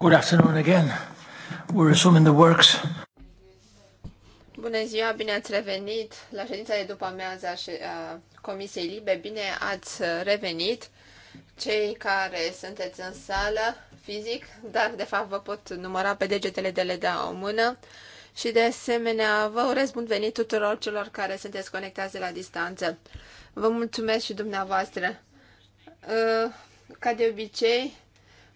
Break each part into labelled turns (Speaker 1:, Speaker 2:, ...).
Speaker 1: Good afternoon again. We're resuming the works.
Speaker 2: Bună ziua, bine ați revenit la ședința de după amiază a uh, Comisiei Libe. Bine ați uh, revenit cei care sunteți în sală fizic, dar de fapt vă pot număra pe degetele de le da o mână. Și de asemenea, vă urez bun venit tuturor celor care sunteți conectați de la distanță. Vă mulțumesc și dumneavoastră. Uh, ca de obicei,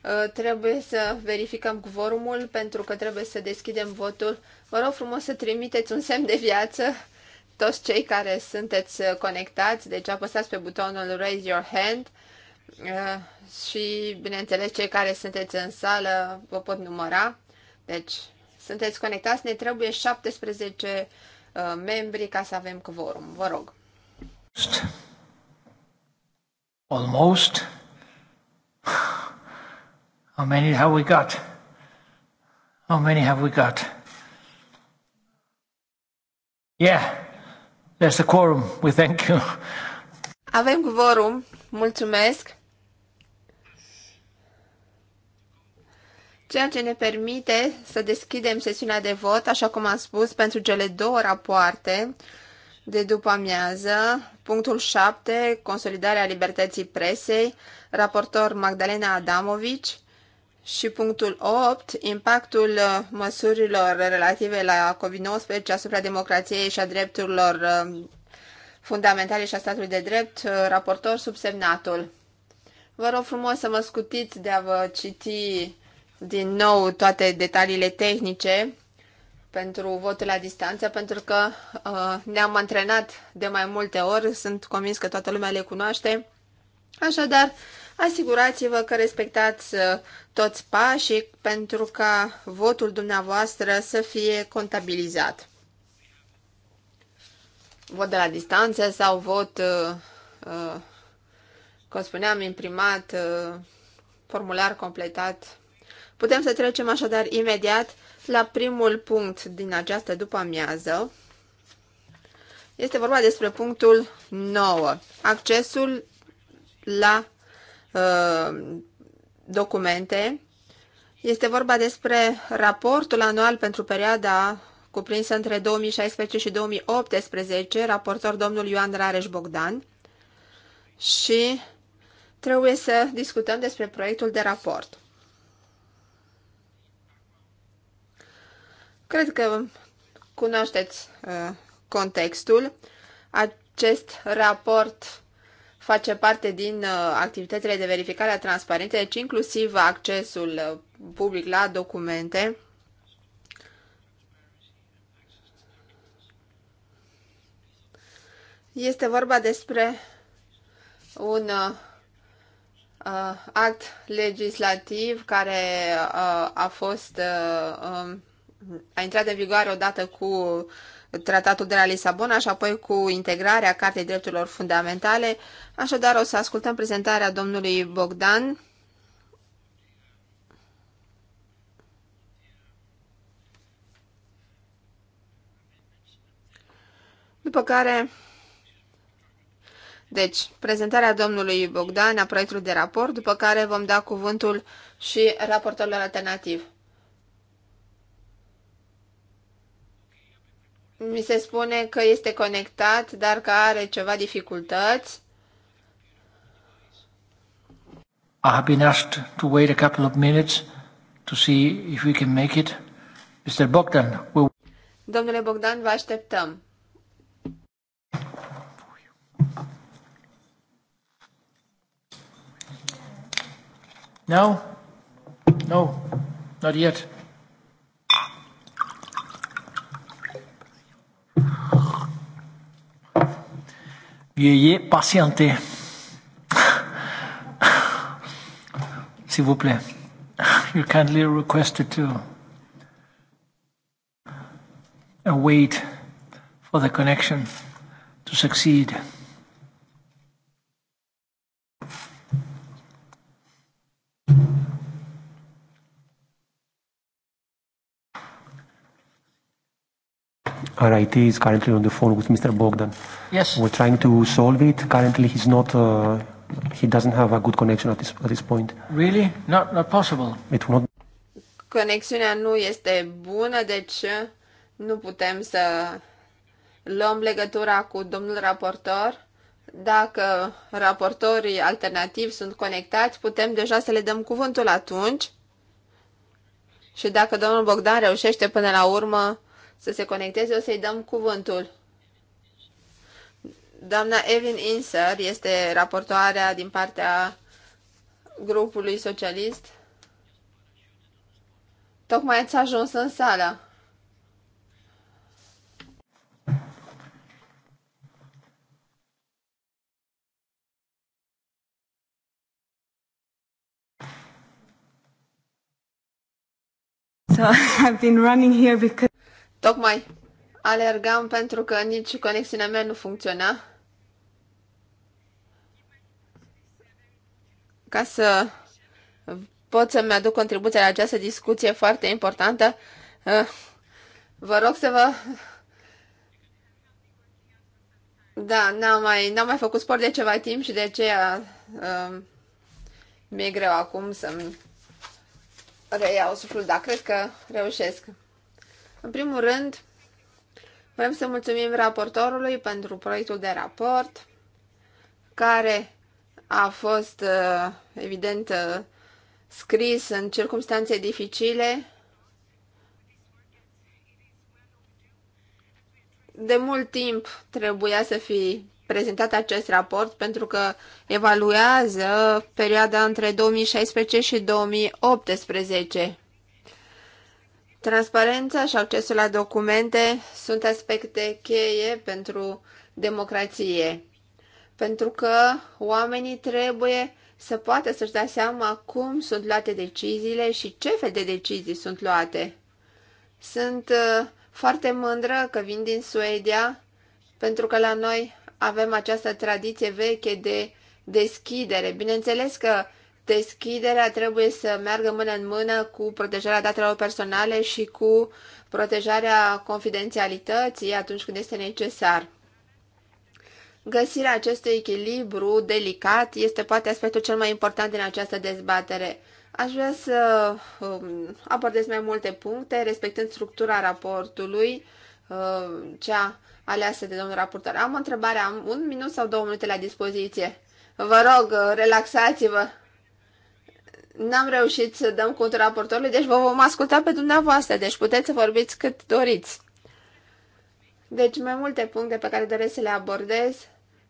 Speaker 2: Uh, trebuie să verificăm cvorumul pentru că trebuie să deschidem votul. Vă rog frumos să trimiteți un semn de viață toți cei care sunteți conectați, deci apăsați pe butonul Raise Your Hand uh, și, bineînțeles, cei care sunteți în sală vă pot număra. Deci, sunteți conectați, ne trebuie 17 uh, membri ca să avem quorum. Vă rog.
Speaker 1: Almost. How many have we got? How many have we got? Yeah, there's a quorum. We thank you.
Speaker 2: Avem quorum. Mulțumesc. Ceea ce ne permite să deschidem sesiunea de vot, așa cum am spus, pentru cele două rapoarte de după amiază, punctul 7, consolidarea libertății presei, raportor Magdalena Adamovici, și punctul 8, impactul uh, măsurilor relative la COVID-19 asupra democrației și a drepturilor uh, fundamentale și a statului de drept, uh, raportor subsemnatul. Vă rog frumos să mă scutiți de a vă citi din nou toate detaliile tehnice pentru votul la distanță, pentru că uh, ne-am antrenat de mai multe ori, sunt convins că toată lumea le cunoaște. Așadar, Asigurați-vă că respectați uh, toți pașii pentru ca votul dumneavoastră să fie contabilizat. Vot de la distanță sau vot, uh, uh, cum spuneam, imprimat, uh, formular completat. Putem să trecem așadar imediat la primul punct din această după-amiază. Este vorba despre punctul 9. Accesul la Uh, documente. Este vorba despre raportul anual pentru perioada cuprinsă între 2016 și 2018, raportor domnul Ioan Rareș Bogdan, și trebuie să discutăm despre proiectul de raport. Cred că cunoașteți uh, contextul. Acest raport face parte din uh, activitățile de verificare a transparenței, deci inclusiv accesul uh, public la documente. Este vorba despre un uh, uh, act legislativ care uh, a fost uh, um, a intrat în vigoare odată cu tratatul de la Lisabona și apoi cu integrarea Cartei Drepturilor Fundamentale. Așadar, o să ascultăm prezentarea domnului Bogdan. După care, deci, prezentarea domnului Bogdan a proiectului de raport, după care vom da cuvântul și raportorilor alternativ. mi se spune că este conectat, dar că are ceva dificultăți.
Speaker 1: I have been asked to wait a couple of minutes to see if we can make it. Mr. Bogdan, we...
Speaker 2: Domnule Bogdan, vă așteptăm.
Speaker 1: No? No, not yet. Ayez patienté. S'il vous plaît. You kindly requested to wait for the connection to succeed. RIT is currently on the phone with Mr. Bogdan. Yes. We're trying to solve it. Currently, he's not. Uh, he doesn't have a good connection at this at this point. Really? Not not possible. It will not.
Speaker 2: Conexiunea nu este bună, deci uh, nu putem să luăm legătura cu domnul raportor. Dacă raportorii alternativi sunt conectați, putem deja să le dăm cuvântul atunci. Și dacă domnul Bogdan reușește până la urmă să se conecteze, o să-i dăm cuvântul. Doamna Evelyn Inser este raportoarea din partea grupului socialist. Tocmai ați ajuns în sala.
Speaker 3: So I've been running here because
Speaker 2: Tocmai alergam pentru că nici conexiunea mea nu funcționa. Ca să pot să-mi aduc contribuția la această discuție foarte importantă, eh, vă rog să vă... Da, n-am mai, n-am mai făcut sport de ceva timp și de aceea eh, mi-e greu acum să-mi reiau suflul, dar cred că reușesc. În primul rând, vrem să mulțumim raportorului pentru proiectul de raport, care a fost, uh, evident, uh, scris în circunstanțe dificile. De mult timp trebuia să fi prezentat acest raport pentru că evaluează perioada între 2016 și 2018. Transparența și accesul la documente sunt aspecte cheie pentru democrație, pentru că oamenii trebuie să poată să-și dea seama cum sunt luate deciziile și ce fel de decizii sunt luate. Sunt uh, foarte mândră că vin din Suedia, pentru că la noi avem această tradiție veche de deschidere. Bineînțeles că deschiderea trebuie să meargă mână în mână cu protejarea datelor personale și cu protejarea confidențialității atunci când este necesar. Găsirea acestui echilibru delicat este poate aspectul cel mai important din această dezbatere. Aș vrea să um, abordez mai multe puncte, respectând structura raportului, uh, cea aleasă de domnul raportor. Am o întrebare, am un minut sau două minute la dispoziție. Vă rog, uh, relaxați-vă n-am reușit să dăm cu raportorului, deci vă vom asculta pe dumneavoastră, deci puteți să vorbiți cât doriți. Deci mai multe puncte pe care doresc să le abordez.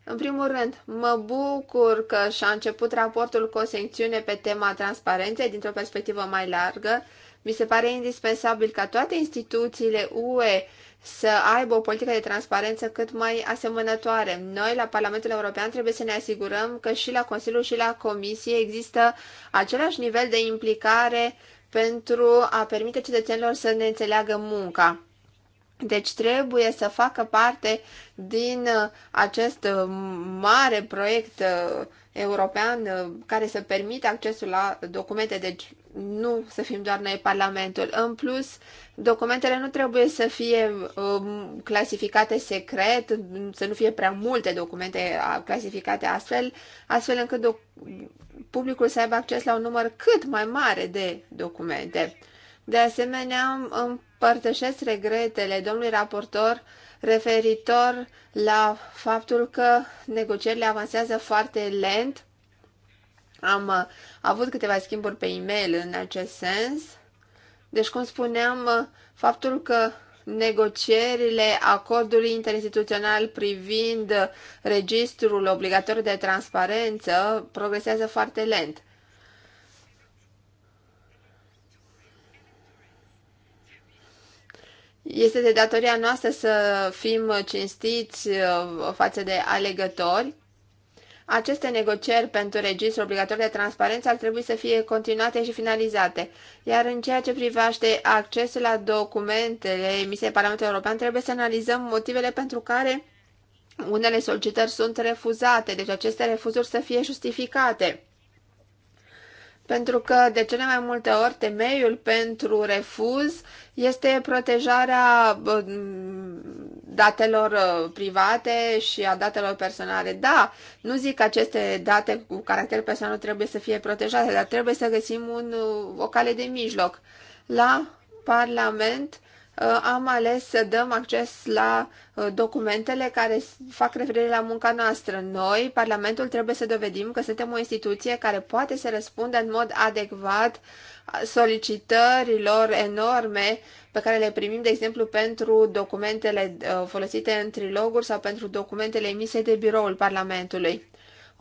Speaker 2: În primul rând, mă bucur că și-a început raportul cu o secțiune pe tema transparenței dintr-o perspectivă mai largă. Mi se pare indispensabil ca toate instituțiile UE să aibă o politică de transparență cât mai asemănătoare. Noi, la Parlamentul European, trebuie să ne asigurăm că și la Consiliu și la Comisie există același nivel de implicare pentru a permite cetățenilor să ne înțeleagă munca. Deci trebuie să facă parte din acest mare proiect european uh, care să permită accesul la documente, deci nu să fim doar noi Parlamentul. În plus, documentele nu trebuie să fie um, clasificate secret, să nu fie prea multe documente uh, clasificate astfel, astfel încât publicul să aibă acces la un număr cât mai mare de documente. De asemenea, împărtășesc regretele domnului raportor referitor la faptul că negocierile avansează foarte lent. Am uh, avut câteva schimburi pe e-mail în acest sens. Deci, cum spuneam, uh, faptul că negocierile acordului interinstituțional privind uh, registrul obligatoriu de transparență progresează foarte lent. Este de datoria noastră să fim cinstiți uh, față de alegători. Aceste negocieri pentru registrul obligator de transparență ar trebui să fie continuate și finalizate, iar în ceea ce privește accesul la documentele emise Parlamentului European, trebuie să analizăm motivele pentru care unele solicitări sunt refuzate, deci aceste refuzuri să fie justificate pentru că de cele mai multe ori temeiul pentru refuz este protejarea datelor uh, private și a datelor personale. Da, nu zic că aceste date cu caracter personal trebuie să fie protejate, dar trebuie să găsim un, uh, o cale de mijloc. La Parlament Uh, am ales să dăm acces la uh, documentele care fac referire la munca noastră. Noi, Parlamentul, trebuie să dovedim că suntem o instituție care poate să răspundă în mod adecvat uh, solicitărilor enorme pe care le primim, de exemplu, pentru documentele folosite în triloguri sau pentru documentele emise de biroul Parlamentului.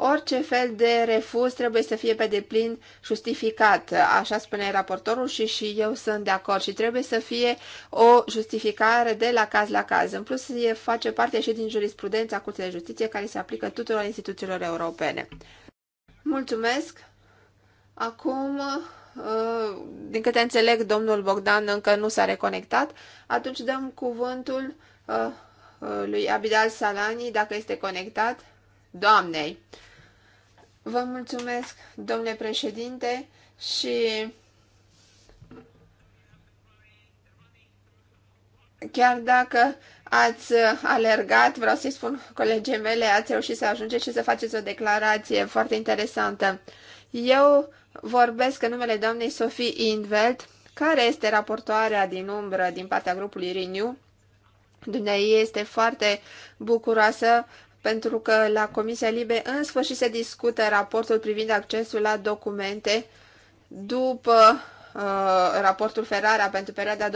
Speaker 2: Orice fel de refuz trebuie să fie pe deplin justificat, așa spune raportorul și și eu sunt de acord și trebuie să fie o justificare de la caz la caz. În plus, e face parte și din jurisprudența Curții de Justiție care se aplică tuturor instituțiilor europene. Mulțumesc! Acum, uh, din câte înțeleg, domnul Bogdan încă nu s-a reconectat, atunci dăm cuvântul uh, uh, lui Abidal Salani, dacă este conectat, doamnei. Vă mulțumesc, domnule președinte, și chiar dacă ați alergat, vreau să-i spun colegii mele, ați reușit să ajungeți și să faceți o declarație foarte interesantă. Eu vorbesc în numele doamnei Sofie Inveld, care este raportoarea din umbră din partea grupului Renew. Dumnezeu este foarte bucuroasă pentru că la Comisia Libe în sfârșit se discută raportul privind accesul la documente după uh, raportul Ferrara pentru perioada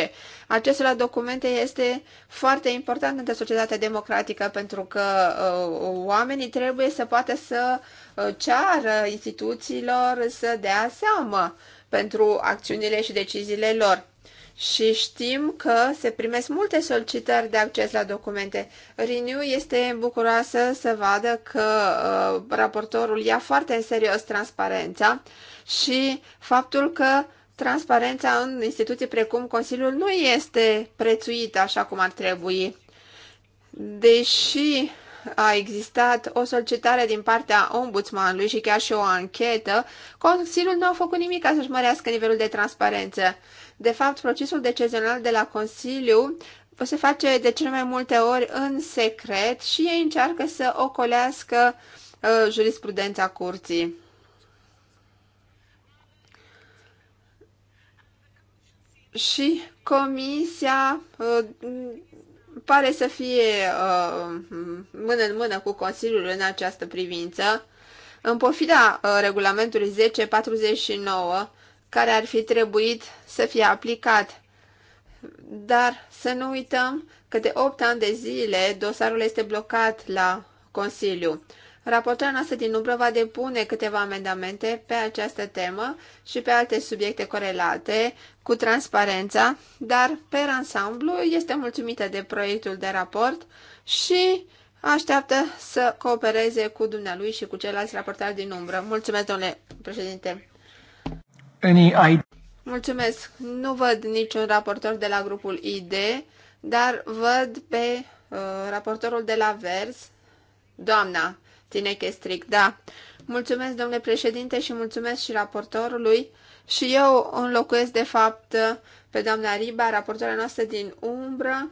Speaker 2: 2014-2015. Accesul la documente este foarte important într-o societate democratică pentru că uh, oamenii trebuie să poată să uh, ceară instituțiilor să dea seamă pentru acțiunile și deciziile lor și știm că se primesc multe solicitări de acces la documente. Renew este bucuroasă să vadă că uh, raportorul ia foarte în serios transparența și faptul că transparența în instituții precum Consiliul nu este prețuită așa cum ar trebui. Deși a existat o solicitare din partea ombudsmanului și chiar și o anchetă, Consiliul nu a făcut nimic ca să-și mărească nivelul de transparență de fapt, procesul decizional de la Consiliu se face de cele mai multe ori în secret și ei încearcă să ocolească uh, jurisprudența curții. Și comisia uh, pare să fie uh, mână în mână cu Consiliul în această privință. În pofida uh, regulamentului 1049, care ar fi trebuit să fie aplicat. Dar să nu uităm că de 8 ani de zile dosarul este blocat la Consiliu. Raportoarea noastră din umbră va depune câteva amendamente pe această temă și pe alte subiecte corelate cu transparența, dar pe ansamblu este mulțumită de proiectul de raport și așteaptă să coopereze cu dumnealui și cu ceilalți raportari din umbră. Mulțumesc, domnule președinte!
Speaker 1: any idea.
Speaker 2: Mulțumesc. Nu văd niciun raportor de la grupul ID, dar văd pe uh, raportorul de la Vers, doamna Tineche Stric, da. Mulțumesc, domnule președinte, și mulțumesc și raportorului. Și eu înlocuiesc, de fapt, pe doamna Riba, raportoarea noastră din umbră.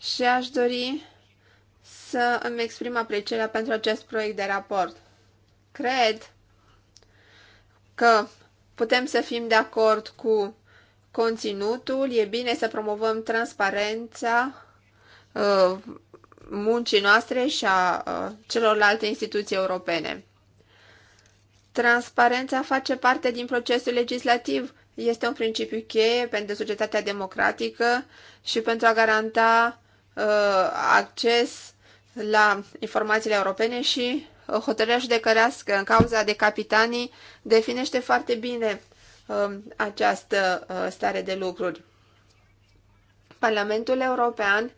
Speaker 2: Și aș dori să îmi exprim aprecierea pentru acest proiect de raport. Cred că putem să fim de acord cu conținutul, e bine să promovăm transparența uh, muncii noastre și a uh, celorlalte instituții europene. Transparența face parte din procesul legislativ. Este un principiu cheie pentru societatea democratică și pentru a garanta uh, acces la informațiile europene și hotărârea judecărească în cauza de capitanii definește foarte bine um, această uh, stare de lucruri. Parlamentul European,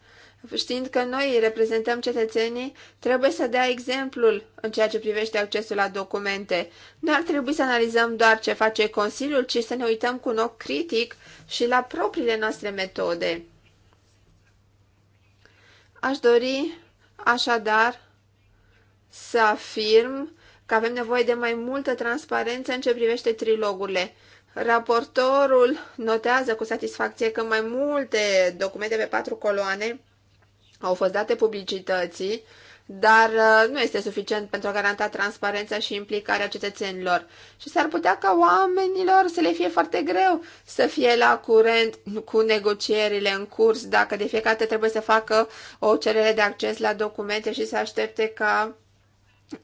Speaker 2: știind că noi reprezentăm cetățenii, trebuie să dea exemplul în ceea ce privește accesul la documente. Nu ar trebui să analizăm doar ce face Consiliul, ci să ne uităm cu un ochi critic și la propriile noastre metode. Aș dori, așadar, să afirm că avem nevoie de mai multă transparență în ce privește trilogurile. Raportorul notează cu satisfacție că mai multe documente pe patru coloane au fost date publicității, dar uh, nu este suficient pentru a garanta transparența și implicarea cetățenilor. Și s-ar putea ca oamenilor să le fie foarte greu să fie la curent cu negocierile în curs, dacă de fiecare dată trebuie să facă o cerere de acces la documente și să aștepte ca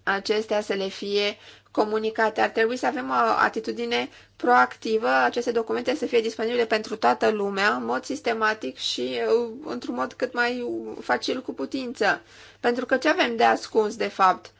Speaker 2: acestea să le fie comunicate. Ar trebui să avem o atitudine proactivă, aceste documente să fie disponibile pentru toată lumea, în mod sistematic și uh, într-un mod cât mai uh, facil cu putință. Pentru că ce avem de ascuns, de fapt?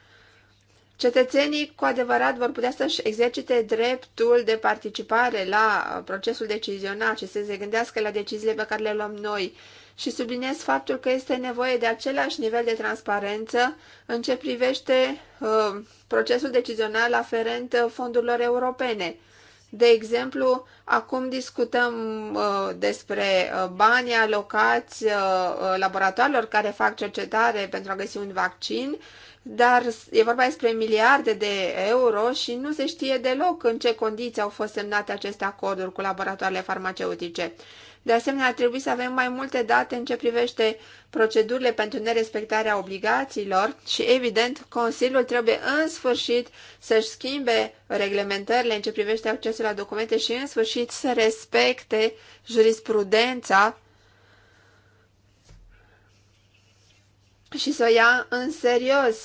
Speaker 2: Cetățenii cu adevărat vor putea să-și exercite dreptul de participare la uh, procesul decizional și să se gândească la deciziile pe care le luăm noi și subliniez faptul că este nevoie de același nivel de transparență în ce privește uh, procesul decizional aferent uh, fondurilor europene. De exemplu, acum discutăm uh, despre uh, banii alocați uh, uh, laboratoarelor care fac cercetare pentru a găsi un vaccin, dar e vorba despre miliarde de euro și nu se știe deloc în ce condiții au fost semnate aceste acorduri cu laboratoarele farmaceutice. De asemenea, ar trebui să avem mai multe date în ce privește procedurile pentru nerespectarea obligațiilor și, evident, Consiliul trebuie în sfârșit să-și schimbe reglementările în ce privește accesul la documente și, în sfârșit, să respecte jurisprudența și să o ia în serios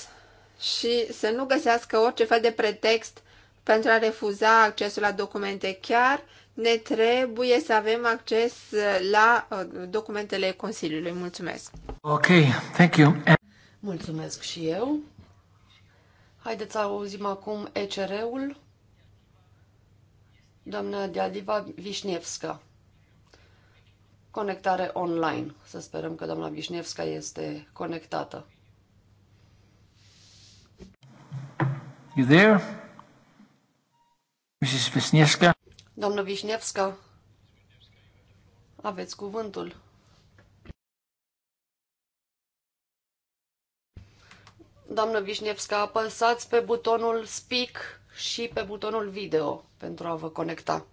Speaker 2: și să nu găsească orice fel de pretext pentru a refuza accesul la documente, chiar ne trebuie să avem acces la uh, documentele Consiliului. Mulțumesc!
Speaker 1: Ok, thank you!
Speaker 4: Mulțumesc și eu! Haideți să auzim acum ECR-ul, doamna Diadiva Vișnievska. Conectare online. Să sperăm că doamna Vișnievska este conectată.
Speaker 1: You there? Mrs. Visnievska?
Speaker 4: Doamnă Vișnevska, aveți cuvântul. Doamnă Vișnevska, apăsați pe butonul Speak și pe butonul Video pentru a vă conecta.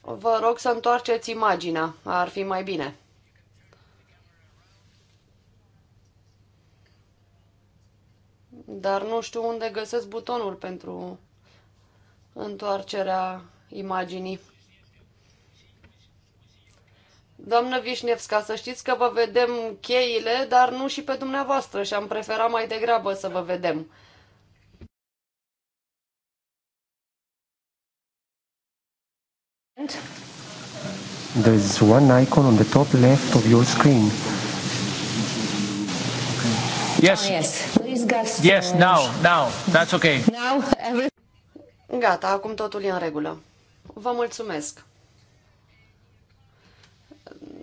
Speaker 4: Vă rog să întoarceți imaginea, ar fi mai bine. dar nu știu unde găsesc butonul pentru întoarcerea imaginii. Doamnă Vișnevska, să știți că vă vedem cheile, dar nu și pe dumneavoastră și am preferat mai degrabă să vă vedem.
Speaker 1: There's one icon on the top left of your screen. Yes. Oh,
Speaker 4: yes discuss. Yes,
Speaker 1: now, now, that's okay.
Speaker 4: Now, every... Gata, acum totul e în regulă. Vă mulțumesc.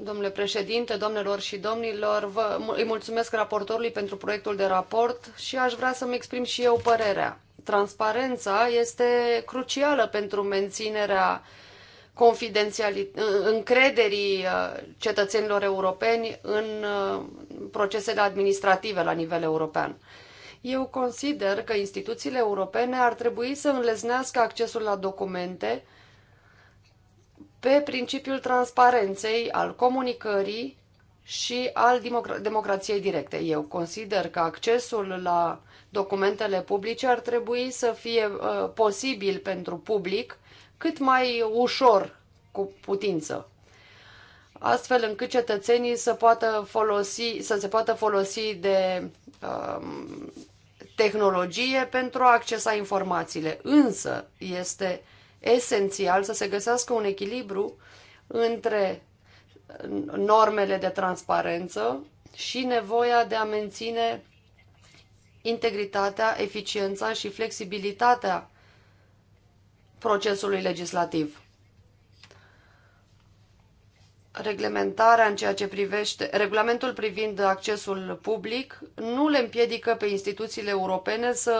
Speaker 4: Domnule președinte, domnilor și domnilor, vă, îi mulțumesc raportorului pentru proiectul de raport și aș vrea să-mi exprim și eu părerea. Transparența este crucială pentru menținerea încrederii uh, cetățenilor europeni în uh, procesele administrative la nivel european. Eu consider că instituțiile europene ar trebui să înleznească accesul la documente pe principiul transparenței, al comunicării și al democrației directe. Eu consider că accesul la documentele publice ar trebui să fie uh, posibil pentru public cât mai ușor cu putință astfel încât cetățenii să, poată folosi, să se poată folosi de um, tehnologie pentru a accesa informațiile. Însă este esențial să se găsească un echilibru între normele de transparență și nevoia de a menține integritatea, eficiența și flexibilitatea procesului legislativ reglementarea în ceea ce privește, regulamentul privind accesul public nu le împiedică pe instituțiile europene să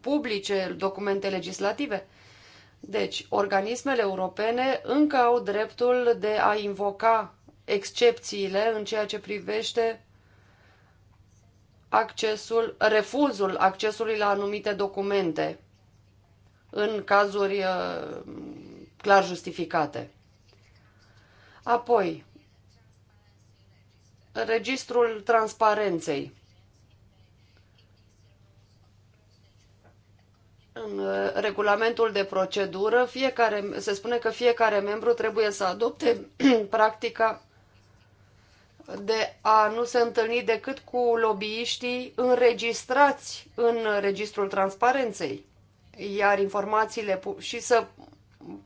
Speaker 4: publice documente legislative. Deci, organismele europene încă au dreptul de a invoca excepțiile în ceea ce privește accesul, refuzul accesului la anumite documente în cazuri uh, clar justificate. Apoi, registrul transparenței. În uh, regulamentul de procedură fiecare, se spune că fiecare membru trebuie să adopte practica de a nu se întâlni decât cu lobbyiștii înregistrați în registrul transparenței, iar informațiile și să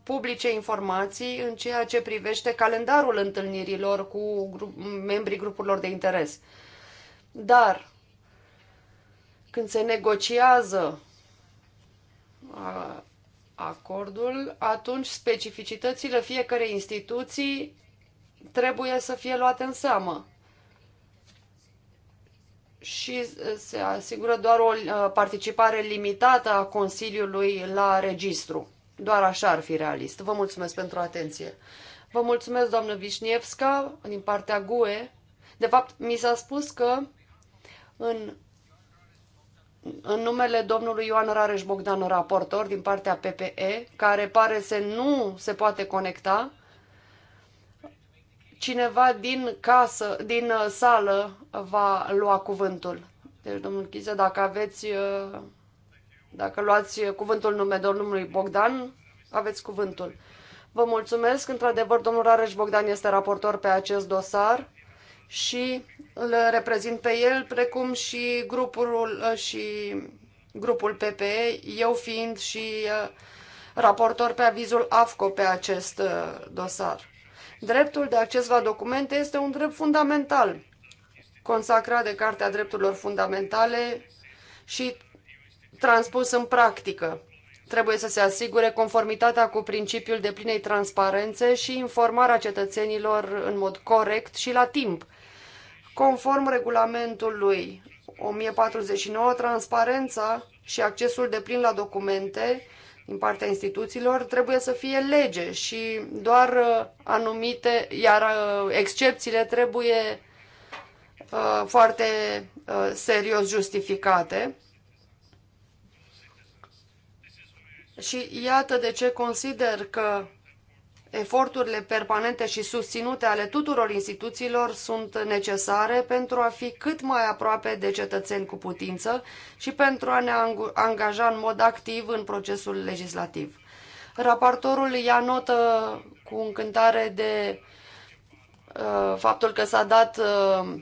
Speaker 4: publice informații în ceea ce privește calendarul întâlnirilor cu grup, membrii grupurilor de interes. Dar când se negociază acordul, atunci specificitățile fiecărei instituții trebuie să fie luate în seamă și se asigură doar o participare limitată a Consiliului la registru. Doar așa ar fi realist. Vă mulțumesc pentru atenție. Vă mulțumesc, doamnă Vișnievska, din partea GUE. De fapt, mi s-a spus că în, în numele domnului Ioan Rareș Bogdan, raportor din partea PPE, care pare să nu se poate conecta, cineva din casă, din uh, sală va lua cuvântul. Deci, domnul Chize, dacă aveți uh, dacă luați cuvântul nume domnului Bogdan, aveți cuvântul. Vă mulțumesc. Într-adevăr, domnul Rareș Bogdan este raportor pe acest dosar și îl reprezint pe el, precum și grupul, și grupul PPE, eu fiind și uh, raportor pe avizul AFCO pe acest uh, dosar. Dreptul de acces la documente este un drept fundamental, consacrat de Cartea Drepturilor Fundamentale și transpus în practică. Trebuie să se asigure conformitatea cu principiul de plinei transparențe și informarea cetățenilor în mod corect și la timp. Conform regulamentului 1049, transparența și accesul de plin la documente din partea instituțiilor trebuie să fie lege și doar uh, anumite, iar uh, excepțiile trebuie uh, foarte serios justificate Și iată de ce consider că eforturile permanente și susținute ale tuturor instituțiilor sunt necesare pentru a fi cât mai aproape de cetățeni cu putință și pentru a ne angaja în mod activ în procesul legislativ. Raportorul ia notă cu încântare de uh, faptul că s-a dat uh,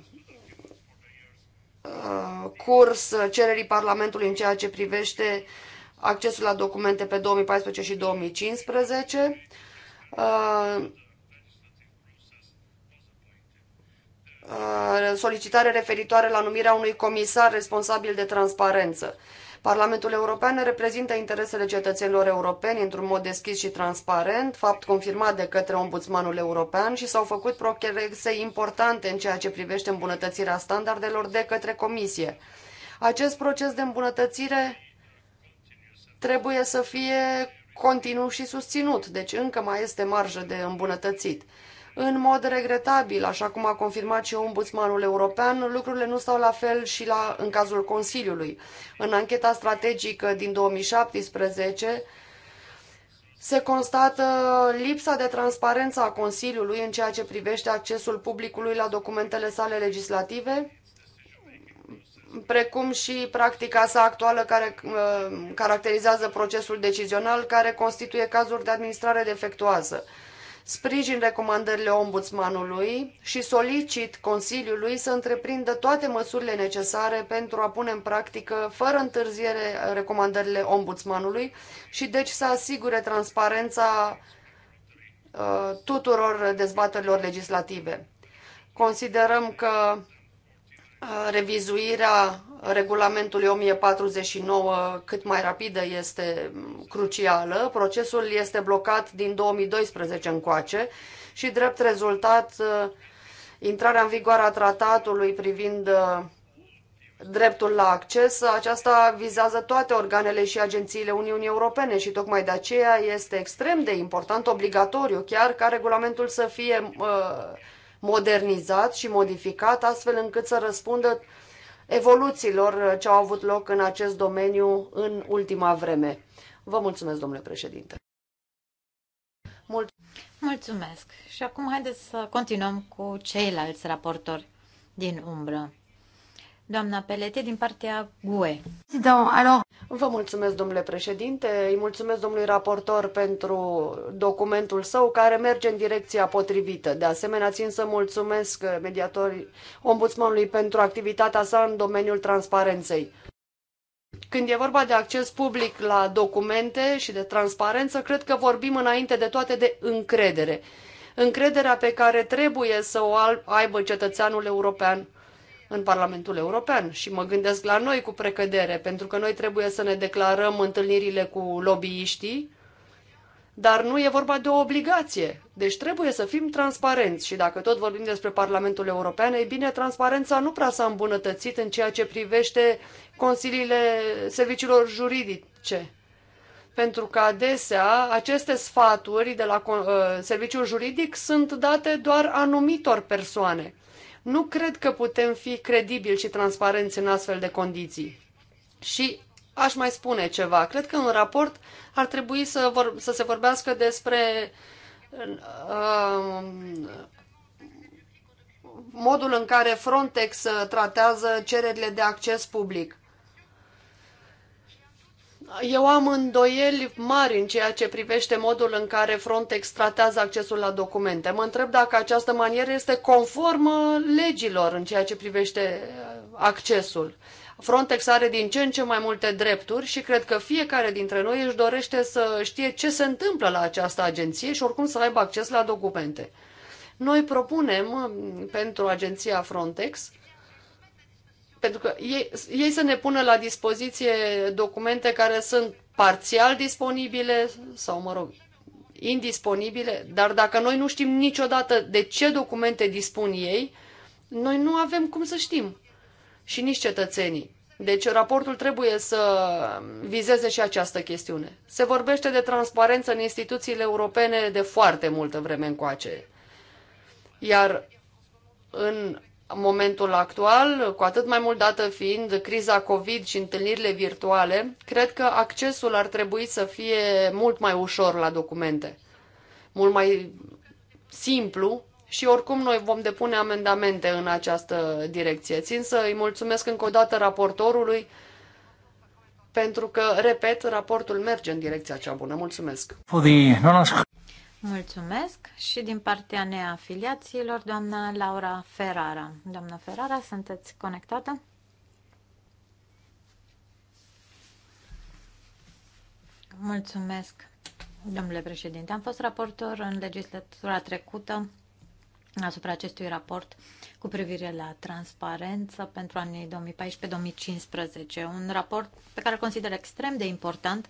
Speaker 4: uh, curs cererii Parlamentului în ceea ce privește uh, accesul la documente pe 2014 și 2015. Uh, uh, solicitare referitoare la numirea unui comisar responsabil de transparență. Parlamentul European reprezintă interesele cetățenilor europeni într-un mod deschis și transparent, fapt confirmat de către Ombudsmanul European și s-au făcut progrese importante în ceea ce privește îmbunătățirea standardelor de către Comisie. Acest proces de îmbunătățire trebuie să fie continuu și susținut, deci încă mai este marjă de îmbunătățit. În mod regretabil, așa cum a confirmat și ombudsmanul european, lucrurile nu stau la fel și la, în cazul Consiliului. În ancheta strategică din 2017 se constată lipsa de transparență a Consiliului în ceea ce privește accesul publicului la documentele sale legislative, precum și practica sa actuală care uh, caracterizează procesul decizional, care constituie cazuri de administrare defectuoasă. Sprijin recomandările ombudsmanului și solicit Consiliului să întreprindă toate măsurile necesare pentru a pune în practică, fără întârziere, recomandările ombudsmanului și deci să asigure transparența uh, tuturor dezbaterilor legislative. Considerăm că revizuirea regulamentului 1049 cât mai rapidă este crucială. Procesul este blocat din 2012 încoace și drept rezultat intrarea în vigoare a tratatului privind uh, dreptul la acces, aceasta vizează toate organele și agențiile Uniunii Europene și tocmai de aceea este extrem de important, obligatoriu chiar, ca regulamentul să fie uh, modernizat și modificat astfel încât să răspundă evoluțiilor uh, ce au avut loc în acest domeniu în ultima vreme. Vă mulțumesc, domnule președinte.
Speaker 5: Mul- mulțumesc. Și acum haideți să continuăm cu ceilalți raportori din umbră doamna Pelete din partea
Speaker 4: GUE. Vă mulțumesc, domnule președinte, îi mulțumesc domnului raportor pentru documentul său care merge în direcția potrivită. De asemenea, țin să mulțumesc mediatorii ombudsmanului pentru activitatea sa în domeniul transparenței. Când e vorba de acces public la documente și de transparență, cred că vorbim înainte de toate de încredere. Încrederea pe care trebuie să o aibă cetățeanul european în Parlamentul European și mă gândesc la noi cu precădere, pentru că noi trebuie să ne declarăm întâlnirile cu lobbyiștii, dar nu e vorba de o obligație. Deci trebuie să fim transparenți și dacă tot vorbim despre Parlamentul European, ei bine, transparența nu prea s-a îmbunătățit în ceea ce privește consiliile serviciilor juridice. Pentru că adesea aceste sfaturi de la uh, serviciul juridic sunt date doar anumitor persoane nu cred că putem fi credibili și transparenți în astfel de condiții. Și aș mai spune ceva. Cred că în raport ar trebui să, vor, să se vorbească despre uh, modul în care Frontex tratează cererile de acces public. Eu am îndoieli mari în ceea ce privește modul în care Frontex tratează accesul la documente. Mă întreb dacă această manieră este conformă legilor în ceea ce privește uh, accesul. Frontex are din ce în ce mai multe drepturi și cred că fiecare dintre noi își dorește să știe ce se întâmplă la această agenție și oricum să aibă acces la documente. Noi propunem um, pentru agenția Frontex pentru că ei, ei să ne pună la dispoziție documente care sunt parțial disponibile sau, mă rog, indisponibile, dar dacă noi nu știm niciodată de ce documente dispun ei, noi nu avem cum să știm și nici cetățenii. Deci raportul trebuie să vizeze și această chestiune. Se vorbește de transparență în instituțiile europene de foarte multă vreme încoace. Iar în momentul actual, cu atât mai mult dată fiind criza COVID și întâlnirile virtuale, cred că accesul ar trebui să fie mult mai ușor la documente, mult mai simplu și oricum noi vom depune amendamente în această direcție. Țin să îi mulțumesc încă o dată raportorului pentru că, repet, raportul merge în direcția cea bună. Mulțumesc!
Speaker 5: Mulțumesc și din partea neafiliaților, doamna Laura Ferrara. Doamna Ferrara, sunteți conectată? Mulțumesc, domnule președinte. Am fost raportor în legislatura trecută asupra acestui raport cu privire la transparență pentru anii 2014-2015. Un raport pe care îl consider extrem de important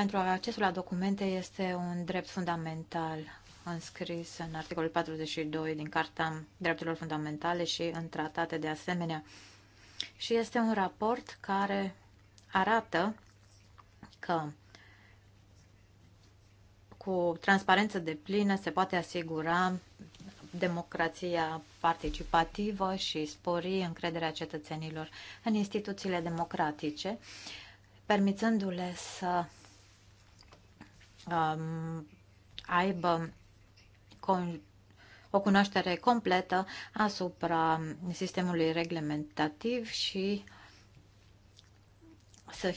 Speaker 5: pentru accesul la documente este un drept fundamental înscris în articolul 42 din Carta Drepturilor Fundamentale și în tratate de asemenea. Și este un raport care arată că cu transparență de plină se poate asigura democrația participativă și spori încrederea cetățenilor în instituțiile democratice, permițându-le să um, aibă con- o cunoaștere completă asupra sistemului reglementativ și să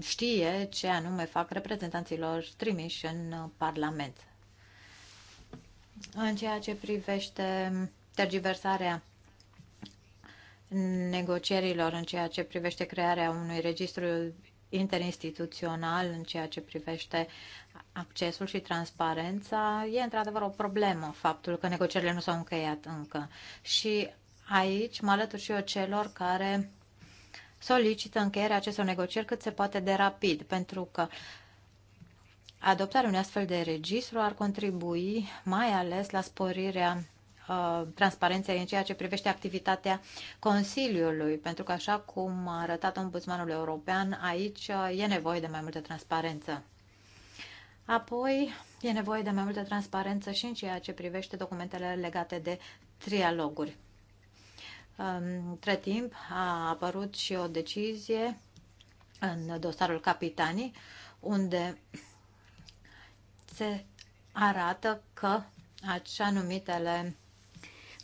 Speaker 5: știe ce anume fac reprezentanților trimiși în Parlament. În ceea ce privește tergiversarea negocierilor în ceea ce privește crearea unui registru interinstituțional în ceea ce privește accesul și transparența, e într-adevăr o problemă faptul că negocierile nu s-au încheiat încă. Și aici mă alătur și eu celor care solicită încheierea acestor negocieri cât se poate de rapid, pentru că adoptarea unui astfel de registru ar contribui mai ales la sporirea Uh, transparenței în ceea ce privește activitatea Consiliului, pentru că, așa cum a arătat Ombudsmanul European, aici uh, e nevoie de mai multă transparență. Apoi, e nevoie de mai multă transparență și în ceea ce privește documentele legate de trialoguri. Um, între timp a apărut și o decizie în dosarul Capitanii, unde se arată că așa numitele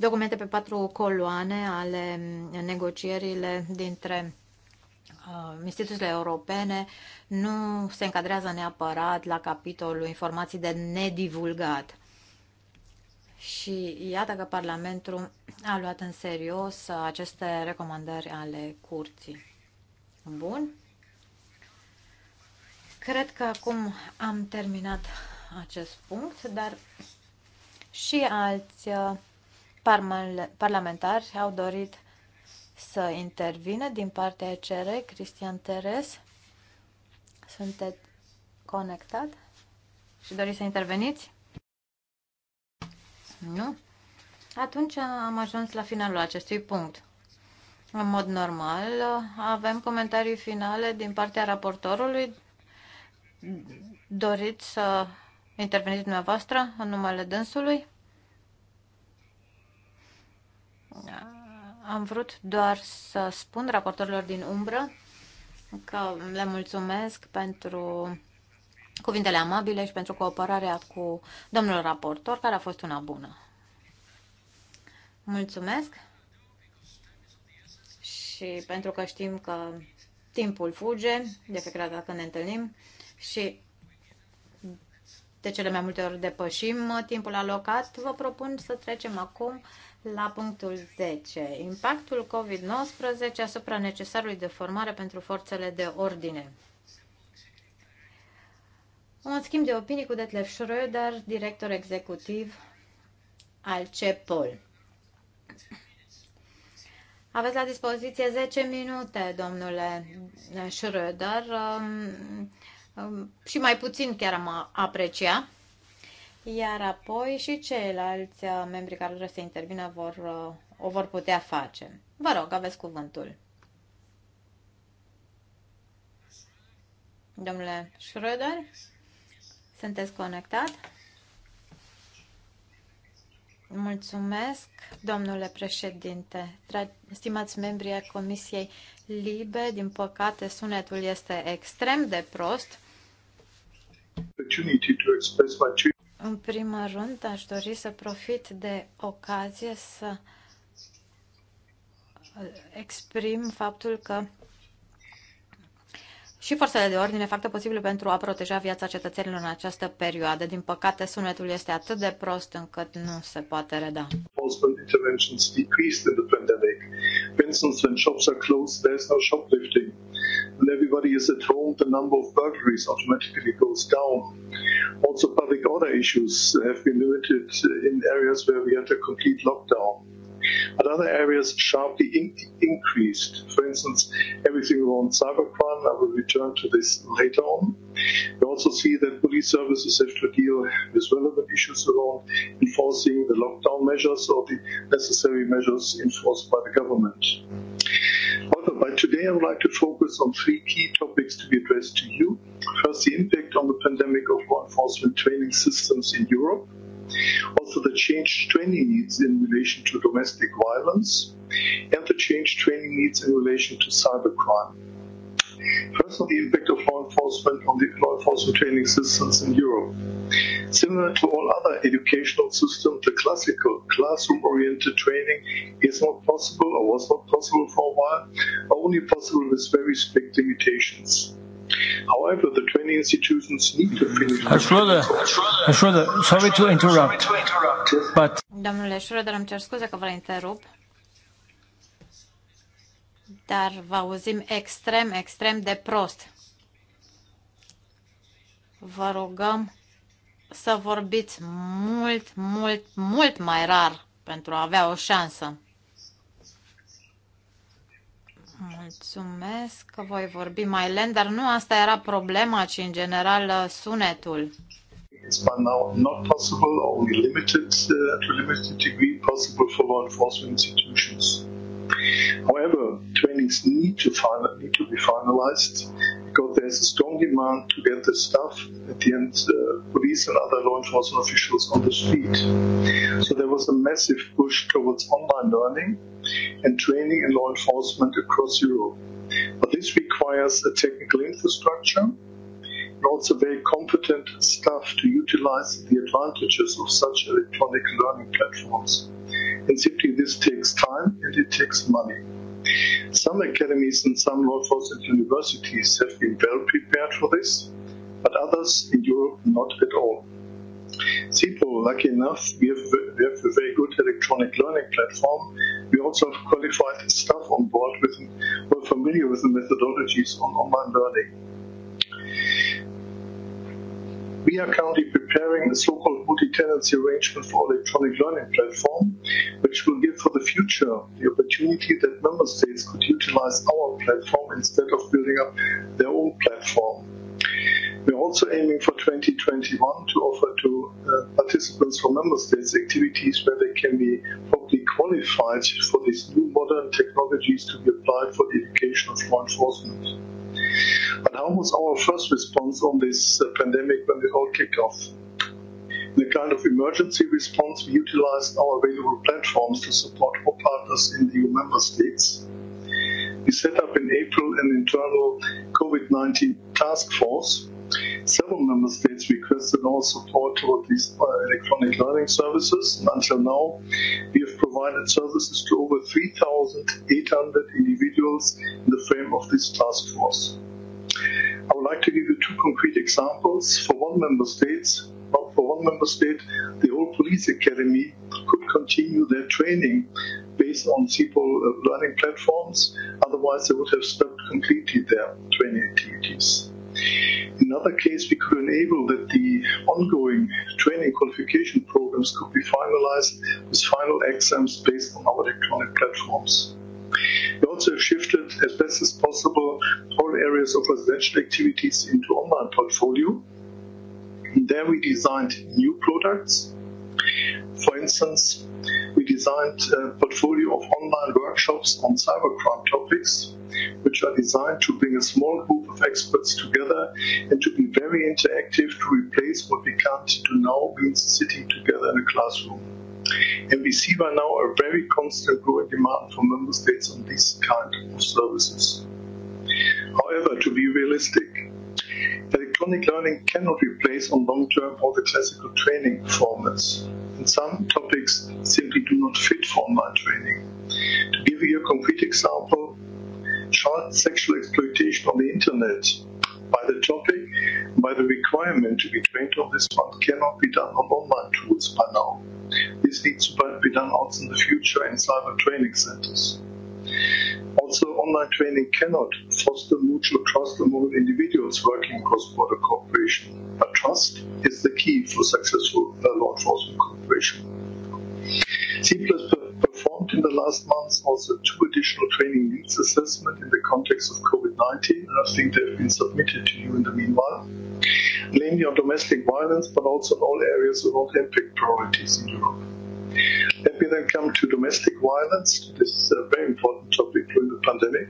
Speaker 5: documente pe patru coloane ale negocierile dintre uh, instituțiile europene nu se încadrează neapărat la capitolul informații de nedivulgat. Și iată că Parlamentul a luat în serios aceste recomandări ale curții. Bun. Cred că acum am terminat acest punct, dar și alți uh, parlamentari au dorit să intervină din partea ECR, Cristian Teres. Sunteți conectat și doriți să interveniți? Nu? Atunci am ajuns la finalul acestui punct. În mod normal, avem comentarii finale din partea raportorului. Doriți să interveniți dumneavoastră în numele dânsului? Am vrut doar să spun raportorilor din umbră că le mulțumesc pentru cuvintele amabile și pentru cooperarea cu domnul raportor, care a fost una bună. Mulțumesc și pentru că știm că timpul fuge de fiecare dată când ne întâlnim și de cele mai multe ori depășim timpul alocat, vă propun să trecem acum la punctul 10. Impactul COVID-19 asupra necesarului de formare pentru forțele de ordine. Un schimb de opinii cu Detlef Schröder, director executiv al CEPOL. Aveți la dispoziție 10 minute, domnule Schröder, um, um, și mai puțin chiar am apreciat iar apoi și ceilalți uh, membri care vor să intervină vor, uh, o vor putea face. Vă rog, aveți cuvântul. Domnule Schröder, sunteți conectat? Mulțumesc, domnule președinte. Stimați membri ai Comisiei Libe, din păcate sunetul este extrem de prost. În primul rând, aș dori să profit de ocazie să exprim faptul că și forțele de ordine fac posibil pentru a proteja viața cetățenilor în această perioadă. Din păcate, sunetul este atât de prost încât nu se poate reda.
Speaker 6: interventions decreased in the pandemic. For instance, when shops are closed, no shoplifting. When everybody is at home, the number of burglaries automatically goes down. Also, public order issues have been limited in areas where we had a complete lockdown. But other areas sharply in- increased. For instance, everything around cybercrime, I will return to this later on. We also see that police services have to deal with relevant issues around enforcing the lockdown measures or the necessary measures enforced by the government. However, by today I would like to focus on three key topics to be addressed to you. First, the impact on the pandemic of law enforcement training systems in Europe. Also the change training needs in relation to domestic violence and the change training needs in relation to cybercrime. First on the impact of law enforcement on the law enforcement training systems in Europe. Similar to all other educational systems, the classical classroom-oriented training is not possible or was not possible for a while, only possible with very strict limitations. However, the training institutions need to finish. Herr
Speaker 1: Schröder, sorry to interrupt, but.
Speaker 5: Domnule Schröder, îmi cer scuze că vă interup, dar vă auzim extrem, extrem de prost. Vă rugăm să vorbiți mult, mult, mult mai rar pentru a avea o șansă. Mulțumesc că voi vorbi mai lent, dar nu asta era problema, ci în general uh, sunetul.
Speaker 6: It's by now not possible, only limited, uh, to a limited degree possible for law enforcement institutions. However, trainings need to, final, need to be finalized because there's a strong demand to get the staff, at the end, uh, police and other law enforcement officials on the street. So there was a massive push towards online learning and training in law enforcement across Europe. But this requires a technical infrastructure and also very competent staff to utilize the advantages of such electronic learning platforms. And simply this takes time and it takes money. Some academies and some law enforcement universities have been well prepared for this, but others in Europe not at all. Sipo, lucky enough, we have, we have a very good electronic learning platform. We also have qualified staff on board with, who are familiar with the methodologies on online learning. We are currently preparing the so-called multi-tenancy arrangement for electronic learning platform, which will give for the future the opportunity that member states could utilize our platform instead of building up their own platform. We're also aiming for 2021 to offer to uh, participants from member states activities where they can be properly qualified for these new modern technologies to be applied for the education of law enforcement. But how was our first response on this uh, pandemic when we all kicked off? In a kind of emergency response, we utilized our available platforms to support all partners in the EU member states. We set up in April an internal COVID-19 task force Several member states requested our support least these electronic learning services. And until now, we have provided services to over 3,800 individuals in the frame of this task force. I would like to give you two concrete examples. For one member state, for one member state, the whole police academy could continue their training based on CPOL uh, learning platforms. Otherwise, they would have stopped completely their training activities. In other case, we could enable that the ongoing training qualification programs could be finalized with final exams based on our electronic platforms. We also have shifted as best as possible all areas of residential activities into online portfolio. And there we designed new products For instance, we designed a portfolio of online workshops on cybercrime topics, which are designed to bring a small group of experts together and to be very interactive to replace what we can't do now means sitting together in a classroom. And we see by now a very constant growing demand from member states on these kind of services. However, to be realistic, electronic learning cannot replace on long term all the classical training formats and some topics simply do not fit for online training. To give you a concrete example, child sexual exploitation on the internet by the topic, by the requirement to be trained on this one cannot be done on online tools by now. This needs to be done also in the future in cyber training centers. Also, online training cannot foster mutual trust among individuals working cross-border cooperation, but trust is the key for successful uh, law operation. C++ performed in the last months also two additional training needs assessment in the context of COVID-19, I think they have been submitted to you in the meanwhile, namely on domestic violence, but also on all areas of all impact priorities in Europe. Let me then come to domestic violence, this is a very important topic during the pandemic.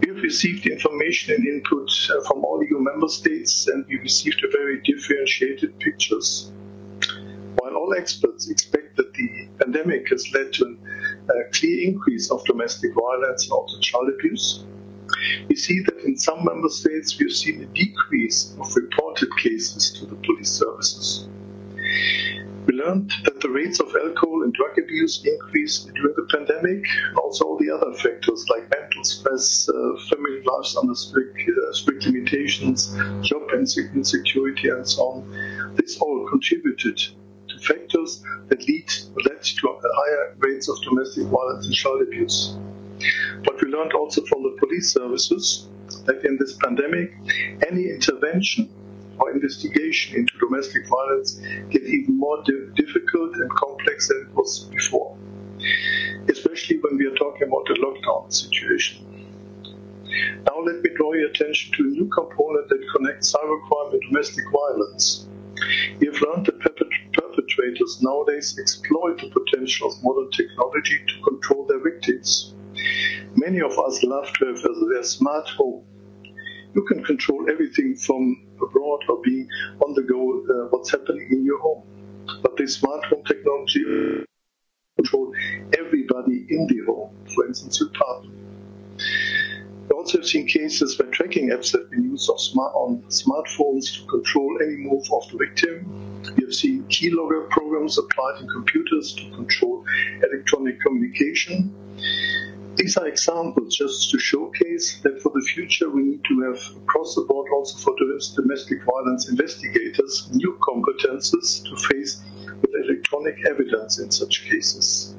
Speaker 6: We have received information and input uh, from all EU member states, and we received a very differentiated pictures all experts expect that the pandemic has led to a clear increase of domestic violence and also child abuse. We see that in some member states we have seen a decrease of reported cases to the police services. We learned that the rates of alcohol and drug abuse increased during the pandemic, also all the other factors like mental stress, uh, family lives under strict, uh, strict limitations, job insecurity, and so on. This all contributed factors that lead led to higher rates of domestic violence and child abuse. What we learned also from the police services that in this pandemic, any intervention or investigation into domestic violence get even more di- difficult and complex than it was before, especially when we are talking about the lockdown situation. Now let me draw your attention to a new component that connects cybercrime and domestic violence. We have learned that perpetrators nowadays exploit the potential of modern technology to control their victims. Many of us love to have their smart home. You can control everything from abroad or being on the go, uh, what's happening in your home. But this smart home technology control everybody in the home, for instance, your partner also seen cases where tracking apps have been used smart, on smartphones to control any move of the victim. We have seen keylogger programs applied in computers to control electronic communication. These are examples just to showcase that for the future we need to have across the board also for domestic violence investigators new competences to face with electronic evidence in such cases.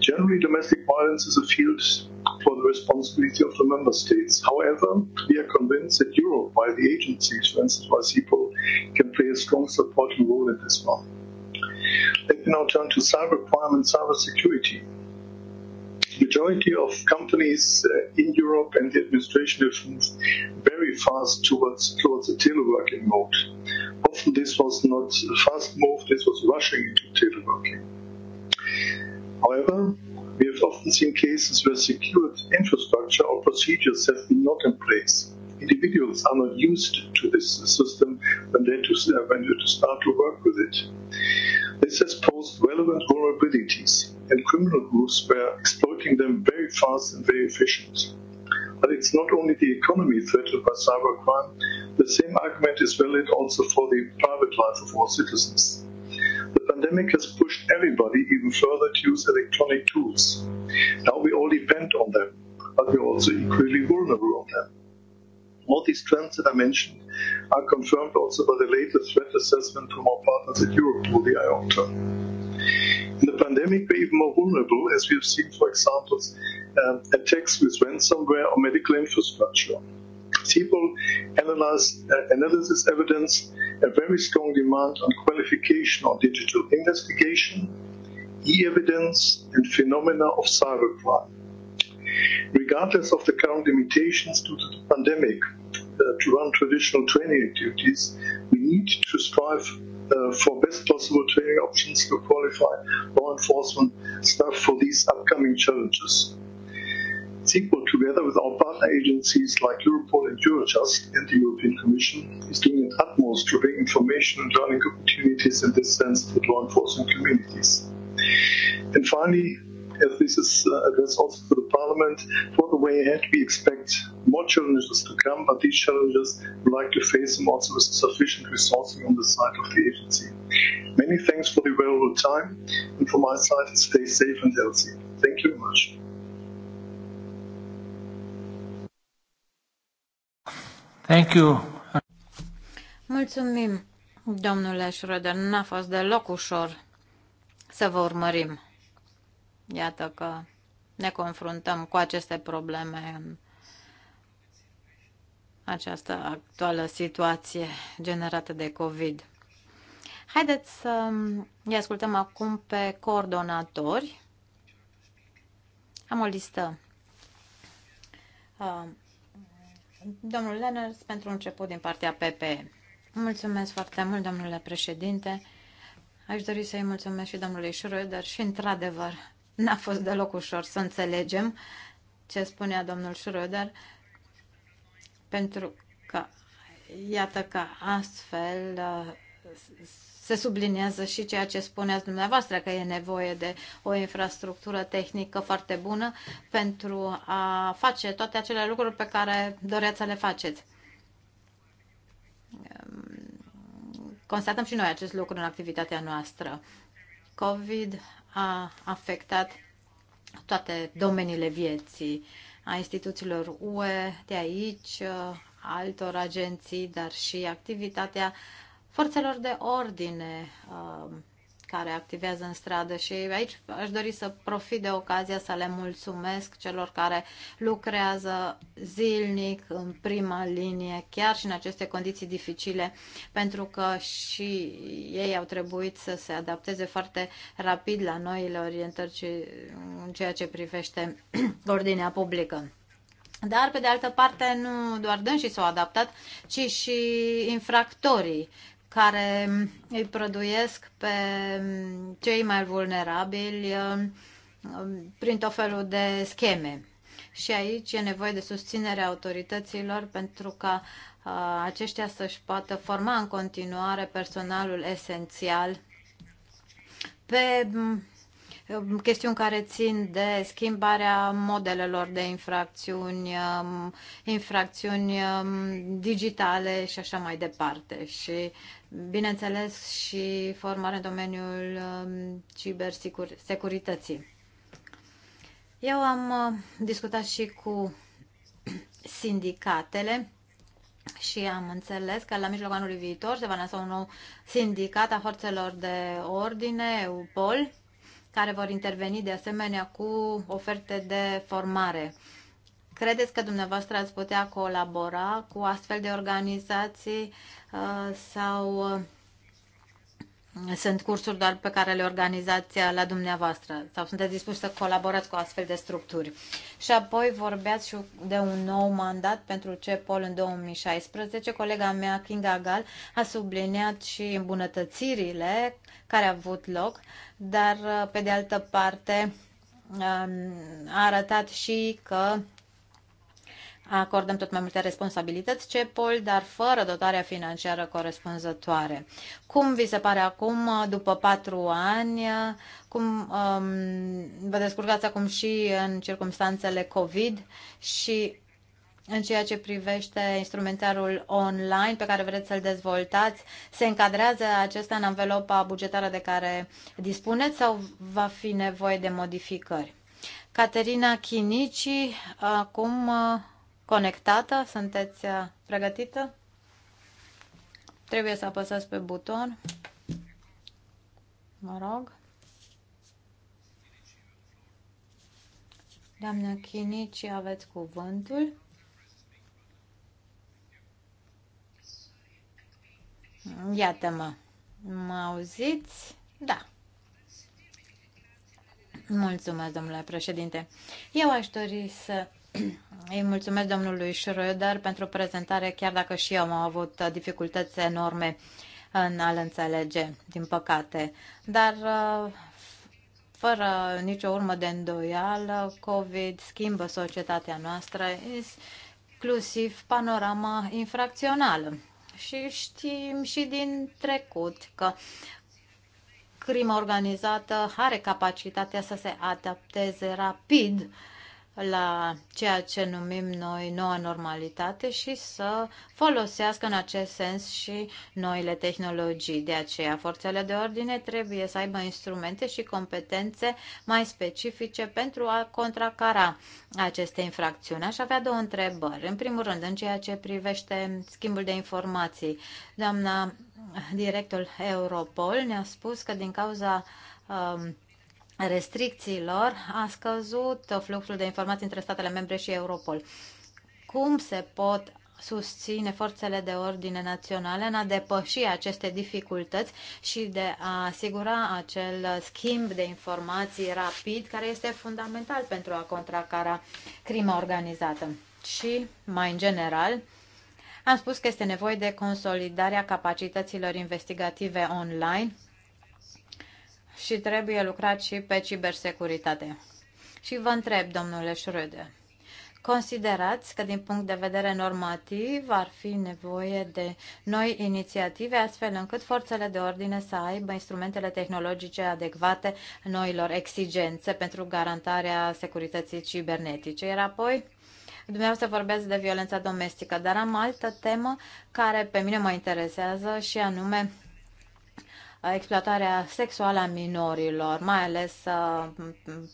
Speaker 6: Generally, domestic violence is a field for the responsibility of the member states. However, we are convinced that Europe, by the agencies, for instance, by CIPO, can play a strong supporting role in this one. Let me now turn to cybercrime and cyber The Majority of companies uh, in Europe and the administration have moved very fast towards towards a teleworking mode. Often this was not fast move; this was rushing into teleworking However, we have often seen cases where secured infrastructure or procedures have been not in place. Individuals are not used to this system when they to, uh, when they to start to work with it. This has posed relevant vulnerabilities, and criminal groups were exploiting them very fast and very efficient. But it's not only the economy threatened by cybercrime, the same argument is valid also for the private life of all citizens the pandemic has pushed everybody even further to use electronic tools. Now we all depend on them, but we are also equally vulnerable on them. All these trends that I mentioned are confirmed also by the latest threat assessment from our partners at Europol, the IOCTA. In the pandemic, we're even more vulnerable, as we have seen, for example, uh, attacks with ransomware or medical infrastructure. People analyze uh, analysis evidence a very strong demand on qualification on digital investigation, e-evidence, and phenomena of cybercrime. Regardless of the current limitations due to the pandemic uh, to run traditional training activities, we need to strive uh, for best possible training options to qualify law enforcement staff for these upcoming challenges. SIGPRO, together with our partner agencies like Europol and Eurojust and the European Commission, is doing its utmost to bring information and learning opportunities in this sense to law enforcement communities. And finally, as this is uh, addressed also to the Parliament, for the way ahead we expect more challenges to come, but these challenges will likely face them also with sufficient resourcing on the side of the agency. Many thanks for the valuable time, and from my side, stay safe and healthy. Thank you very much.
Speaker 5: Mulțumim, domnule Schroeder. N-a fost deloc ușor să vă urmărim. Iată că ne confruntăm cu aceste probleme în această actuală situație generată de COVID. Haideți să îi ascultăm acum pe coordonatori. Am o listă uh, Domnul Lenners, pentru început din partea PPE. Mulțumesc foarte mult, domnule președinte. Aș dori să-i mulțumesc și domnului Schröder și, într-adevăr, n-a fost deloc ușor să înțelegem ce spunea domnul Schröder, pentru că, iată că astfel uh, se subliniază și ceea ce spuneați dumneavoastră, că e nevoie de o infrastructură tehnică foarte bună pentru a face toate acele lucruri pe care doreați să le faceți. Constatăm și noi acest lucru în activitatea noastră. COVID a afectat toate domeniile vieții a instituțiilor UE de aici, altor agenții, dar și activitatea uh, forțelor de ordine um, care activează în stradă și aici aș dori să profit de ocazia să le mulțumesc celor care lucrează zilnic în prima linie, chiar și în aceste condiții dificile, pentru că și ei au trebuit să se adapteze foarte rapid la noile orientări în ceea ce privește ordinea publică. Dar, pe de altă parte, nu doar dânsii s-au adaptat, ci și infractorii care îi produiesc pe cei mai vulnerabili uh, prin tot felul de scheme. Și aici e nevoie de susținerea autorităților pentru ca uh, aceștia să-și poată forma în continuare personalul esențial pe Ehm, chestiuni care țin de schimbarea modelelor de infracțiuni, ehm, infracțiuni ehm, digitale și așa mai departe. Și, bineînțeles, și formare în domeniul cibersecurității. Eu am discutat și cu sindicatele și am înțeles că la mijlocul anului viitor se va lansa un nou sindicat a forțelor de ordine, UPOL, care vor interveni de asemenea cu oferte de formare. Credeți că dumneavoastră ați putea colabora cu astfel de organizații uh, sau uh, sunt cursuri doar pe care le organizați la dumneavoastră sau sunteți dispuși să colaborați cu astfel de structuri. Și apoi vorbeați și de un nou mandat pentru CEPOL în 2016. Colega mea, Kinga Gal, a subliniat și îmbunătățirile care au avut loc, dar pe de altă parte a arătat și că acordăm tot mai multe responsabilități CEPOL, dar fără dotarea financiară corespunzătoare. Cum vi se pare acum, după patru ani, cum um, vă descurcați acum și în circumstanțele COVID și în ceea ce privește instrumentarul online pe care vreți să-l dezvoltați, se încadrează acesta în anvelopa bugetară de care dispuneți sau va fi nevoie de modificări? Caterina Chinici, acum conectată? Sunteți uh, pregătită? Trebuie să apăsați pe buton. Mă rog. Doamna Chinici, aveți cuvântul. Iată-mă. Mă auziți? Da. Mulțumesc, domnule președinte. Eu aș dori să îi mulțumesc domnului Schröder pentru prezentare, chiar dacă și eu am avut dificultăți enorme în a-l înțelege, din păcate. Dar uh, fără nicio urmă de îndoială, COVID schimbă societatea noastră, inclusiv panorama infracțională. Și știm și din trecut că crima organizată are capacitatea să se adapteze rapid uh, la ceea ce numim noi noua normalitate și să folosească în acest sens și noile tehnologii. De aceea, forțele de ordine trebuie să aibă instrumente și competențe mai specifice pentru a contracara aceste infracțiuni. Aș avea două întrebări. În primul rând, în ceea ce privește schimbul de informații, doamna directorul Europol ne-a spus că din cauza um, restricțiilor a scăzut fluxul de informații între statele membre și Europol. Cum se pot susține forțele de ordine naționale în a depăși aceste dificultăți și de a asigura acel schimb de informații rapid care este fundamental pentru a contracara crima organizată. Și, mai în general, am spus că este nevoie de consolidarea capacităților investigative online și trebuie lucrat și pe cibersecuritate. Și vă întreb, domnule Schröder, considerați că din punct de vedere normativ ar fi nevoie de noi inițiative astfel încât forțele de ordine să aibă instrumentele tehnologice adecvate noilor exigențe pentru garantarea securității cibernetice. Iar apoi, dumneavoastră vorbeați de violența domestică, dar am altă temă care pe mine mă interesează și anume Uh, exploatarea sexuală a minorilor, mai ales uh,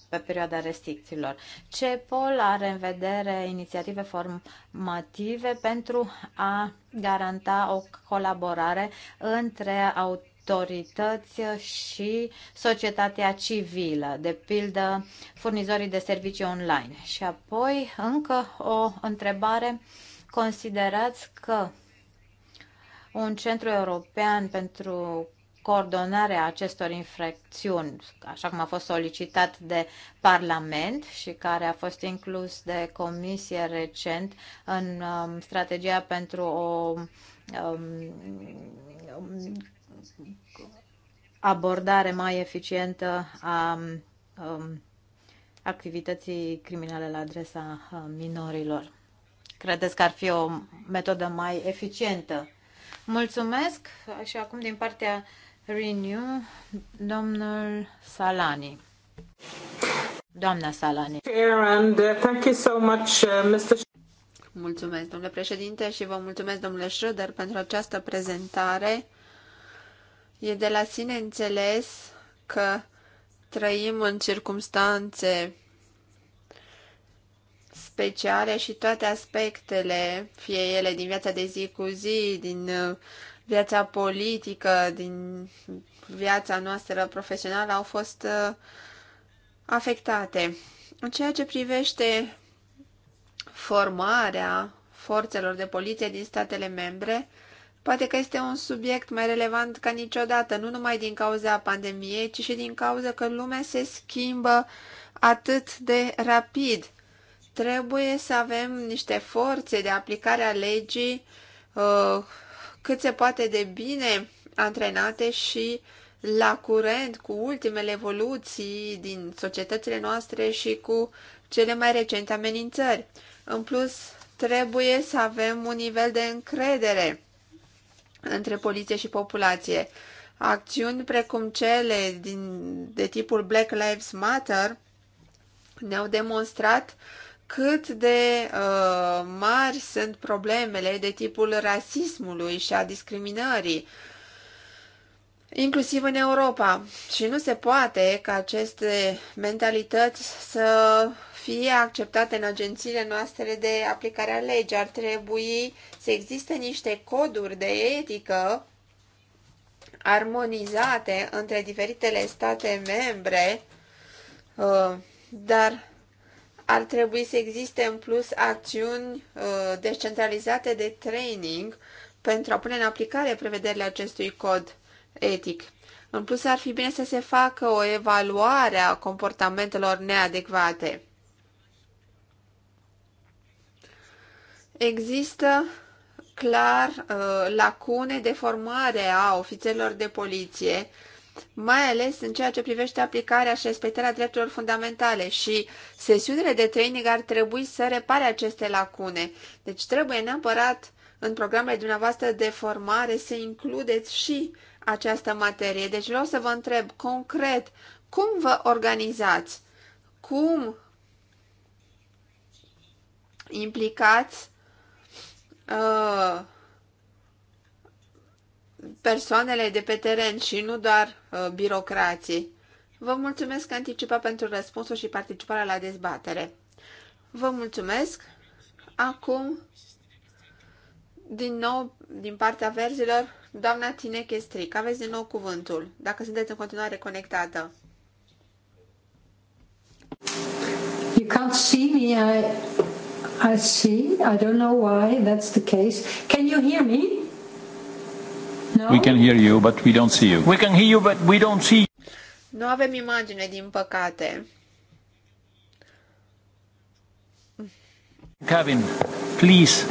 Speaker 5: pe perioada restricțiilor. CEPOL are în vedere inițiative formative pentru a garanta o colaborare între autorități autorități și societatea civilă, de pildă furnizorii de servicii online. Și apoi încă o întrebare. Considerați că un centru european pentru coordonarea acestor infracțiuni, așa cum a fost solicitat de Parlament și care a fost inclus de Comisie recent în um, strategia pentru o um, abordare mai eficientă a um, activității criminale la adresa uh, minorilor. Credeți că ar fi o metodă mai eficientă? Mulțumesc și acum din partea Renew, domnul Salani. Doamna Salani. And, uh, thank you so much, uh, Mr.
Speaker 2: Mulțumesc, domnule președinte, și vă mulțumesc, domnule Schröder, pentru această prezentare. E de la sine înțeles că trăim în circumstanțe speciale și toate aspectele, fie ele din viața de zi cu zi, din uh, viața politică, din viața noastră profesională au fost uh, afectate. În ceea ce privește formarea forțelor de poliție din statele membre, poate că este un subiect mai relevant ca niciodată, nu numai din cauza pandemiei, ci și din cauza că lumea se schimbă atât de rapid. Trebuie să avem niște forțe de aplicare a legii uh, cât se poate de bine antrenate și la curent cu ultimele evoluții din societățile noastre și cu cele mai recente amenințări. În plus, trebuie să avem un nivel de încredere între poliție și populație. Acțiuni precum cele din, de tipul Black Lives Matter ne-au demonstrat cât de uh, mari sunt problemele de tipul rasismului și a discriminării, inclusiv în Europa. Și nu se poate ca aceste mentalități să fie acceptate în agențiile noastre de aplicare a legii. Ar trebui să existe niște coduri de etică armonizate între diferitele state membre, uh, dar ar trebui să existe în plus acțiuni uh, descentralizate de training pentru a pune în aplicare prevederile acestui cod etic. În plus, ar fi bine să se facă o evaluare a comportamentelor neadecvate. Există clar uh, lacune de formare a ofițerilor de poliție mai ales în ceea ce privește aplicarea și respectarea drepturilor fundamentale și sesiunile de training ar trebui să repare aceste lacune. Deci trebuie neapărat în programele dumneavoastră de formare să includeți și această materie. Deci vreau să vă întreb concret cum vă organizați, cum implicați uh, persoanele de pe teren și nu doar uh, birocrații. Vă mulțumesc anticipat pentru răspunsul și participarea la dezbatere. Vă mulțumesc. Acum, din nou, din partea verzilor, doamna Tineche Stric, aveți din nou cuvântul, dacă sunteți în continuare conectată.
Speaker 7: You can't see me, I, I see, I don't know why that's the case.
Speaker 2: Can you hear me? No? We can
Speaker 1: hear you, but we don't see you. We can hear you, but we don't see
Speaker 2: Nu avem imagine, din păcate.
Speaker 1: Kevin, please.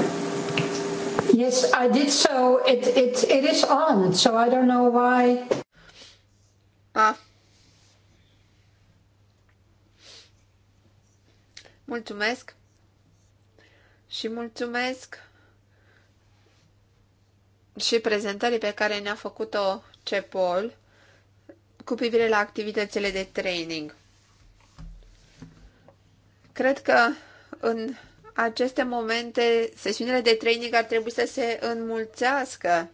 Speaker 7: Yes, I did so. It, it, it is on, so I don't know why.
Speaker 2: Ah. Mulțumesc. Și mulțumesc și prezentării pe care ne-a făcut-o CEPOL cu privire la activitățile de training. Cred că în aceste momente sesiunile de training ar trebui să se înmulțească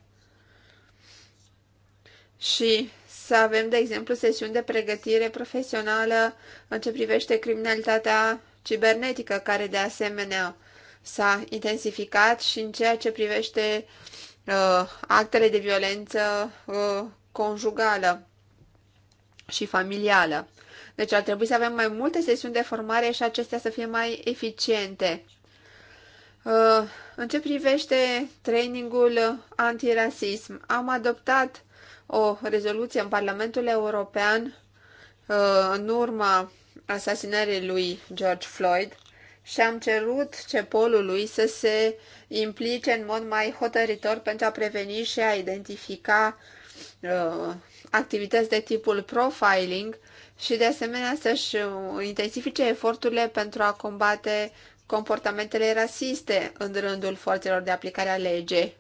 Speaker 2: și să avem, de exemplu, sesiuni de pregătire profesională în ce privește criminalitatea cibernetică, care de asemenea s-a intensificat și în ceea ce privește uh, Uh, actele de violență uh, conjugală și familială. Deci ar trebui să avem mai multe sesiuni de formare și acestea să fie mai eficiente. Uh, în ce privește trainingul antirasism, am adoptat o rezoluție în Parlamentul European în urma asasinării lui George Floyd și am cerut CEPOL-ului să se implice în mod mai hotăritor pentru a preveni și a identifica uh, activități de tipul profiling și de asemenea să-și uh, intensifice eforturile pentru a combate comportamentele rasiste în rândul forțelor de aplicare a legei.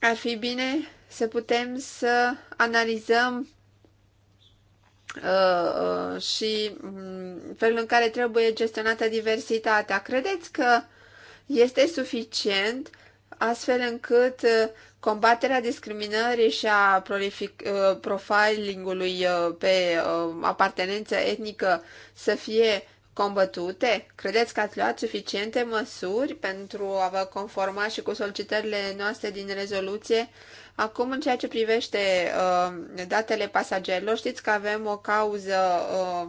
Speaker 2: Ar fi bine să putem să analizăm Uh, uh, și mm, felul în care trebuie gestionată diversitatea. Credeți că este suficient astfel încât uh, combaterea discriminării și a profilingului pe apartenență etnică să fie combătute? Credeți că ați luat suficiente măsuri pentru a vă conforma și cu solicitările noastre din rezoluție? Acum, în ceea ce privește uh, datele pasagerilor, știți că avem o cauză uh,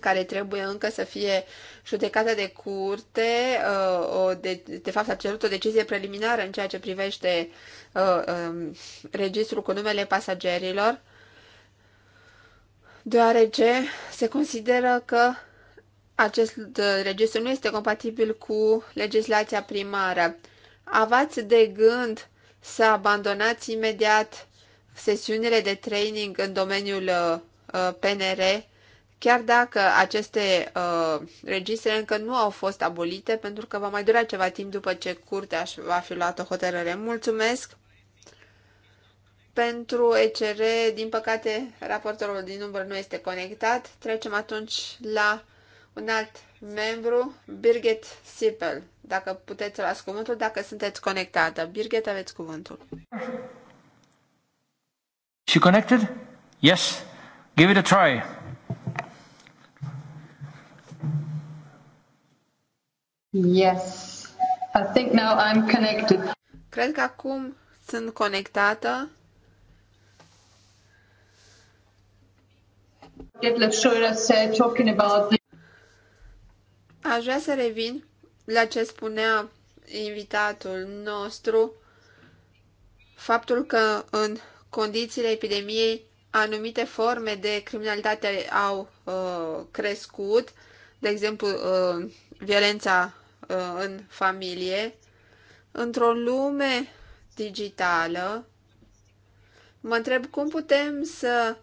Speaker 2: care trebuie încă să fie judecată de curte. Uh, o de, de fapt, a cerut o decizie preliminară în ceea ce privește uh, uh, registrul cu numele pasagerilor. Uh, deoarece se consideră că acest registru nu este compatibil cu legislația primară. Avați de gând să abandonați imediat sesiunile de training în domeniul uh, uh, PNR, chiar dacă aceste uh, registre încă nu au fost abolite, pentru că va mai dura ceva timp după ce curtea va fi luat o hotărâre. Mulțumesc! Pentru ECR, din păcate, raportorul din număr nu este conectat. Trecem atunci la un alt membru, Birgit Sipel. Dacă puteți să las cuvântul, dacă sunteți conectată. Birgit, aveți cuvântul.
Speaker 1: She connected? Yes. Give it a try.
Speaker 4: Yes.
Speaker 2: I think now I'm connected. Cred că acum sunt conectată. talking about the... Aș vrea să revin la ce spunea invitatul nostru, faptul că în condițiile epidemiei anumite forme de criminalitate au uh, crescut, de exemplu uh, violența uh, în familie, într-o lume digitală, mă întreb cum putem să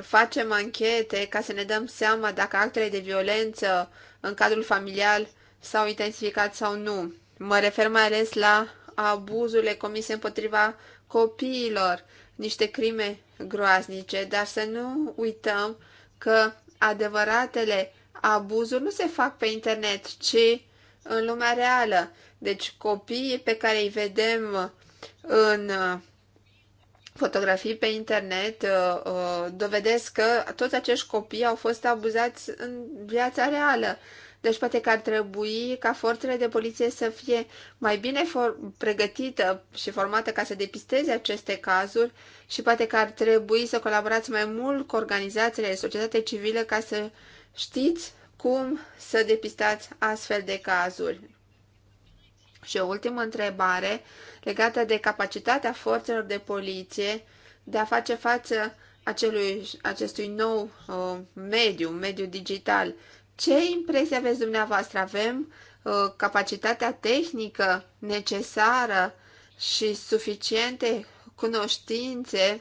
Speaker 2: facem anchete ca să ne dăm seama dacă actele de violență în cadrul familial s-au intensificat sau nu. Mă refer mai ales la abuzurile comise împotriva copiilor, niște crime groaznice, dar să nu uităm că adevăratele abuzuri nu se fac pe internet, ci în lumea reală. Deci copiii pe care îi vedem în fotografii pe internet uh, uh, dovedesc că toți acești copii au fost abuzați în viața reală. Deci poate că ar trebui ca forțele de poliție să fie mai bine pregătită și formată ca să depisteze aceste cazuri și poate că ar trebui să colaborați mai mult cu organizațiile de societate civilă ca să știți cum să depistați astfel de cazuri. Și o ultimă întrebare legată de capacitatea forțelor de poliție de a face față acelui, acestui nou uh, mediu, mediu digital. Ce impresie aveți dumneavoastră? Avem uh, capacitatea tehnică necesară și suficiente cunoștințe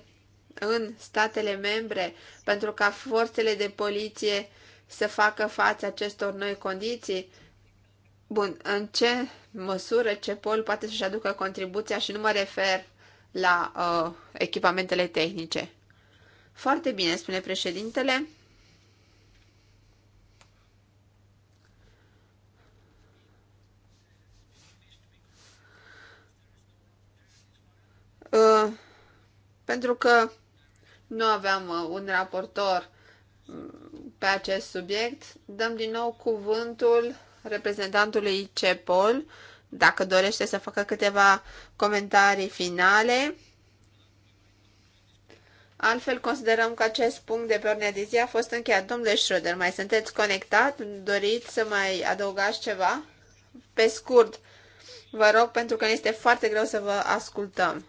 Speaker 2: în statele membre pentru ca forțele de poliție să facă față acestor noi condiții? Bun, în ce măsură CEPOL poate să-și aducă contribuția și nu mă refer la uh, echipamentele tehnice? Foarte bine, spune președintele. Uh, pentru că nu aveam uh, un raportor mm, pe acest subiect, dăm din nou cuvântul reprezentantului CEPOL dacă dorește să facă câteva comentarii finale. Altfel, considerăm că acest punct de pe ordinea de zi a fost încheiat. Domnule Schröder, mai sunteți conectat? Doriți să mai adăugați ceva? Pe scurt, vă rog, pentru că ne este foarte greu să vă ascultăm.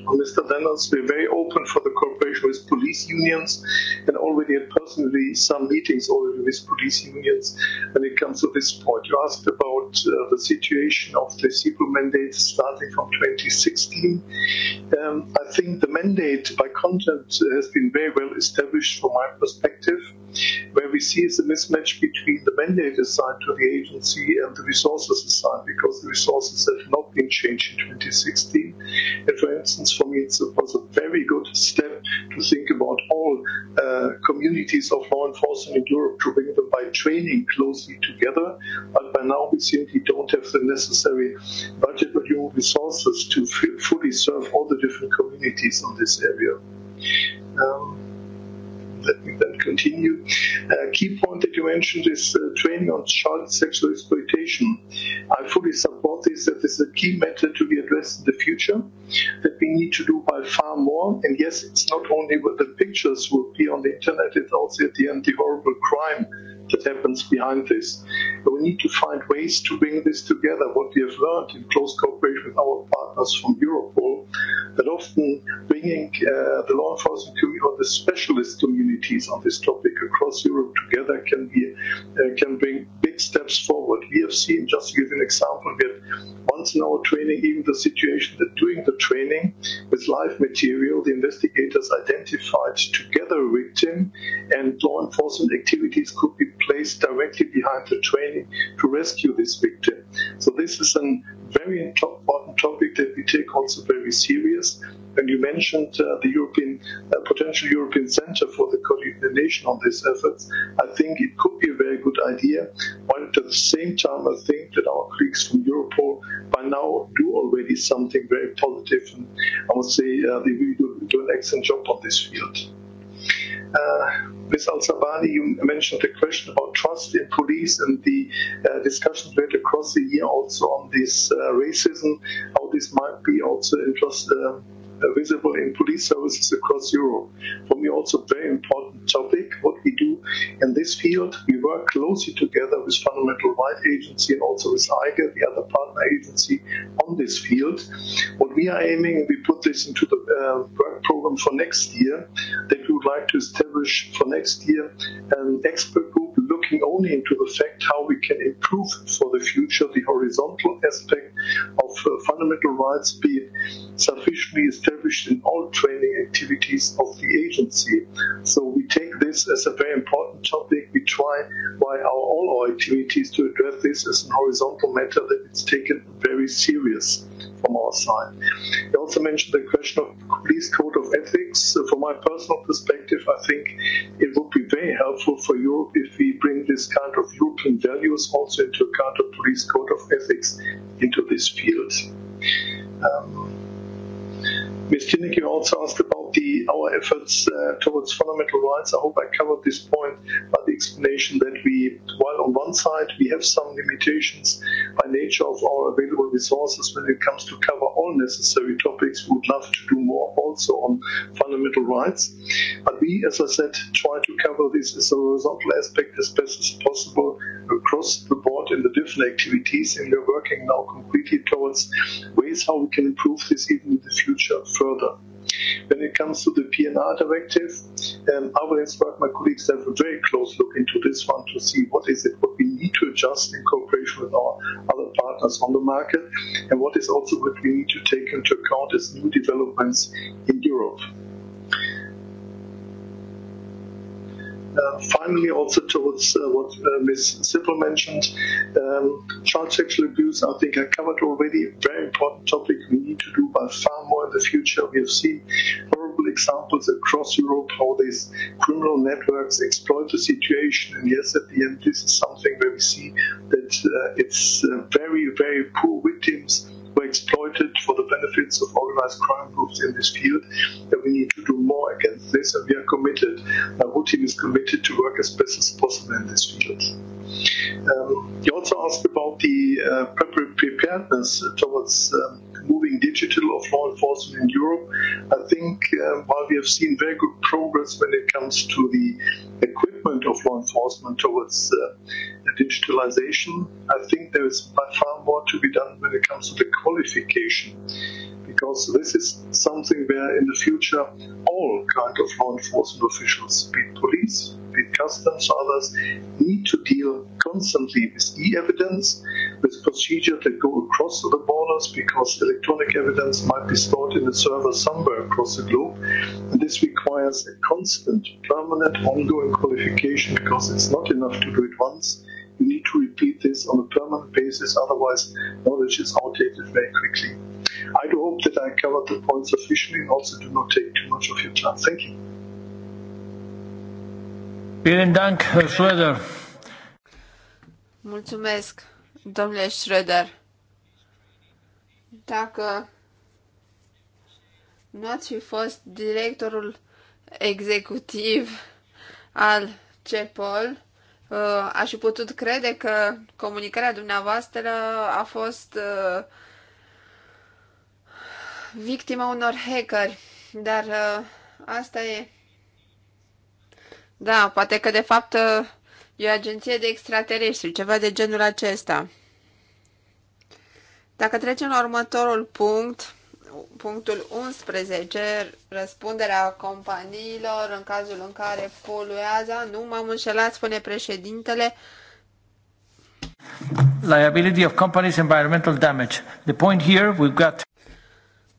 Speaker 6: Mr. Lenners were very open for the cooperation with police unions and already had personally some meetings already with police unions when it comes to this point. You asked about uh, the situation of the civil mandate starting from 2016. Um, I think the mandate by content has been very well established from my perspective. Where we see is a mismatch between the mandate assigned to the agency and the resources assigned because the resources have not been changed in 2016. And for instance, instance, for me, it was a very good step to think about all uh, communities of law enforcement in Europe to bring them by training closely together. But by now, we simply don't have the necessary budget or human resources to fully serve all the different communities in this area. Um, let me then continue. A key point that you mentioned is uh, training on child sexual exploitation. I fully support this, that this is a key matter to be addressed in the future, that we need to do by far more. And yes, it's not only what the pictures will be on the internet, it's also at the end the horrible crime that happens behind this. But we need to find ways to bring this together, what we have learned in close cooperation with our partners from Europol, that often bringing uh, the law enforcement community or the specialist community communities on this topic across Europe together can be uh, can bring big steps forward. We have seen, just to give an example, we have once in our training even the situation that during the training with live material, the investigators identified together a victim, and law enforcement activities could be placed directly behind the training to rescue this victim. So this is an very important topic that we take also very serious. And you mentioned uh, the European uh, potential European Center for the coordination on these efforts. I think it could be a very good idea. While at the same time, I think that our colleagues from Europol by now do already something very positive, and I would say uh, they really do, do an excellent job on this field. Uh, Ms. Al-Sabani, you mentioned the question about trust in police and the uh, discussions we had across the year also on this uh, racism, how this might be also in trust, uh, visible in police services across Europe. For me, also very important topic, what we do in this field. We work closely together with Fundamental Rights Agency and also with IGA, the other partner agency on this field. What we are aiming, we put this into the uh, work program for next year, that we would like to establish for next year an expert group looking only into the fact how we can improve for the future the horizontal aspect of uh, fundamental rights being sufficiently established in all training activities of the agency. So we take this as a very important topic. We try by our, all our activities to address this as a horizontal matter that it's taken very serious from our side. You also mentioned the question of police code of ethics. From my personal perspective, I think it would be very helpful for Europe if we bring this kind of European values also into a kind of police code of ethics into this field. Um, Ms. Kinnick, you also asked about the our efforts uh, towards fundamental rights. I hope I covered this point by the explanation that we, while on one side we have some limitations by nature of our available resources when it comes to cover all necessary topics, we would love to do more also on fundamental rights. But we, as I said, try to cover this as a horizontal aspect as best as possible across the board in the different activities, and we're working now completely towards ways how we can improve this even in the future further. When it comes to the PNR directive, um, I will expect my colleagues to have a very close look into this one to see what is it, what we need to adjust in cooperation with our other partners on the market, and what is also what we need to take into account as new developments in Europe. Uh, finally, also towards uh, what uh, Ms. Sippel mentioned, um, child sexual abuse, I think I covered already. A very important topic we need to do by far more in the future. We have seen horrible examples across Europe how these criminal networks exploit the situation. And yes, at the end, this is something where we see that uh, it's uh, very, very poor victims exploited for the benefits of organized crime groups in this field, and we need to do more against this, and we are committed. Our whole team is committed to work as best as possible in this field. Um, you also asked about the uh, preparedness towards um, moving digital of law enforcement in Europe. I think uh, while we have seen very good progress when it comes to the equipment of law enforcement towards uh, digitalization, I think there is by far more to be done when it comes to the qualification because this is something where in the future all kind of law enforcement officials, be police, because others need to deal constantly with e-evidence, with procedures that go across the borders because electronic evidence might be stored in a server somewhere across the globe. And this requires a constant, permanent, ongoing qualification because it's not enough to do it once. You need to repeat this on a permanent basis, otherwise knowledge is outdated very quickly. I do hope that I covered the points sufficiently and also do not take too much of your time. Thank you.
Speaker 2: Mulțumesc, domnule Schröder. Dacă nu ați fi fost directorul executiv al CEPOL, uh, aș fi putut crede că comunicarea dumneavoastră a fost uh, victima unor hackeri, dar uh, asta e da, poate că de fapt e o agenție de extraterestri, ceva de genul acesta. Dacă trecem la următorul punct, punctul 11, răspunderea companiilor în cazul în care poluează, nu m-am înșelat, spune președintele.
Speaker 1: Liability of companies environmental damage. The point here we've got...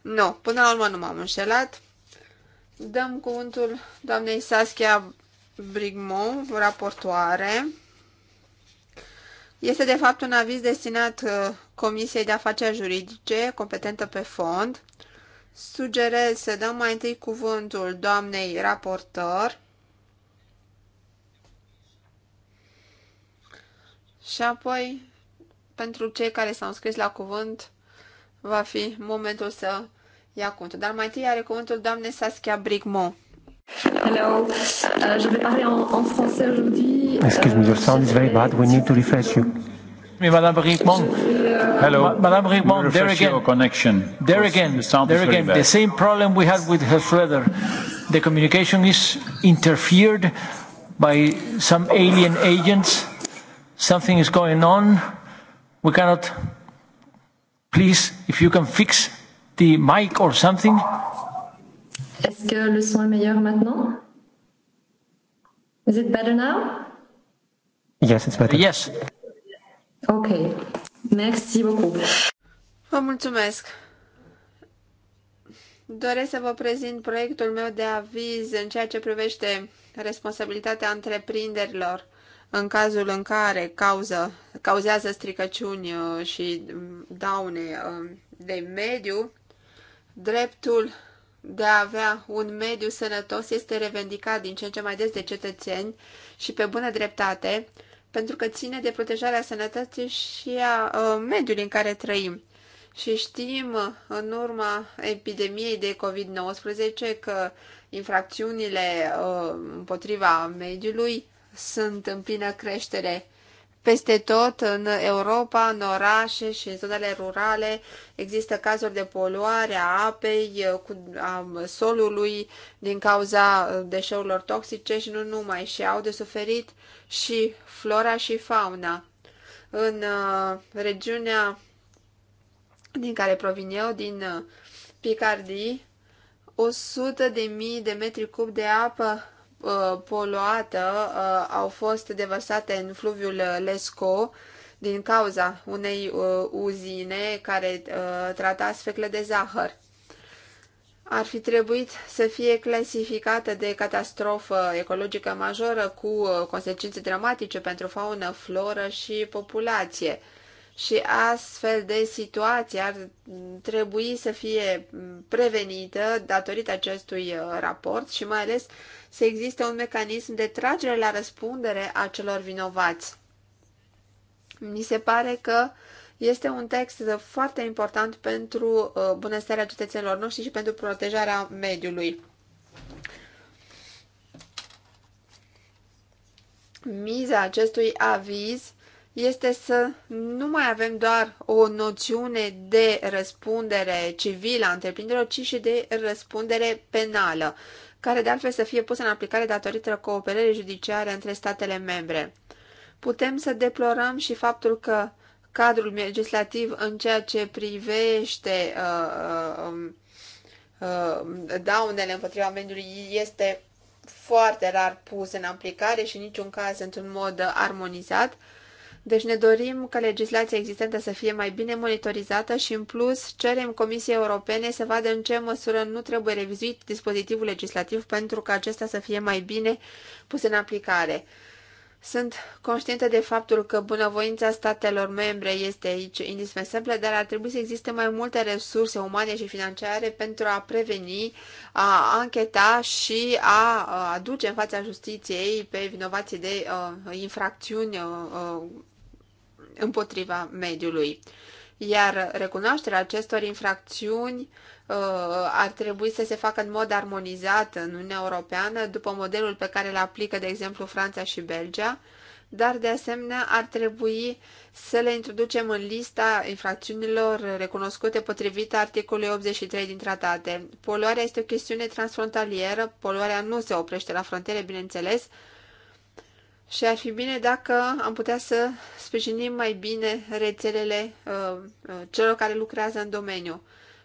Speaker 2: Nu, până la urmă nu m-am înșelat. Dăm cuvântul doamnei Saskia Brigmont, raportoare, este de fapt un aviz destinat uh, Comisiei de Afaceri Juridice, competentă pe fond. Sugerez să dăm mai întâi cuvântul doamnei raportor și apoi, pentru cei care s-au înscris la cuvânt, va fi momentul să ia cuvântul. Dar mai întâi are cuvântul doamnei Saskia Brigmont. Euh,
Speaker 1: Excuse me, your sound is very bad. We need to refresh you. Madame Rickmond. Euh, Hello. Madame Rickmond, there again. Your connection. There again. The there again. The same problem we had with her brother. The communication is interfered by some alien agents. Something is going on. We cannot. Please, if you can fix the mic or something,
Speaker 4: Est-ce que le son est meilleur maintenant? Is
Speaker 2: it better now?
Speaker 1: Yes, it's better. Yes.
Speaker 2: Ok. Merci beaucoup. Vă mulțumesc. Doresc să vă prezint proiectul meu de aviz în ceea ce privește responsabilitatea întreprinderilor în cazul în care cauză, cauzează stricăciuni uh, și mm, daune uh, de mediu, dreptul de a avea un mediu sănătos este revendicat din ce în ce mai des de cetățeni și pe bună dreptate, pentru că ține de protejarea sănătății și a mediului în care trăim. Și știm, în urma epidemiei de COVID-19, că infracțiunile împotriva mediului sunt în plină creștere peste tot în Europa, în orașe și în zonele rurale există cazuri de poluare a apei, a solului din cauza deșeurilor toxice și nu numai, și au de suferit și flora și fauna. În uh, regiunea din care provin eu, din uh, Picardie, 100.000 de mii de metri cub de apă Uh, poluată uh, au fost devăsate în fluviul Lesco din cauza unei uh, uzine care trata sfecle de zahăr. Ar fi trebuit să fie clasificată de catastrofă ecologică majoră cu consecințe dramatice pentru faună, floră și populație și astfel de situații ar trebui să fie prevenită datorită acestui raport și mai ales să existe un mecanism de tragere la răspundere a celor vinovați. Mi se pare că este un text foarte important pentru uh, bunăstarea cetățenilor noștri și pentru protejarea mediului. Miza acestui aviz este să nu mai avem doar o noțiune de răspundere civilă a întreprinderilor, ci și de răspundere penală care de altfel să fie pusă în aplicare datorită cooperării judiciare între statele membre. Putem să deplorăm și faptul că cadrul legislativ în ceea ce privește uh, uh, um, uh, daunele împotriva mediului este foarte rar pus în aplicare și în niciun caz într-un mod armonizat, deci ne dorim ca legislația existentă să fie mai bine monitorizată și, în plus, cerem Comisiei Europene să vadă în ce măsură nu trebuie revizuit dispozitivul legislativ pentru ca acesta să fie mai bine pus în aplicare. Sunt conștientă de faptul că bunăvoința statelor membre este aici indispensabilă, dar ar trebui să existe mai multe resurse umane și financiare pentru a preveni, a ancheta și a aduce în fața justiției pe vinovații de uh, infracțiuni uh, uh, împotriva mediului. Iar recunoașterea acestor infracțiuni uh, ar trebui să se facă în mod armonizat în Uniunea Europeană, după modelul pe care îl aplică, de exemplu, Franța și Belgia, dar de asemenea ar trebui să le introducem în lista infracțiunilor recunoscute potrivit articolului 83 din tratate. Poluarea este o chestiune transfrontalieră, poluarea nu se oprește la frontiere, bineînțeles, și ar fi bine dacă am putea să sprijinim mai bine rețelele uh, uh, celor care lucrează în domeniu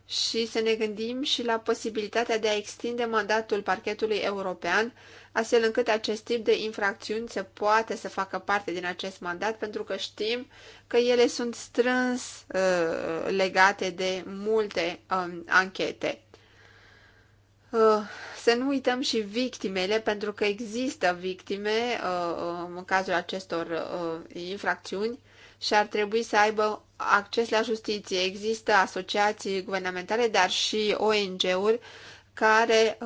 Speaker 2: și să ne gândim și la posibilitatea de a extinde mandatul parchetului european, astfel încât acest tip de infracțiuni să poată să facă parte din acest mandat, pentru că știm că ele sunt strâns uh, legate de multe um, anchete. Uh, să nu uităm și victimele, pentru că există victime uh, uh, în cazul acestor uh, infracțiuni și ar trebui să aibă acces la justiție. Există asociații guvernamentale, dar și ONG-uri care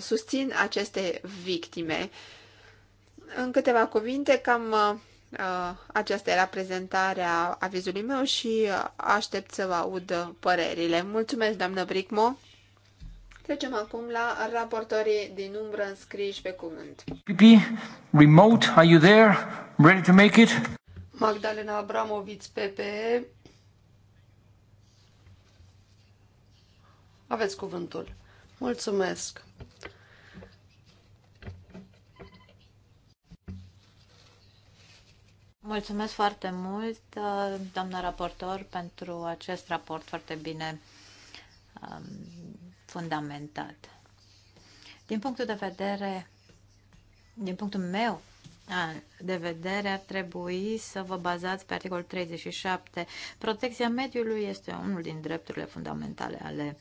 Speaker 2: susțin aceste victime. În câteva cuvinte, cam aceasta era prezentarea avizului meu și aștept să vă aud părerile. Mulțumesc, doamnă Bricmo! Trecem acum la raportorii din umbră înscriși pe cuvânt.
Speaker 1: Pipi, remote, are you there? Ready to make it?
Speaker 2: Magdalena Abramovic, PPE.
Speaker 4: Aveți cuvântul. Mulțumesc.
Speaker 5: Mulțumesc foarte mult, doamna raportor, pentru acest raport foarte bine um, fundamentat. Din punctul de vedere, din punctul meu de vedere, ar trebui să vă bazați pe articolul 37. Protecția mediului este unul din drepturile fundamentale ale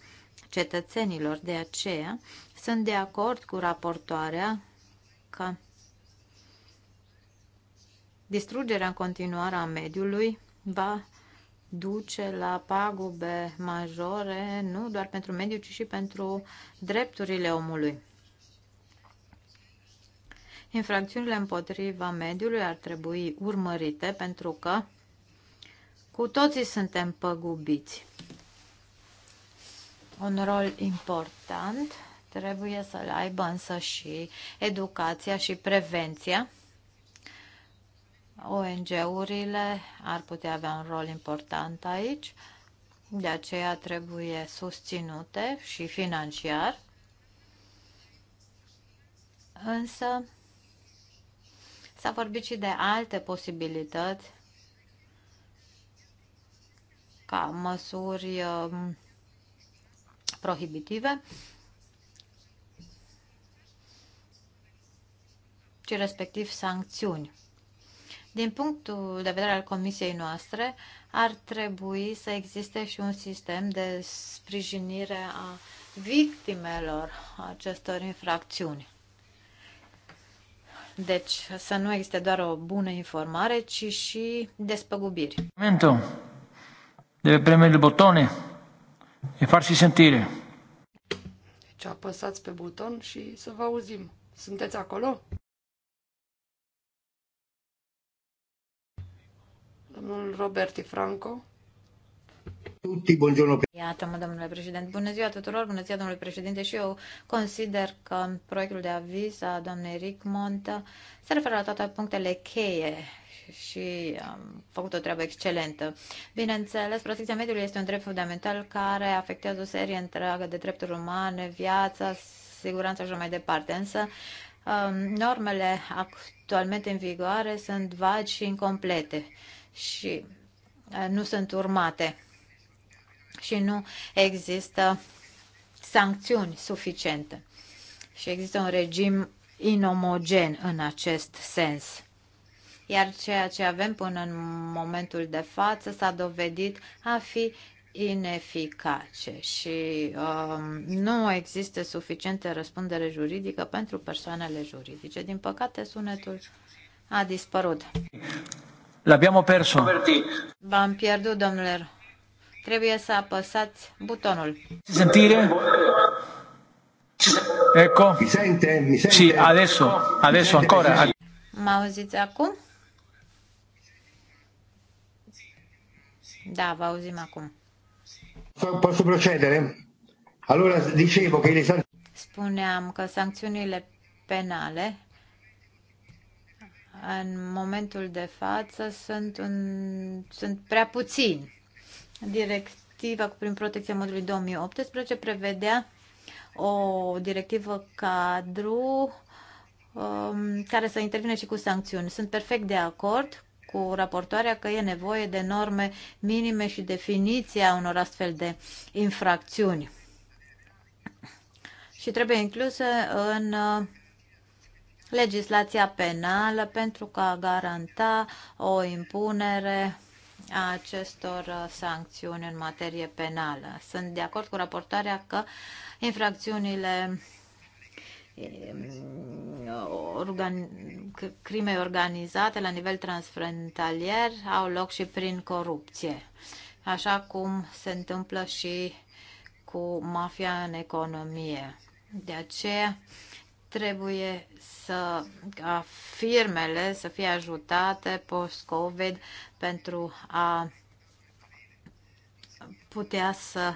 Speaker 5: cetățenilor. De aceea, sunt de acord cu raportoarea că distrugerea în continuare a mediului va duce la pagube majore, nu doar pentru mediu, ci și pentru drepturile omului. Infracțiunile împotriva mediului ar trebui urmărite pentru că cu toții suntem păgubiți. Un rol important trebuie să-l aibă însă și educația și prevenția ONG-urile ar putea avea un rol important aici, de aceea trebuie susținute și financiar. Însă s-a vorbit și de alte posibilități ca măsuri um, prohibitive și respectiv sancțiuni. Din punctul de vedere al comisiei noastre, ar trebui să existe și un sistem de sprijinire a victimelor acestor infracțiuni. Deci să nu existe doar o bună informare, ci și despăgubiri. Momentul.
Speaker 1: de premere il bottone e farsi sentire.
Speaker 4: Deci apăsați pe buton și să vă auzim. Sunteți acolo?
Speaker 5: Domnul Roberti Franco. Iată, mă, domnule președinte. Bună ziua tuturor, bună ziua, domnule președinte. Și eu consider că proiectul de aviz a doamnei Ricmont se referă la toate punctele cheie și am făcut o treabă excelentă. Bineînțeles, protecția mediului este un drept fundamental care afectează o serie întreagă de drepturi umane, viața, siguranța și mai departe. Însă, um, normele actualmente în vigoare sunt vagi și incomplete și eh, nu sunt urmate și nu există sancțiuni suficiente. Și există un regim inomogen în acest sens. Iar ceea ce avem până în momentul de față s-a dovedit a fi ineficace și um, nu există suficientă răspundere juridică pentru persoanele juridice. Din păcate, sunetul a dispărut.
Speaker 1: L'abbiamo perso.
Speaker 5: V-am pierdut, domnule. Trebuie să apăsați butonul.
Speaker 1: Sentire? Ecco. Mi sente? Mi sente? Sì, adesso, adesso ancora.
Speaker 5: Mă auziți acum? Da, vă auzim acum.
Speaker 6: Posso procedere? Allora, dicevo che le
Speaker 5: Spuneam că sancțiunile penale în momentul de față sunt, un, sunt prea puțini. Directiva prin protecția modului 2018 prevedea o directivă cadru um, care să intervine și cu sancțiuni. Sunt perfect de acord cu raportoarea că e nevoie de norme minime și definiția unor astfel de infracțiuni. Și trebuie inclusă în uh, legislația penală pentru ca a garanta o impunere a acestor uh, sancțiuni în materie penală. Sunt de acord cu raportarea că infracțiunile um, organ, crimei organizate la nivel transfrontalier au loc și prin corupție, așa cum se întâmplă și cu mafia în economie. De aceea, Trebuie să ca firmele să fie ajutate post-COVID pentru a putea să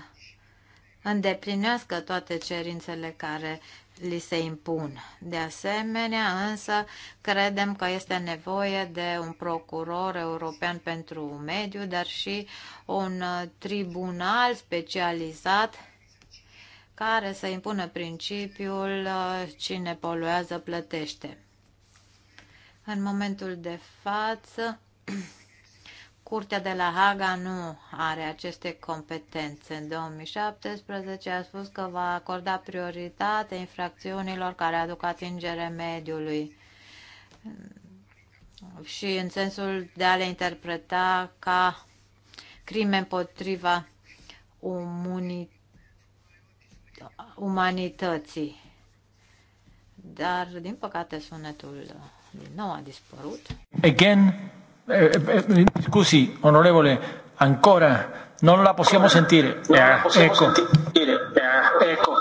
Speaker 5: îndeplinească toate cerințele care li se impun. De asemenea, însă, credem că este nevoie de un procuror european pentru mediu, dar și un tribunal specializat care să impună principiul uh, cine poluează plătește. În momentul de față, Curtea de la Haga nu are aceste competențe. În 2017 a spus că va acorda prioritate infracțiunilor care aduc atingere mediului și în sensul de a le interpreta ca crime împotriva umunității umanității. Dar, din păcate, sunetul din nou a
Speaker 7: dispărut.
Speaker 1: Again, eh, eh, eh, scusi, onorevole, ancora, non la possiamo sentire. Non ecco.
Speaker 7: sentire. Ecco.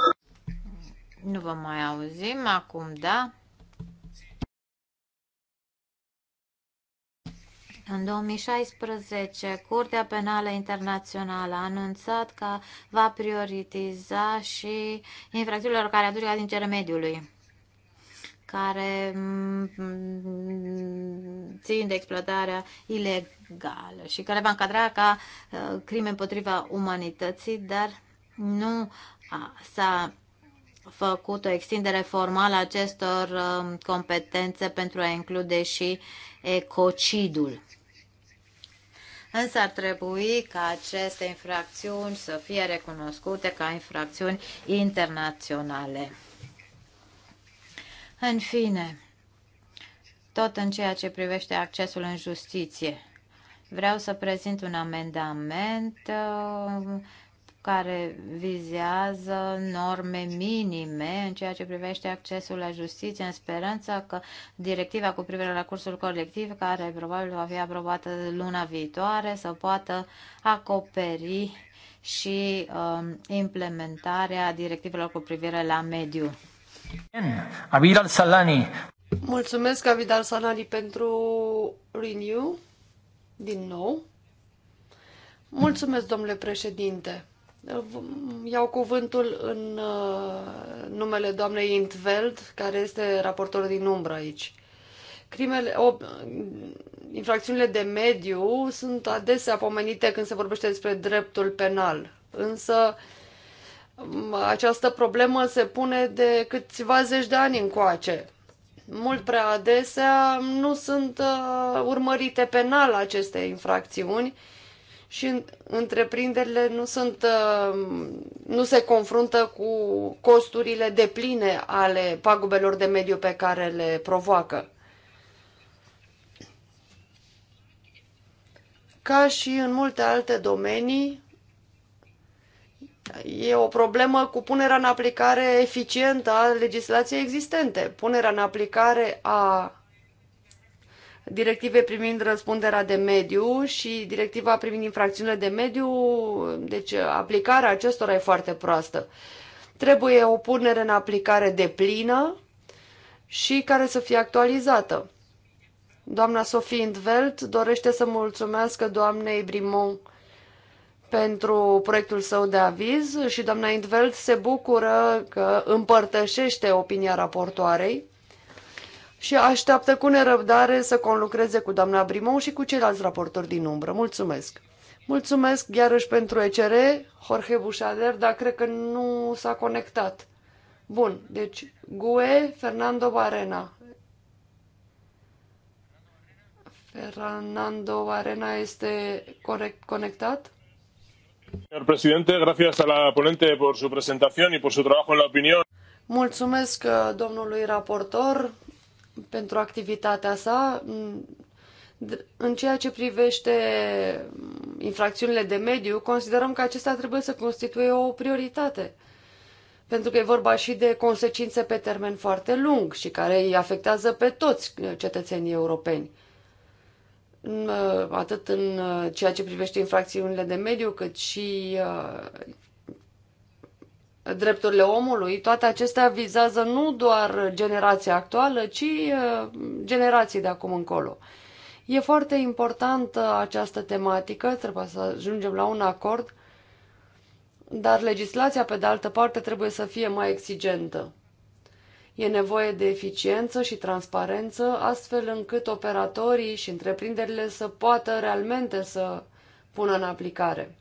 Speaker 5: Nu vă mai auzim acum, da? În 2016, Curtea Penală Internațională a anunțat că va prioritiza și infracțiunile care aduc din mediului, care mm, țin de exploatarea ilegală și care va încadra ca uh, crime împotriva umanității, dar nu s-a făcut o extindere formală a acestor uh, competențe pentru a include și ecocidul. Însă ar trebui ca aceste infracțiuni să fie recunoscute ca infracțiuni internaționale. În fine, tot în ceea ce privește accesul în justiție, vreau să prezint un amendament uh, care vizează norme minime în ceea ce privește accesul la justiție, în speranța că directiva cu privire la cursul colectiv, care probabil va fi aprobată luna viitoare, să poată acoperi și um, implementarea directivelor cu privire
Speaker 4: la mediu. Salani. Mulțumesc, Avidal Salani, pentru Renew, din nou. Mulțumesc, domnule președinte. Uh, iau cuvântul în uh, numele doamnei Intveld, care este raportor din umbră aici. Crimele, o, infracțiunile de mediu sunt adesea pomenite când se vorbește despre dreptul penal, însă um, această problemă se pune de câțiva zeci de ani încoace. Mult prea adesea nu sunt uh, urmărite penal aceste infracțiuni, uh, și întreprinderile nu, sunt, uh, nu se confruntă cu costurile depline ale pagubelor de mediu pe care le provoacă. Ca și în multe alte domenii, e o problemă cu punerea în aplicare eficientă a legislației existente. Punerea în aplicare a directive privind răspunderea de mediu și directiva privind infracțiunile de mediu, deci aplicarea acestora e foarte proastă. Trebuie o punere în aplicare de plină și care să fie actualizată. Doamna Sofie Intveld dorește să mulțumească doamnei Brimont pentru proiectul său de aviz și doamna Intveld se bucură că împărtășește opinia raportoarei și așteaptă cu nerăbdare să conlucreze cu doamna Brimon și cu ceilalți raportori din umbră. Mulțumesc! Mulțumesc iarăși pentru ECR, Jorge Bușader, dar cred că nu s-a conectat. Bun, deci GUE, Fernando Barena. Fernando Barena este corect conectat?
Speaker 1: Señor presidente, gracias a la ponente por su presentación y por su trabajo en la opinión.
Speaker 4: Mulțumesc domnului raportor pentru activitatea sa. În ceea ce privește infracțiunile de mediu, considerăm că acestea trebuie să constituie o prioritate. Pentru că e vorba și de consecințe pe termen foarte lung și care îi afectează pe toți cetățenii europeni. Uh, atât în uh, ceea ce privește infracțiunile de mediu, cât și uh, drepturile omului, toate acestea vizează nu doar generația actuală, ci uh, generații de acum încolo. E foarte importantă această tematică, trebuie să ajungem la un acord, dar legislația, pe de altă parte, trebuie să fie mai exigentă. E nevoie de eficiență și transparență, astfel încât operatorii și întreprinderile să poată realmente să pună în aplicare.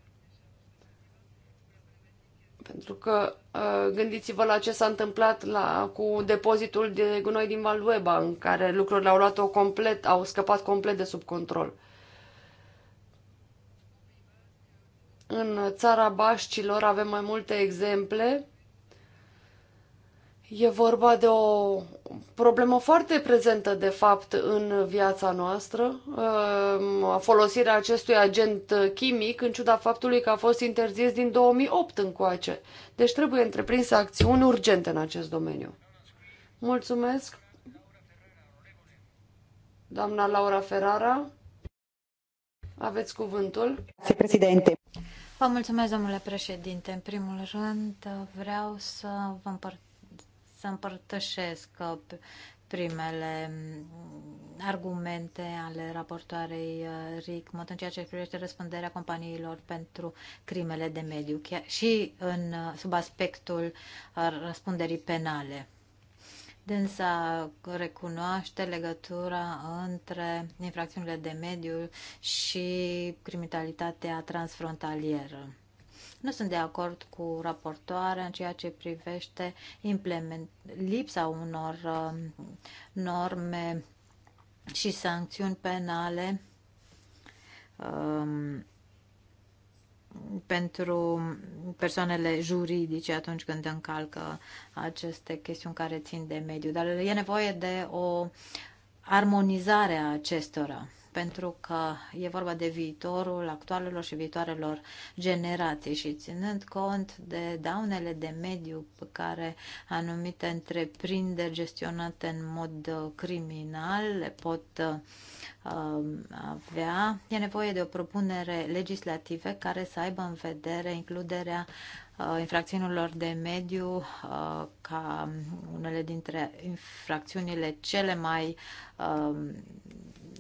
Speaker 4: Pentru că uh, gândiți-vă la ce s-a întâmplat la, cu depozitul de gunoi din Valueba, în care lucrurile au luat-o complet, au scăpat complet de sub control. În țara Bașcilor avem mai multe exemple E vorba de o problemă foarte prezentă, de fapt, în viața noastră, ehm, folosirea acestui agent chimic, în ciuda faptului că a fost interzis din 2008 încoace. Deci trebuie întreprinse acțiuni urgente în acest domeniu. Mulțumesc, doamna Laura Ferrara. Aveți cuvântul. Se președinte.
Speaker 5: Vă mulțumesc, domnule președinte. În primul rând, vreau să vă împărtășesc să împărtășesc uh, primele mm, argumente ale raportoarei uh, Ricmont în ceea ce privește răspunderea companiilor pentru crimele de mediu chiar și în, uh, sub aspectul răspunderii penale. Dânsa recunoaște legătura între infracțiunile de mediu și criminalitatea transfrontalieră. Nu sunt de acord cu raportoarea în ceea ce privește implement, lipsa unor uh, norme și sancțiuni penale uh, pentru persoanele juridice atunci când încalcă aceste chestiuni care țin de mediu. Dar e nevoie de o armonizare a acestora pentru că e vorba de viitorul actualelor și viitoarelor generații și ținând cont de daunele de mediu pe care anumite întreprinderi gestionate în mod uh, criminal le pot uh, um, avea, e nevoie de o propunere legislativă care să aibă în vedere includerea uh, infracțiunilor de mediu ca unele dintre infracțiunile cele mai um,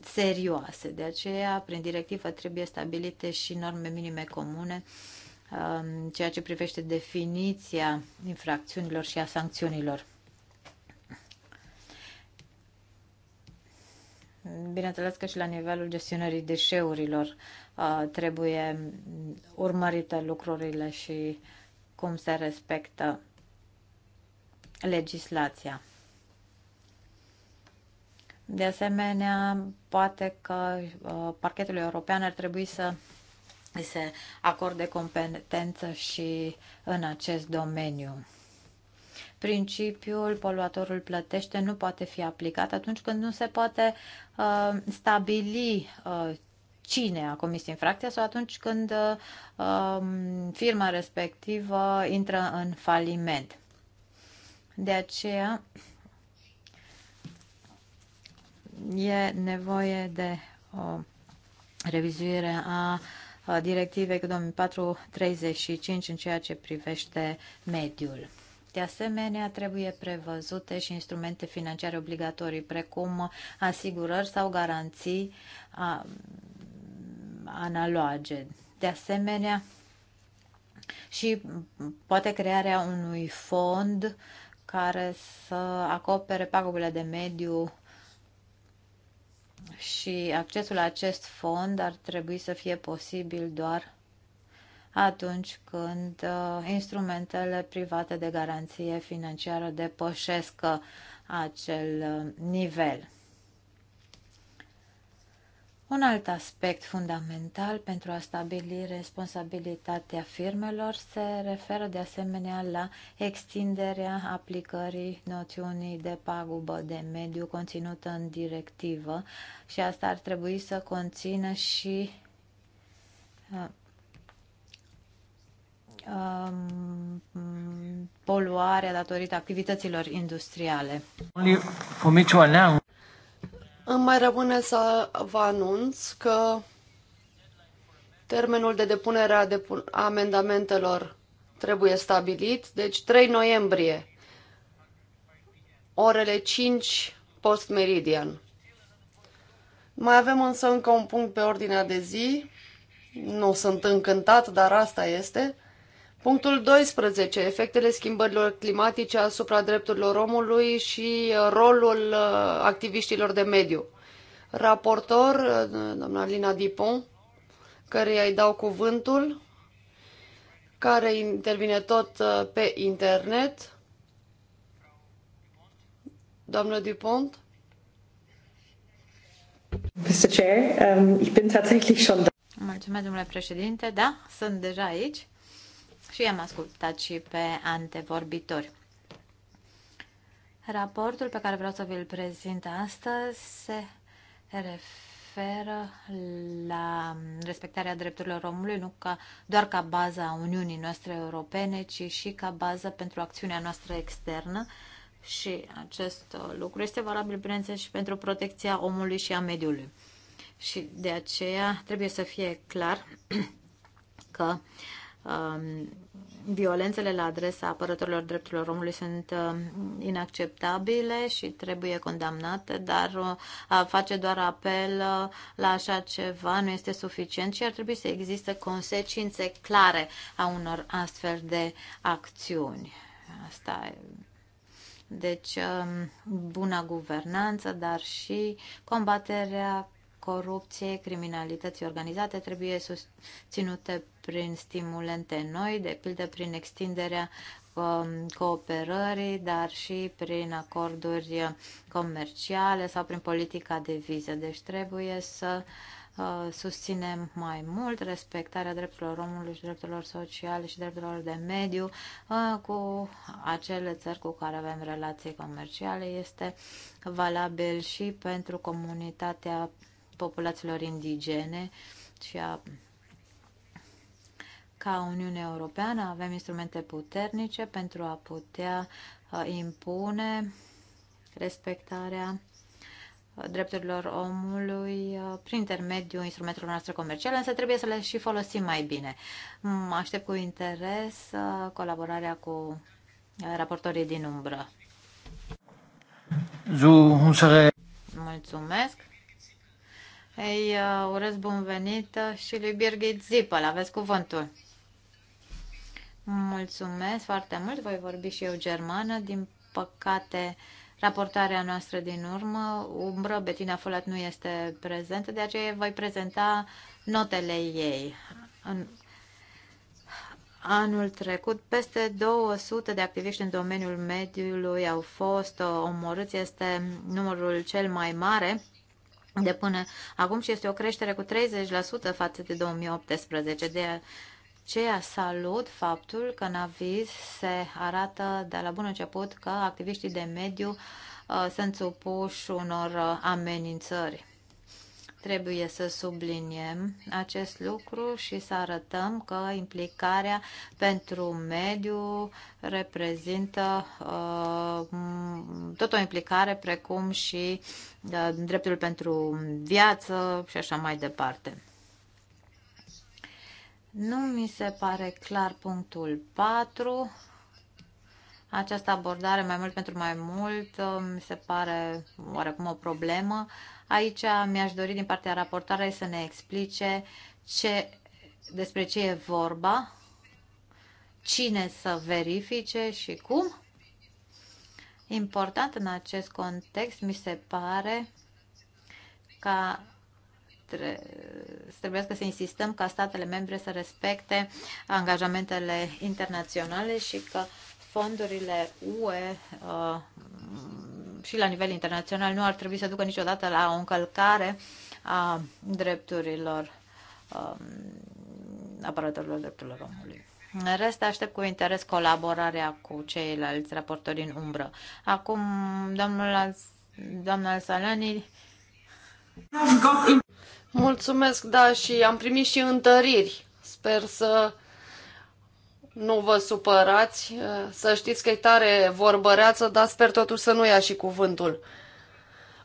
Speaker 5: serioase. De aceea, prin directivă, trebuie stabilite și norme minime comune um, ceea ce privește definiția infracțiunilor și a sancțiunilor. Bineînțeles că și la nivelul gestionării deșeurilor uh, trebuie urmărite lucrurile și cum se respectă legislația. De asemenea, poate că uh, parchetul european ar trebui să se acorde competență și în acest domeniu. Principiul poluatorul plătește nu poate fi aplicat atunci când nu se poate uh, stabili uh, cine a comis infracția sau atunci când uh, um, firma respectivă intră în faliment. De aceea, uh, e nevoie de o revizuire a directivei cu 2435 în ceea ce privește mediul. De asemenea, trebuie prevăzute și instrumente financiare obligatorii, precum asigurări sau garanții a, analoage. De asemenea, și poate crearea unui fond care să acopere pagubele de mediu și accesul la acest fond ar trebui să fie posibil doar atunci când uh, instrumentele private de garanție financiară depășesc uh, acel uh, nivel. Un alt aspect fundamental pentru a stabili responsabilitatea firmelor se referă de asemenea la extinderea aplicării noțiunii de pagubă de mediu conținută în directivă și asta ar trebui să conțină și uh, um, poluarea datorită
Speaker 4: activităților industriale. Îmi mai rămâne să vă anunț că termenul de depunere a, depun amendamentelor trebuie stabilit, deci 3 noiembrie, orele 5 post-meridian. Mai avem însă încă un punct pe ordinea de zi. Nu sunt încântat, dar asta este. Punctul 12. Efectele schimbărilor climatice asupra drepturilor omului și uh, rolul uh, activiștilor de mediu. Raportor, uh, doamna Lina Dipon, care îi dau cuvântul, care intervine tot pe internet. Doamna Dupont.
Speaker 7: Mr. Chair, um, ich bin tatsächlich schon da. Mulțumesc,
Speaker 5: domnule președinte. Da, sunt deja aici și am ascultat și pe antevorbitori. Raportul pe care vreau să vi-l prezint astăzi se referă la respectarea drepturilor omului, nu ca, doar ca baza a Uniunii noastre europene, ci și ca bază pentru acțiunea noastră externă. Și acest lucru este valabil, bineînțeles, și pentru protecția omului și a mediului. Și de aceea trebuie să fie clar că uh, um, violențele la adresa apărătorilor drepturilor omului sunt um, inacceptabile și trebuie condamnate, dar uh, a face doar apel uh, la așa ceva nu este suficient și ar trebui să există consecințe clare a unor astfel de acțiuni. Asta e. Deci, um, buna guvernanță, dar și combaterea corupției, criminalității organizate trebuie susținute prin stimulente noi, de pildă prin extinderea um, cooperării, dar și prin acorduri comerciale sau prin politica de viză. Deci trebuie să uh, susținem mai mult respectarea drepturilor omului și drepturilor sociale și drepturilor de mediu uh, cu acele țări cu care avem relații comerciale. Este valabil și pentru comunitatea populațiilor indigene și a ca Uniunea Europeană avem instrumente puternice pentru a putea impune respectarea drepturilor omului prin intermediul instrumentelor noastre comerciale, însă trebuie să le și folosim mai bine. Aștept cu interes colaborarea cu raportorii din umbră. Mulțumesc! Ei, uh, urez bun venit uh, și lui Birgit Zipăl, aveți cuvântul. Mulțumesc foarte mult, voi vorbi și eu germană. Din păcate, raportarea noastră din urmă, umbră, Betina Folat nu este prezentă, de aceea voi prezenta notele ei. În anul trecut, peste 200 de activiști în domeniul mediului au fost uh, omorâți, este numărul cel mai mare de până acum și este o creștere cu 30% față de 2018. De aceea salut faptul că în aviz se arată de la bun început că activiștii de mediu uh, sunt supuși unor uh, amenințări. Trebuie să subliniem acest lucru și să arătăm că implicarea pentru mediu reprezintă uh, tot o implicare precum și uh, dreptul pentru viață și așa mai departe. Nu mi se pare clar punctul 4. Această abordare, mai mult pentru mai mult, uh, mi se pare oarecum o problemă. Uh, Aici mi-aș dori din partea raportarei să ne explice ce, despre ce e vorba, cine să verifice și cum. Important în acest context mi se pare ca trebuie să insistăm ca statele membre să respecte angajamentele internaționale și că fondurile UE uh, și la nivel internațional nu ar trebui să ducă niciodată la o încălcare a drepturilor um, apărătorilor drepturilor omului. În rest, aștept cu interes colaborarea cu ceilalți raportori în umbră. Acum, domnul, doamna Salani.
Speaker 4: Mulțumesc, da, și am primit și întăriri. Sper să nu vă supărați, eh, să știți că e tare vorbăreață, dar sper totuși să nu ia și cuvântul.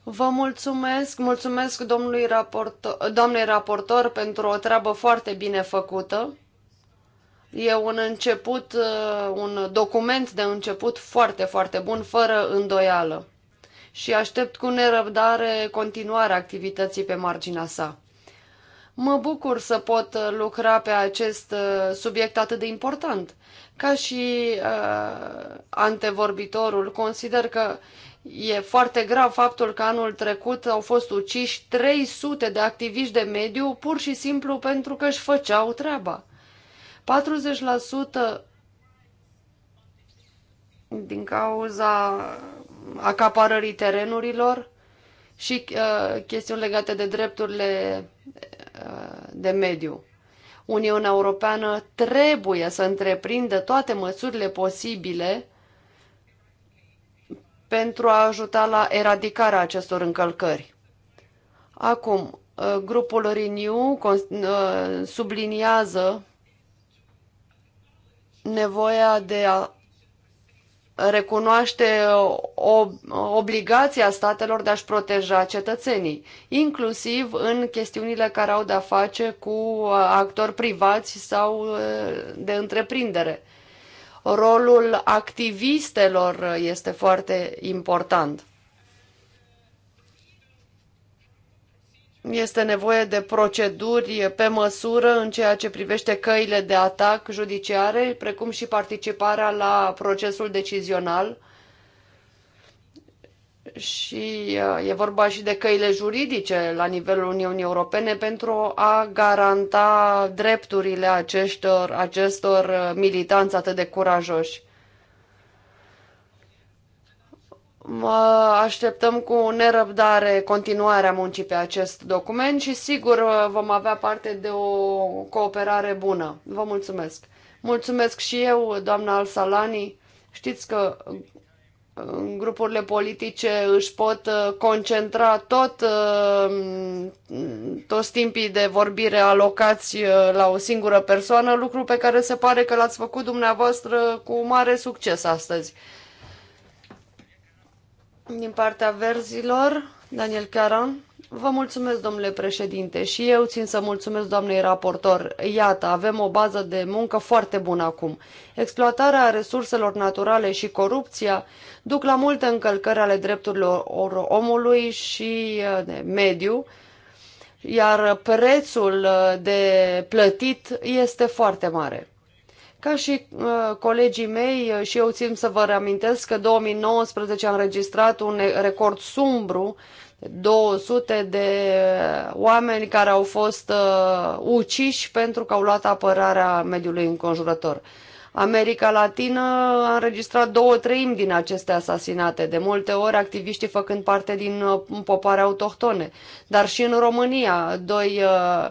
Speaker 4: Vă mulțumesc, mulțumesc domnului raportor, doamnei raportor pentru o treabă foarte bine făcută. E un început, eh, un document de început foarte, foarte bun, fără îndoială. Și aștept cu nerăbdare continuarea activității pe marginea sa. Mă bucur să pot uh, lucra pe acest uh, subiect atât de important. Ca și uh, antevorbitorul, consider că e foarte grav faptul că anul trecut au fost uciși 300 de activiști de mediu pur și simplu pentru că își făceau treaba. 40% din cauza acaparării terenurilor și uh, chestiuni legate de drepturile de mediu. Uniunea Europeană trebuie să întreprindă toate măsurile posibile pentru a ajuta la eradicarea acestor încălcări. Acum, uh, grupul Renew uh, subliniază nevoia de a recunoaște ob- obligația statelor de a-și proteja cetățenii, inclusiv în chestiunile care au de-a face cu uh, actori privați sau uh, de întreprindere. Rolul activistelor este foarte important. Este nevoie de proceduri pe măsură în ceea ce privește căile de atac judiciare, precum și participarea la procesul decizional. Și uh, e vorba și de căile juridice la nivelul Uniunii Europene pentru a garanta drepturile acestor, acestor uh, militanți atât de curajoși. așteptăm cu nerăbdare continuarea muncii pe acest document și sigur uh, vom avea parte de o cooperare bună. Vă mulțumesc! Mulțumesc și eu, doamna Salani. Știți că uh, grupurile politice își pot uh, concentra tot, toți timpii de vorbire alocați la o singură persoană, lucru pe care se pare că l-ați făcut dumneavoastră cu mare succes astăzi din partea verzilor, Daniel Caron. Vă mulțumesc, domnule președinte, și eu țin să mulțumesc doamnei raportor. Iată, avem o bază de muncă foarte bună acum. Exploatarea resurselor naturale și corupția duc la multe încălcări ale drepturilor omului și uh, de mediu, iar prețul uh, de plătit este foarte mare. Ca și uh, colegii mei, uh, și eu țin să vă reamintesc că 2019 a înregistrat un record sumbru, 200 de oameni care au fost uh, uciși pentru că au luat apărarea mediului înconjurător. America Latină a înregistrat două treimi din aceste asasinate, de multe ori activiștii făcând parte din uh, popoare autohtone. Dar și în România, doi uh,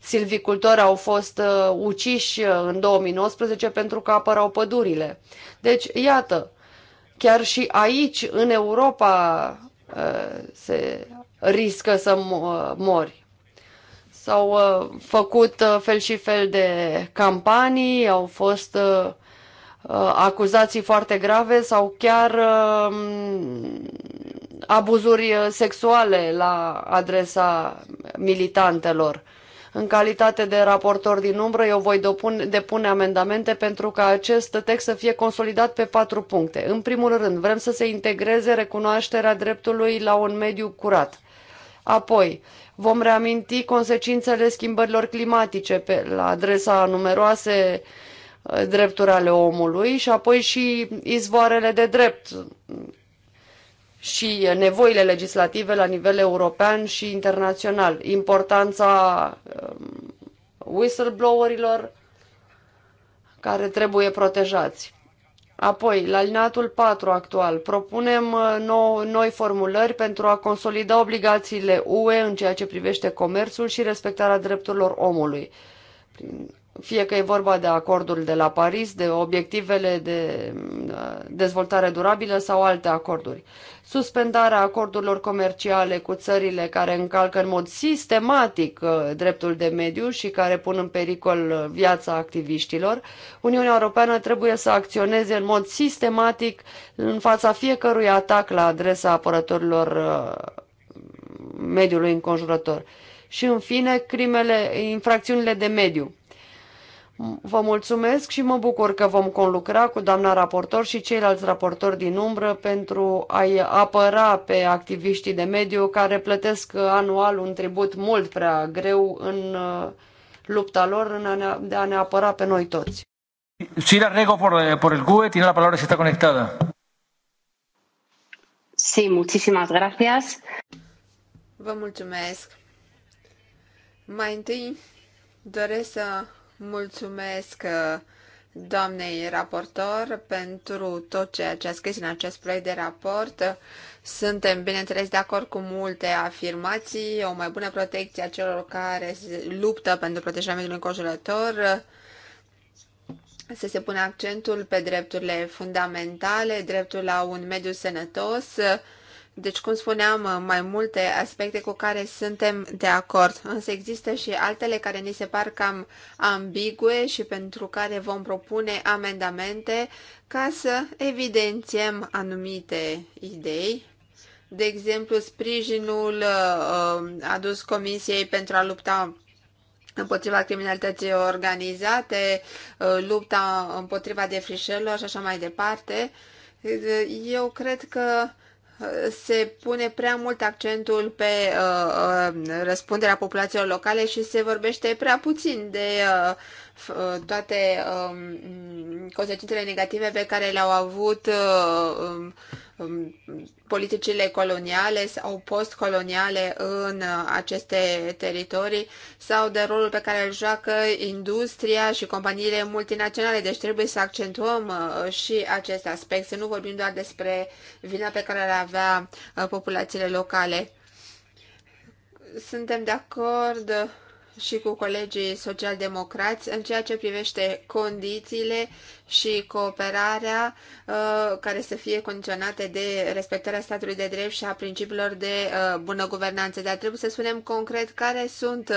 Speaker 4: silvicultori au fost uh, uciși uh, în 2019 pentru că apărau pădurile. Deci, iată, chiar și aici, în Europa, uh, se riscă să mori. S-au făcut fel și fel de campanii, au fost acuzații foarte grave sau chiar um, abuzuri sexuale la adresa militantelor. În calitate de raportor din umbră, eu voi depune, depune amendamente pentru ca acest text să fie consolidat pe patru puncte. În primul rând, vrem să se integreze recunoașterea dreptului la un mediu curat. Apoi, vom reaminti consecințele schimbărilor climatice pe, la adresa numeroase eh, drepturi ale omului și apoi și izvoarele de drept, și nevoile legislative la nivel european și internațional, importanța um, whistleblowerilor care trebuie protejați. Apoi, la alineatul 4 actual, propunem uh, nou, noi formulări pentru a consolida obligațiile UE în ceea ce privește comerțul și respectarea drepturilor omului, prin fie că e vorba de acordul de la Paris, de obiectivele de uh, dezvoltare durabilă sau alte acorduri. Suspendarea acordurilor comerciale cu țările care încalcă în mod sistematic uh, dreptul de mediu și care pun în pericol uh, viața activiștilor, Uniunea Europeană trebuie să acționeze în mod sistematic în fața fiecărui atac la adresa apărătorilor mediului înconjurător. Și în fine, crimele, infracțiunile de mediu Vă mulțumesc și mă bucur că vom conlucra cu doamna raportor și ceilalți raportori din umbră pentru a-i apăra pe activiștii de mediu care plătesc anual un tribut mult prea greu în uh, lupta lor în a ne, de a ne apăra pe noi toți.
Speaker 1: Sira Rego por, eh, por el GUE tiene la palabra si está conectada.
Speaker 4: Sí, muchísimas gracias.
Speaker 2: Vă mulțumesc. Mai întâi doresc să Mulțumesc uh, doamnei raportor pentru tot ceea ce a scris în acest proiect de raport. Suntem, bineînțeles, de acord cu multe afirmații, o mai bună protecție a celor care luptă pentru protejarea mediului înconjurător, să se pune accentul pe drepturile fundamentale, dreptul la un mediu sănătos, deci, cum spuneam, uh, mai multe aspecte cu care suntem de acord, însă există și altele care ni se par cam ambigue și pentru care vom propune amendamente ca să evidențiem anumite idei. De exemplu, sprijinul uh, uh, adus Comisiei pentru a lupta împotriva criminalității organizate, lupta împotriva defrișelor și așa mai departe. Eu cred că se pune prea mult accentul pe uh, uh, răspunderea populațiilor locale și se vorbește prea puțin de uh, toate um, consecințele negative pe care le-au avut uh, um, um, politicile coloniale sau postcoloniale în uh, aceste teritorii sau de rolul pe care îl joacă industria și companiile multinaționale. Deci trebuie să accentuăm uh, și acest aspect, să nu vorbim doar despre vina pe care le avea populațiile locale. Suntem de acord și cu colegii socialdemocrați în ceea ce privește condițiile și cooperarea uh, care să fie condiționate de respectarea statului de drept și a principiilor de uh, bună guvernanță. Dar trebuie să spunem concret care sunt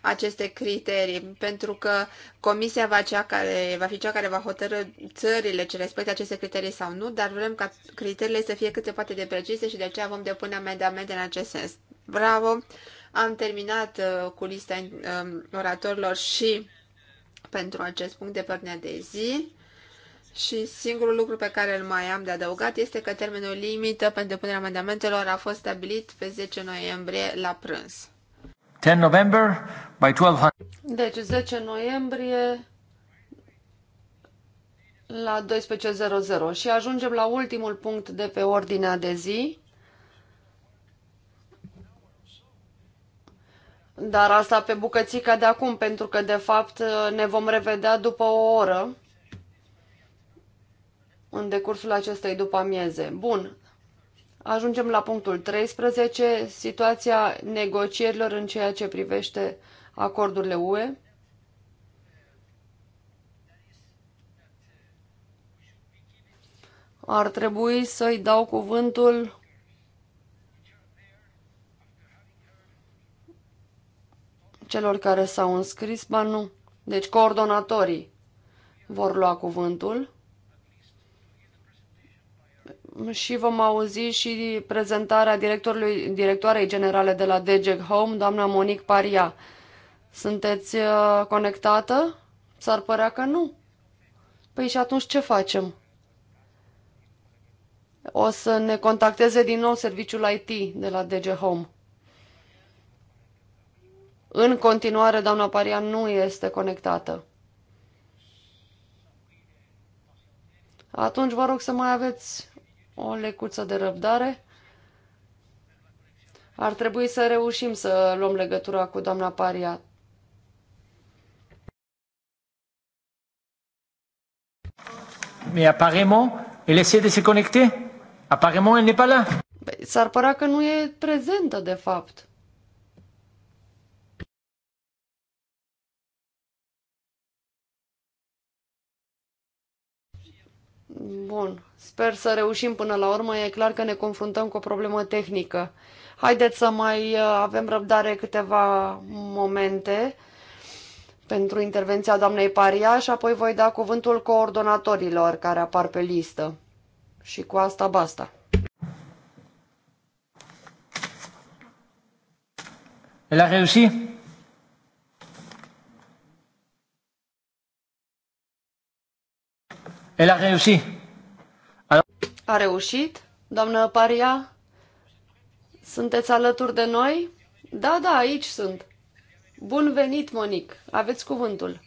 Speaker 2: aceste criterii, pentru că comisia va, cea care, va fi cea care va hotărâ țările ce respectă aceste criterii sau nu, dar vrem ca criteriile să fie cât se poate de precise și de aceea vom depune amendamente în acest sens. Bravo! Am terminat uh, cu lista um, oratorilor și pentru acest punct de părnea de zi. Și singurul lucru pe care îl mai am de adăugat este că termenul limită pentru depunerea amendamentelor a fost stabilit pe 10 noiembrie la prânz.
Speaker 1: 10 November by 1200.
Speaker 2: Deci 10 noiembrie
Speaker 4: la 12.00 și ajungem la ultimul punct de pe ordinea de zi. Dar asta pe bucățica de acum, pentru că de fapt ne vom revedea după o oră în decursul acestei după amieze. Bun, ajungem la punctul 13, situația negocierilor în ceea ce privește acordurile UE. Ar trebui să-i dau cuvântul celor care s-au înscris, ba nu. Deci coordonatorii vor lua cuvântul și vom auzi și prezentarea directorului, directoarei generale de la DGEC Home, doamna Monique Paria. Sunteți uh, conectată? S-ar părea că nu. Păi și atunci ce facem? O să ne contacteze din nou serviciul IT de la DG Home. În continuare, doamna Paria nu este conectată. Atunci vă rog să mai aveți o lecuță de răbdare. Ar trebui să reușim să luăm legătura cu doamna Paria.
Speaker 1: Mais apparemment, el essaie de se connecter. Apparemment, elle n'est pas là.
Speaker 4: Păi, s-ar părea că nu e prezentă, de fapt. Bun, sper să reușim până la urmă. E clar că ne confruntăm cu o problemă tehnică. Haideți să mai uh, avem răbdare câteva momente pentru intervenția doamnei Paria și apoi voi da cuvântul coordonatorilor care apar pe listă. Și cu asta basta.
Speaker 1: El a reușit? El a reușit.
Speaker 4: A reușit, doamnă Paria? Sunteți alături de noi? Da, da, aici sunt. Bun venit, Monic. Aveți cuvântul.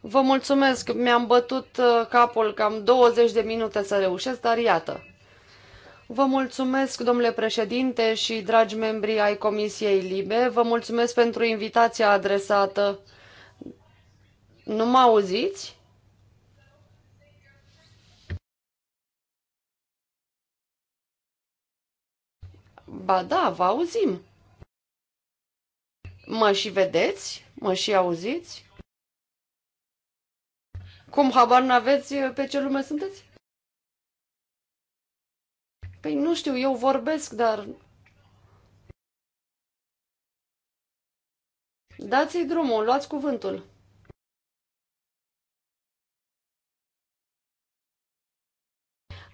Speaker 4: Vă mulțumesc, mi-am bătut uh, capul cam 20 de minute să reușesc, dar iată. Vă mulțumesc, domnule președinte și dragi membri ai Comisiei Libe. Vă mulțumesc pentru invitația adresată. Nu mă auziți?
Speaker 8: Ba da, vă auzim. Mă și vedeți? Mă și auziți? Cum habar n-aveți eh, pe ce lume sunteți? Păi nu știu, eu vorbesc, dar... Dați-i drumul, luați cuvântul.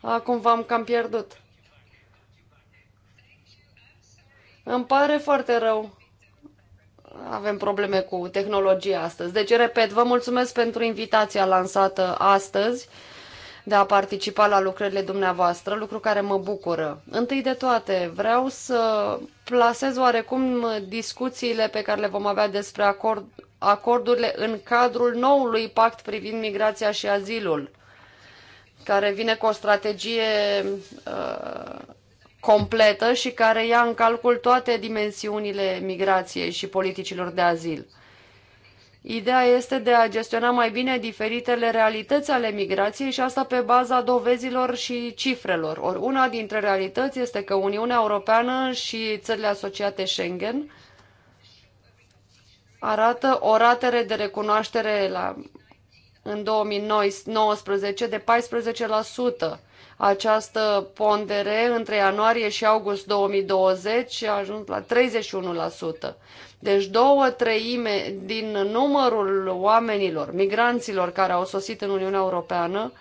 Speaker 8: Acum v-am cam pierdut.
Speaker 4: Îmi pare foarte rău. Avem probleme cu tehnologia astăzi. Deci, repet, vă mulțumesc pentru invitația lansată astăzi de a participa la lucrările dumneavoastră, lucru care mă bucură. Întâi de toate, vreau să plasez oarecum discuțiile pe care le vom avea despre acord, acordurile în cadrul noului pact privind migrația și azilul, care vine cu o strategie uh, completă și care ia în calcul toate dimensiunile migrației și politicilor de azil. Ideea este de a gestiona mai bine diferitele realități ale migrației și asta pe baza dovezilor și cifrelor. Or, una dintre realități este că Uniunea Europeană și țările asociate Schengen arată o ratere de recunoaștere la, în 2019 de 14%, această pondere între ianuarie și august 2020 a ajuns la 31%. Deci două treime din numărul oamenilor, migranților care au sosit în Uniunea Europeană,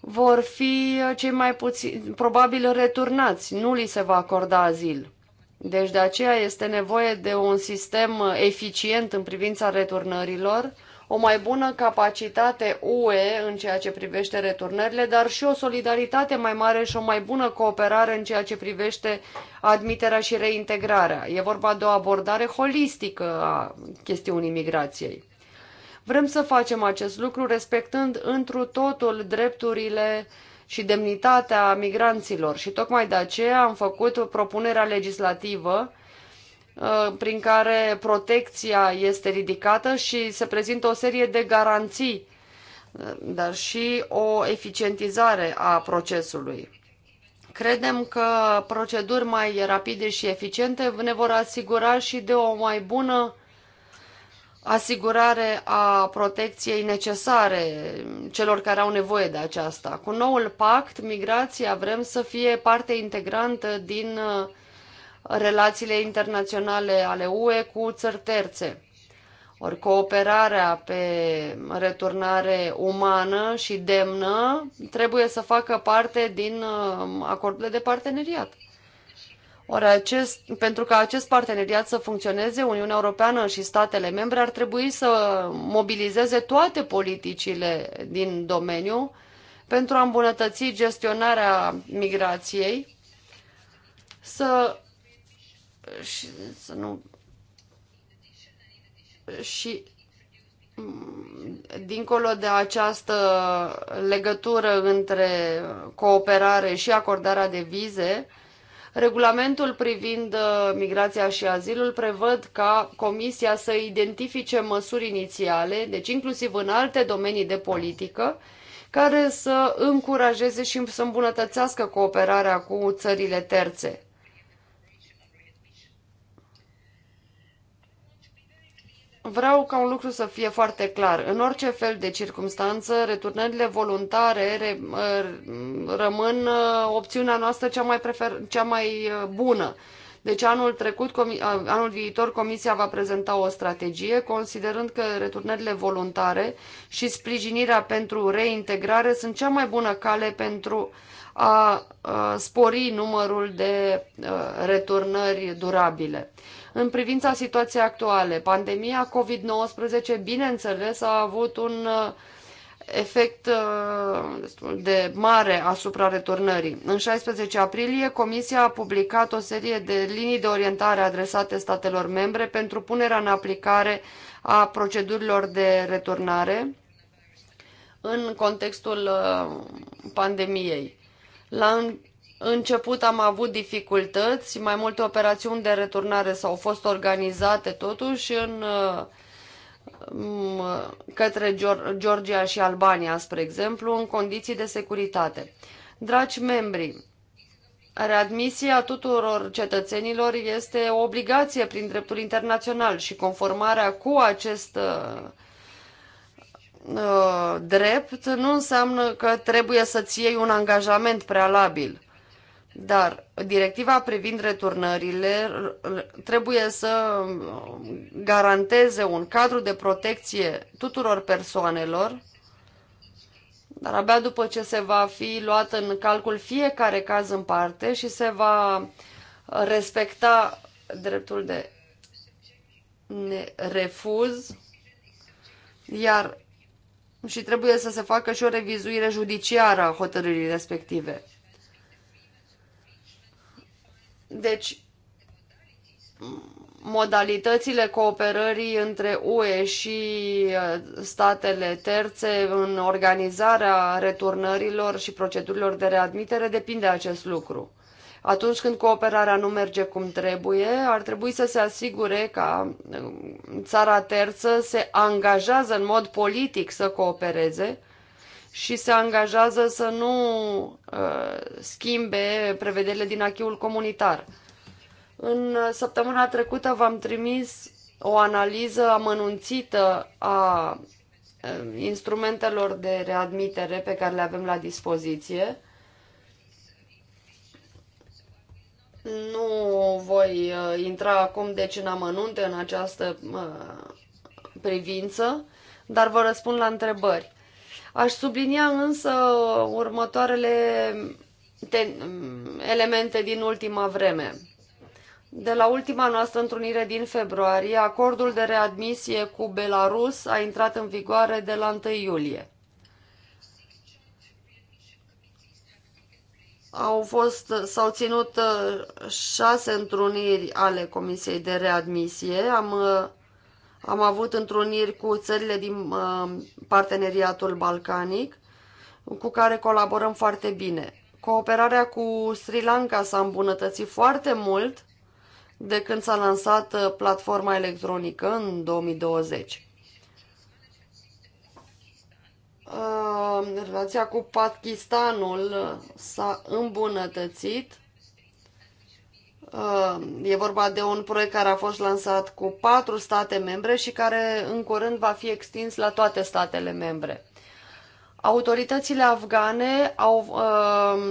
Speaker 4: vor fi cei mai puțin, probabil returnați, nu li se va acorda azil. Deci de aceea este nevoie de un sistem eficient în privința returnărilor, o mai bună capacitate UE în ceea ce privește returnările, dar și o solidaritate mai mare și o mai bună cooperare în ceea ce privește admiterea și reintegrarea. E vorba de o abordare holistică a chestiunii migrației. Vrem să facem acest lucru respectând întru totul drepturile și demnitatea migranților și tocmai de aceea am făcut propunerea legislativă Uh, prin care protecția este ridicată și se prezintă o serie de garanții, uh, dar și o eficientizare a procesului. Credem că proceduri mai rapide și eficiente ne vor asigura și de o mai bună asigurare a protecției necesare celor care au nevoie de aceasta. Cu noul pact, migrația vrem să fie parte integrantă din uh, relațiile internaționale ale UE cu țări terțe. Ori cooperarea pe returnare umană și demnă trebuie să facă parte din uh, acordurile de parteneriat. Ori acest, pentru ca acest parteneriat să funcționeze, Uniunea Europeană și statele membre ar trebui să mobilizeze toate politicile din domeniu pentru a îmbunătăți gestionarea migrației, să și să nu și mm, dincolo de această legătură între cooperare și acordarea de vize, regulamentul privind uh, migrația și azilul prevăd ca Comisia să identifice măsuri inițiale, deci inclusiv în alte domenii de politică, care să încurajeze și să îmbunătățească cooperarea cu țările terțe. Vreau ca un lucru să fie foarte clar. În orice fel de circunstanță, returnările voluntare re, rămân uh, opțiunea noastră cea mai, prefer, cea mai uh, bună. Deci anul trecut, uh, anul viitor, Comisia va prezenta o strategie, considerând că returnările voluntare și sprijinirea pentru reintegrare sunt cea mai bună cale pentru a spori numărul de returnări durabile. În privința situației actuale, pandemia COVID-19, bineînțeles, a avut un efect destul de mare asupra returnării. În 16 aprilie, Comisia a publicat o serie de linii de orientare adresate statelor membre pentru punerea în aplicare a procedurilor de returnare în contextul pandemiei. La început am avut dificultăți, mai multe operațiuni de returnare s-au fost organizate totuși în uh, către Georgia și Albania, spre exemplu, în condiții de securitate. Dragi membri, readmisia tuturor cetățenilor este o obligație prin dreptul internațional și conformarea cu acest uh, Uh, drept nu înseamnă că trebuie să-ți iei un angajament prealabil. Dar directiva privind returnările trebuie să uh, garanteze un cadru de protecție tuturor persoanelor, dar abia după ce se va fi luat în calcul fiecare caz în parte și se va respecta dreptul de refuz, iar și trebuie să se facă și o revizuire judiciară a hotărârii respective. Deci, modalitățile cooperării între UE și uh, statele terțe în organizarea returnărilor și procedurilor de readmitere depinde de acest lucru atunci când cooperarea nu merge cum trebuie, ar trebui să se asigure că um, țara terță se angajează în mod politic să coopereze și se angajează să nu uh, schimbe prevederile din achiul comunitar. În uh, săptămâna trecută v-am trimis o analiză amănunțită a um, instrumentelor de readmitere pe care le avem la dispoziție Nu voi uh, intra acum deci în amănunte în această uh, privință, dar vă răspund la întrebări. Aș sublinia însă următoarele elemente din ultima vreme. De la ultima noastră întrunire din februarie, acordul de readmisie cu Belarus a intrat în vigoare de la 1 iulie. au fost, s-au ținut uh, șase întruniri ale Comisiei de Readmisie. Am, uh, am avut întruniri cu țările din uh, parteneriatul balcanic, cu care colaborăm foarte bine. Cooperarea cu Sri Lanka s-a îmbunătățit foarte mult de când s-a lansat platforma electronică în 2020. Uh, relația cu Pakistanul s-a îmbunătățit. Uh, e vorba de un proiect care a fost lansat cu patru state membre și care în curând va fi extins la toate statele membre. Autoritățile afgane au uh,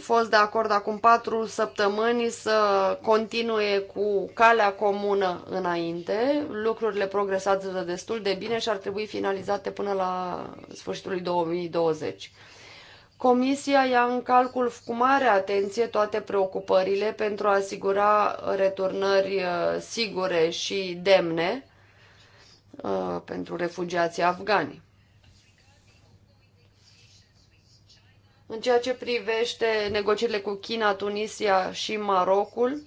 Speaker 4: fost de acord acum patru săptămâni să continue cu calea comună înainte. Lucrurile progresează destul de bine și ar trebui finalizate până la sfârșitul 2020. Comisia ia în calcul cu mare atenție toate preocupările pentru a asigura returnări uh, sigure și demne uh, pentru refugiații afgani. În ceea ce privește negocierile cu China, Tunisia și Marocul,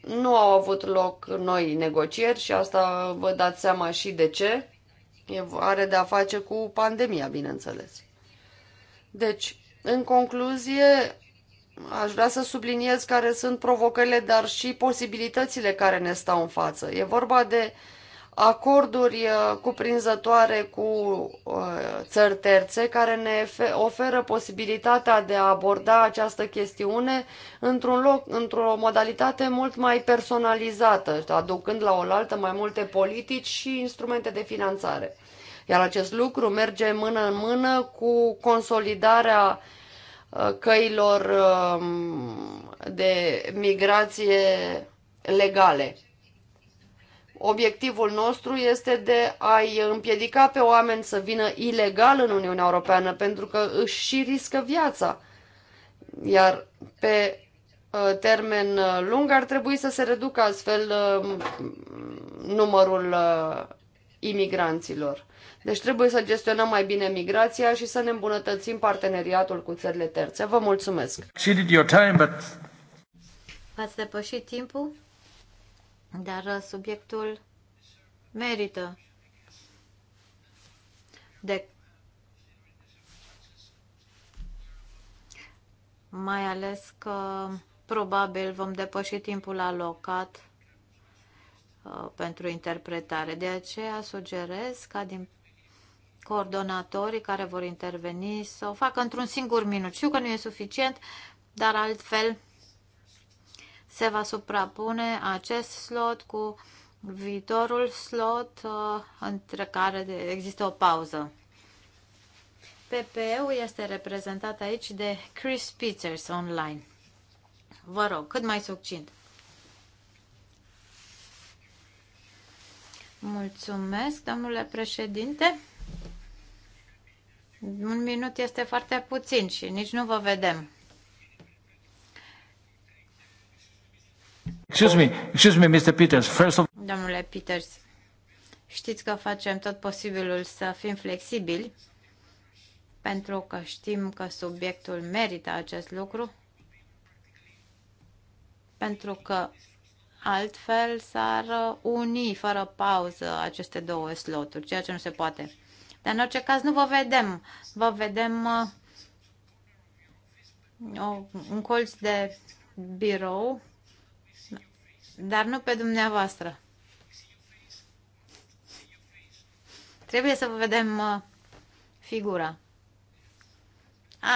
Speaker 4: nu au avut loc noi negocieri și asta vă dați seama și de ce. Are de a face cu pandemia, bineînțeles. Deci, în concluzie, aș vrea să subliniez care sunt provocările, dar și posibilitățile care ne stau în față. E vorba de uh, acorduri uh, cuprinzătoare cu uh, țări terțe care ne oferă posibilitatea de a aborda această chestiune într-un loc, într-o modalitate mult mai personalizată, aducând la oaltă mai multe politici și instrumente de finanțare. Iar acest lucru merge mână în mână cu consolidarea uh, căilor um, de migrație legale Obiectivul nostru este de a-i împiedica pe oameni să vină ilegal în Uniunea Europeană, pentru că își și riscă viața. Iar pe uh, termen uh, lung ar trebui să se reducă astfel uh, numărul imigranților. Deci trebuie să gestionăm mai bine migrația și să ne îmbunătățim parteneriatul cu țările terțe. Vă mulțumesc! ați depășit timpul? Dar
Speaker 5: uh, subiectul merită de mai ales că probabil vom depăși timpul alocat uh, pentru interpretare. De aceea sugerez ca din coordonatorii care vor interveni să o facă într-un singur minut. Știu că nu e suficient, dar altfel se va suprapune acest slot cu viitorul slot uh, între care există o pauză. PPE-ul este reprezentat aici de Chris Peters online. Vă rog, cât mai succint. Mulțumesc, domnule președinte. Un minut este foarte puțin și nici nu vă vedem.
Speaker 1: Excuse me, excuse me, Mr. Peters, first
Speaker 9: of...
Speaker 5: Domnule Peters, știți că facem tot posibilul să fim flexibili, pentru că știm că subiectul merită acest lucru, pentru că altfel s-ar uni fără pauză aceste două sloturi, ceea ce nu se poate. Dar în orice caz nu vă vedem, vă vedem uh, un colț de birou dar nu pe dumneavoastră. Trebuie să vă vedem uh, figura.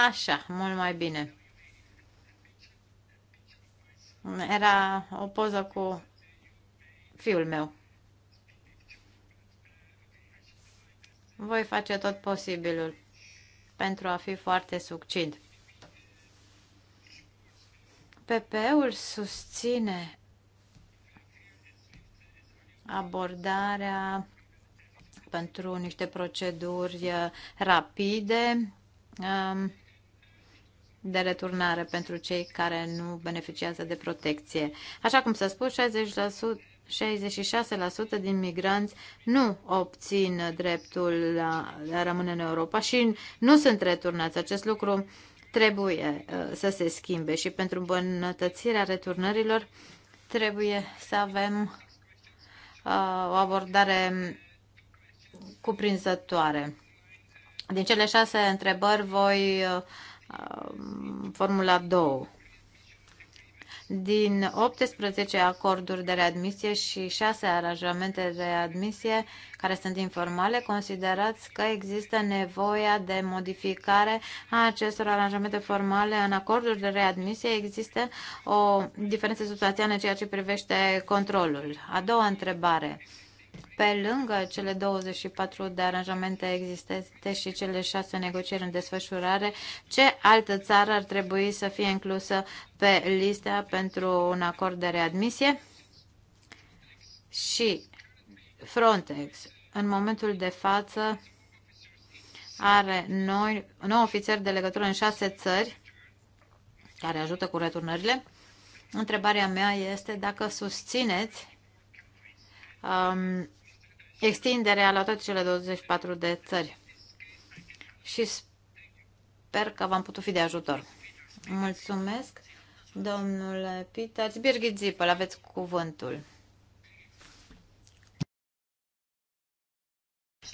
Speaker 5: Așa, mult mai bine. Era o poză cu fiul meu. Voi face tot posibilul pentru a fi foarte succint. PP-ul susține abordarea pentru niște proceduri uh, rapide um, de returnare pentru cei care nu beneficiază de protecție. Așa cum s-a spus, 60%, 66% din migranți nu obțin dreptul la, la rămâne în Europa și nu sunt returnați. Acest lucru trebuie uh, să se schimbe și pentru îmbunătățirea returnărilor trebuie să avem Uh, o abordare cuprinzătoare. Din cele șase întrebări voi uh, formula două. Din 18 acorduri de readmisie și 6 aranjamente de readmisie care sunt informale, considerați că există nevoia de modificare a acestor aranjamente formale în acorduri de readmisie? Există o diferență substanțială în ceea ce privește controlul? A doua întrebare pe lângă cele 24 de aranjamente existente și cele 6 negocieri în desfășurare, ce altă țară ar trebui să fie inclusă pe lista pentru un acord de readmisie? Și Frontex, în momentul de față, are noi, nou ofițeri de legătură în șase țări care ajută cu returnările. Întrebarea mea este dacă susțineți um, extinderea la toate cele 24 de țări. Și sper că v-am putut fi de ajutor. Mulțumesc, domnule Peter. Birgit Zipăl, aveți cuvântul.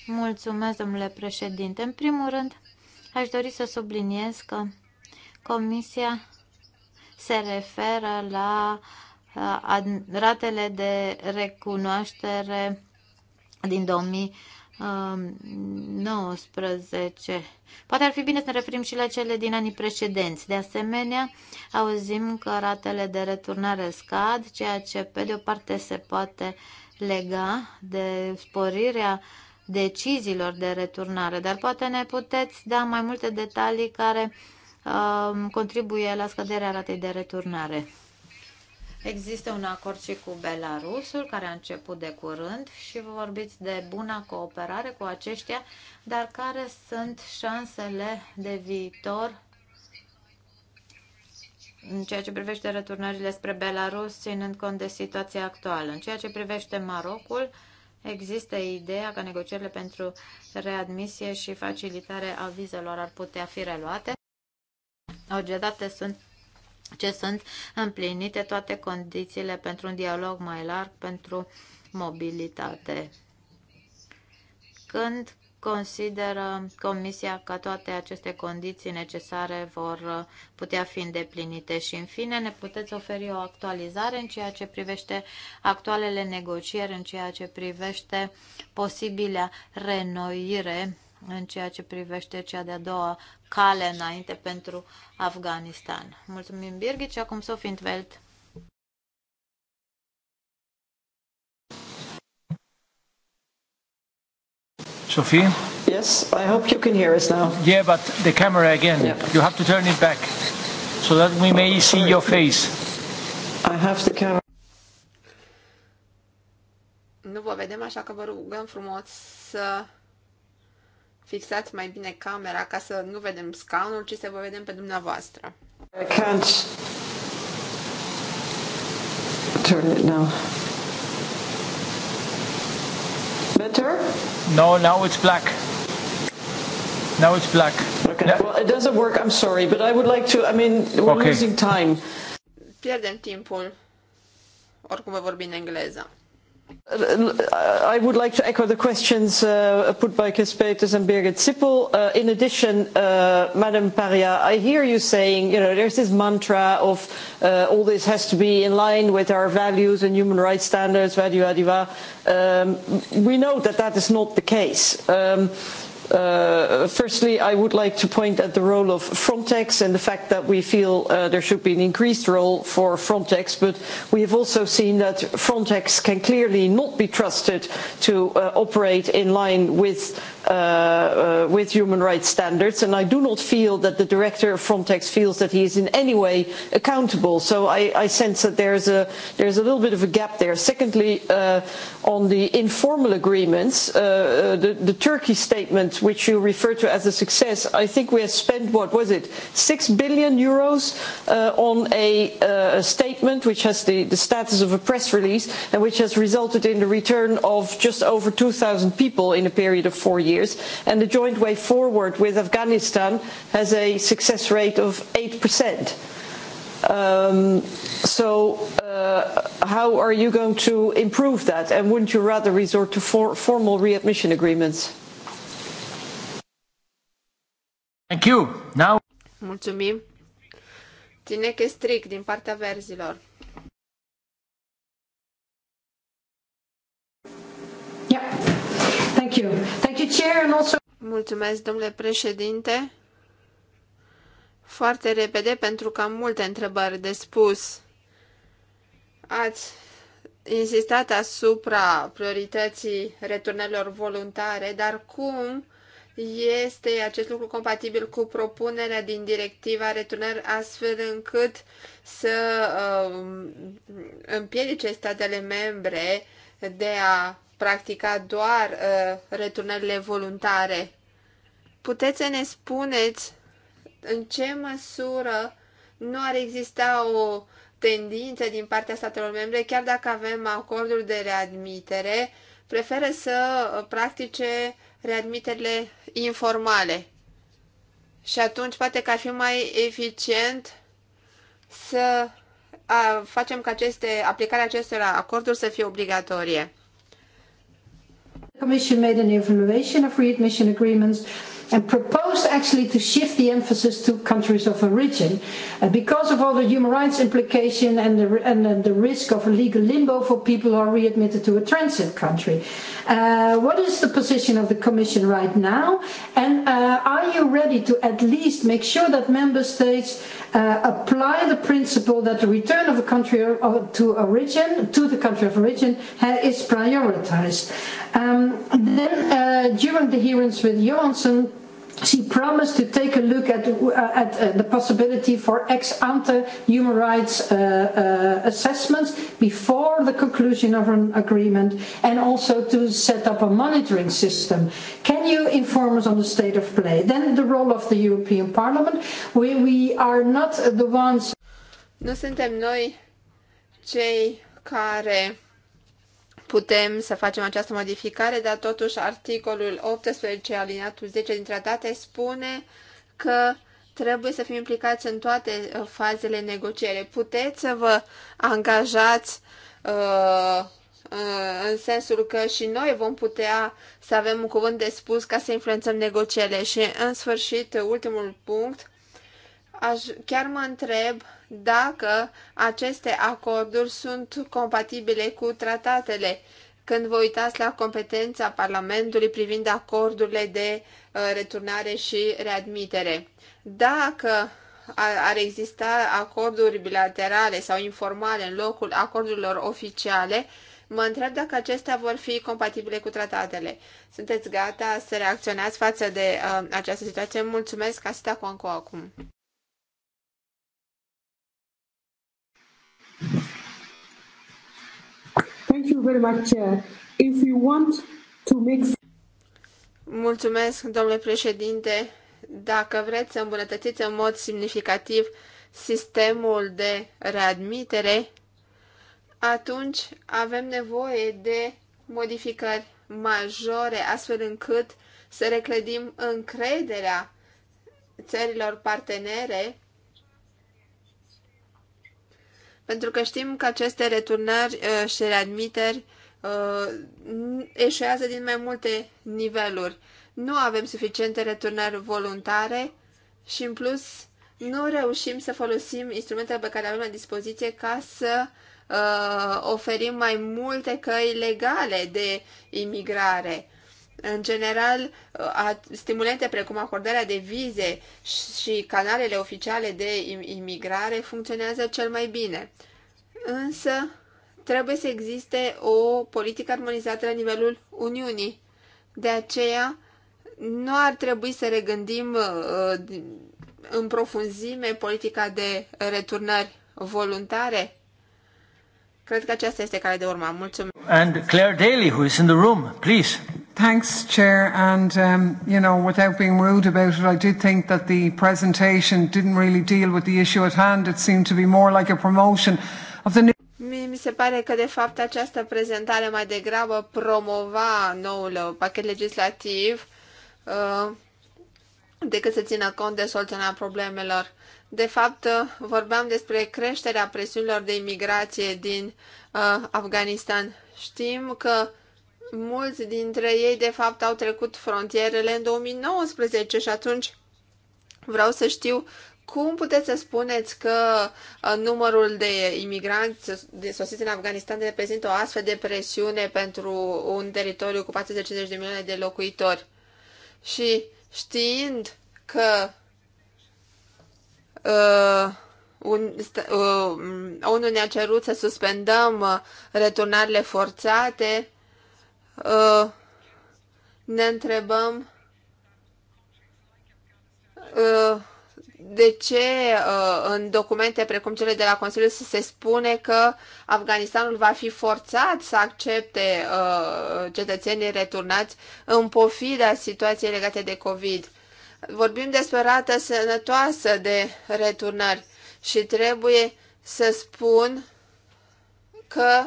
Speaker 5: Mulțumesc, domnule președinte. În primul rând, aș dori să subliniez că Comisia se referă la uh, ratele de recunoaștere din 2019. Uh, poate ar fi bine să ne referim și la cele din anii precedenți. De asemenea, auzim că ratele de returnare scad, ceea ce pe de o parte se poate lega de sporirea deciziilor de returnare, dar poate ne puteți da mai multe detalii care uh, contribuie la scăderea ratei de returnare. Există un acord și cu Belarusul, care a început de curând și vă vorbiți de buna cooperare cu aceștia, dar care sunt șansele de viitor în ceea ce privește returnările spre Belarus, ținând cont de situația actuală. În ceea ce privește Marocul, există ideea că negocierile pentru readmisie și facilitare a vizelor ar putea fi reluate. Ogedate sunt ce sunt împlinite toate condițiile pentru un dialog mai larg, pentru mobilitate. Când consideră Comisia că toate aceste condiții necesare vor putea fi îndeplinite și, în fine, ne puteți oferi o actualizare în ceea ce privește actualele negocieri, în ceea ce privește posibilea renoire în ceea ce privește cea de-a doua cale înainte pentru Afganistan. Mulțumim, Birgit, și acum Sofie Intveld.
Speaker 10: Sophie? Yes, I hope you can hear us now.
Speaker 1: Yeah, but the camera again. Yep. You have to turn it back so that we may see your face. I have the camera.
Speaker 2: Nu vă vedem, așa că vă rugăm frumos să fixați mai bine camera ca să nu vedem scaunul, ci să vă vedem pe dumneavoastră. I can't
Speaker 10: turn it now. Better? No, now it's black. Now it's black. Okay. Yeah. Well, it doesn't work. I'm sorry, but I would like to. I mean, we're okay. losing time.
Speaker 2: Pierdem timpul. Oricum vorbim în engleză.
Speaker 10: I would like to echo the questions uh, put by Chris Peters and Birgit Sippel. Uh, in addition, uh, Madam Paria, I hear you saying, you know, there's this mantra of uh, all this has to be in line with our values and human rights standards, value adiva. Um, we know that that is not the case. Um, Uh, firstly, I would like to point at the role of Frontex and the fact that we feel uh, there should be an increased role for Frontex, but we have also seen that Frontex can clearly not be trusted to uh, operate in line with, uh, uh, with human rights standards, and I do not feel that the director of Frontex feels that he is in any way accountable. So I, I sense that is a, a little bit of a gap there. Secondly, uh, on the informal agreements, uh, uh, the, the Turkey statement, which you refer to as a success, I think we have spent, what was it, 6 billion euros uh, on a, uh, a statement which has the, the status of a press release and which has resulted in the return of just over 2,000 people in a period of four years. And the joint way forward with Afghanistan has a success rate of 8%. Um, so uh, uh, how are you going to improve that? And wouldn't you rather resort to for formal readmission agreements? Thank you. Now...
Speaker 2: Mulțumim. Tineche stric din partea verzilor. Yeah. Thank you. Thank you, Chair, and also... Mulțumesc, domnule președinte. Foarte repede, pentru că am multe întrebări de spus. Ați insistat asupra priorității returnelor voluntare, dar cum este acest lucru compatibil cu propunerea din directiva returnări astfel încât să uh, împiedice statele membre de a practica doar uh, returnările voluntare. Puteți să ne spuneți în ce măsură nu ar exista o tendințe din partea statelor membre, chiar dacă avem acorduri de readmitere, preferă să practice readmiterile informale. Și atunci poate că ar fi mai eficient să facem ca aceste, aplicarea acestor acorduri să fie obligatorie.
Speaker 7: The Commission made an evaluation of readmission agreements and proposed actually to shift the emphasis to countries of origin uh, because of all the human rights implication and the, and, and the risk of a legal limbo for people who are readmitted to a transit country. Uh, what is the position of the Commission right now? And uh, are you ready to at least make sure that member states uh, apply the principle that the return of a country to origin to the country of origin ha- is prioritized. Um, then uh, during the hearings with Johansson she promised to take a look at, uh, at uh, the possibility for ex ante human rights uh, uh, assessments before the conclusion of an agreement and also to set up a monitoring system. Can you inform us on the state of play? Then the role of the European Parliament. We, we are not the ones.
Speaker 2: Nu suntem noi cei care putem să facem această modificare, dar totuși articolul 18 aliniatul 10 din tratate spune că trebuie să fim implicați în toate uh, fazele negociere. Puteți să vă angajați uh, uh, în sensul că și noi vom putea să avem un cuvânt de spus ca să influențăm negocierile. Și, în sfârșit, ultimul punct, aș, chiar mă întreb dacă aceste acorduri sunt compatibile cu tratatele. Când vă uitați la competența Parlamentului privind acordurile de uh, returnare și readmitere, dacă ar exista acorduri bilaterale sau informale în locul acordurilor oficiale, mă întreb dacă acestea vor fi compatibile cu tratatele. Sunteți gata să reacționați față de uh, această situație? Mulțumesc, Asita Conco, acum.
Speaker 7: Thank you very much, Chair. If you want to make...
Speaker 2: Mulțumesc, domnule președinte. Dacă vreți să îmbunătățiți în mod semnificativ sistemul de readmitere, atunci avem nevoie de modificări majore, astfel încât să reclădim încrederea țărilor partenere pentru că știm că aceste returnări uh, și readmiteri uh, eșuează din mai multe niveluri. Nu avem suficiente returnări voluntare și, în plus, nu reușim să folosim instrumentele pe care le avem la dispoziție ca să uh, oferim mai multe căi legale de imigrare. În general, stimulente precum acordarea de vize și canalele oficiale de imigrare funcționează cel mai bine. Însă, trebuie să existe o politică armonizată la nivelul Uniunii. De aceea, nu ar trebui să regândim uh, în profunzime politica de returnări voluntare? Cred că aceasta este calea de urma. Mulțumesc.
Speaker 3: And Claire Daly, who is in the room, please. Thanks, Chair. And, um, you know, without being rude about it, I did think that the presentation didn't really deal with the issue at hand. It seemed to be more like a promotion of the new...
Speaker 2: Mi se pare că, de fapt, această prezentare mai degrabă promova noul pachet legislativ uh, decât să țină cont de soluționarea problemelor. De fapt, uh, vorbeam despre creșterea presiunilor de imigrație din uh, Afganistan. Știm că uh, Mulți dintre ei, de fapt, au trecut frontierele în 2019 și atunci vreau să știu cum puteți să spuneți că uh, numărul de imigranți de sosiți în Afganistan reprezintă o astfel de presiune pentru un teritoriu cu 450 de milioane de locuitori? Și știind că uh, un, uh, ONU ne-a cerut să suspendăm returnarile forțate, Uh, ne întrebăm uh, de ce uh, în documente precum cele de la Consiliu se spune că Afganistanul va fi forțat să accepte cetățenii returnați în pofida situației legate de COVID. Vorbim despre rată sănătoasă de returnări și trebuie să spun că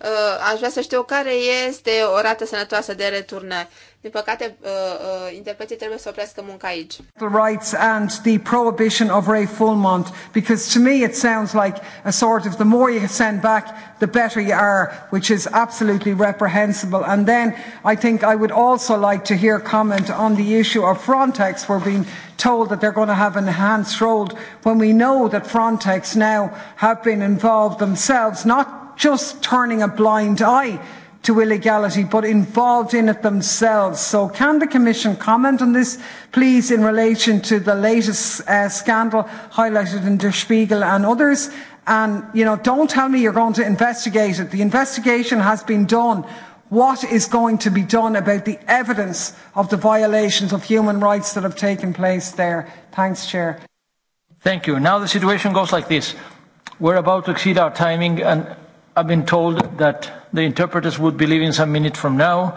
Speaker 2: Uh, aș vrea să știu care este o rată sănătoasă de returnare. Din păcate, uh, uh, interpreții trebuie să oprească munca aici.
Speaker 3: The rights and the prohibition of Ray Fulmont, because to me it sounds like a sort of the more you send back, the better you are, which is absolutely reprehensible. And then I think I would also like to hear comment on the issue of Frontex. We're being told that they're going to have enhanced role when we know that Frontex now have been involved themselves, not just turning a blind eye to illegality, but involved in it themselves. So can the Commission comment on this, please, in relation to the latest uh, scandal highlighted in Der Spiegel and others? And, you know, don't tell me you're going to investigate it. The investigation has been done. What is going to be done about the evidence of the violations of human rights that have taken place there? Thanks, Chair.
Speaker 1: Thank you. Now the situation goes like this. We're about to exceed our timing and I've been told that the interpreters would be leaving some minutes from now,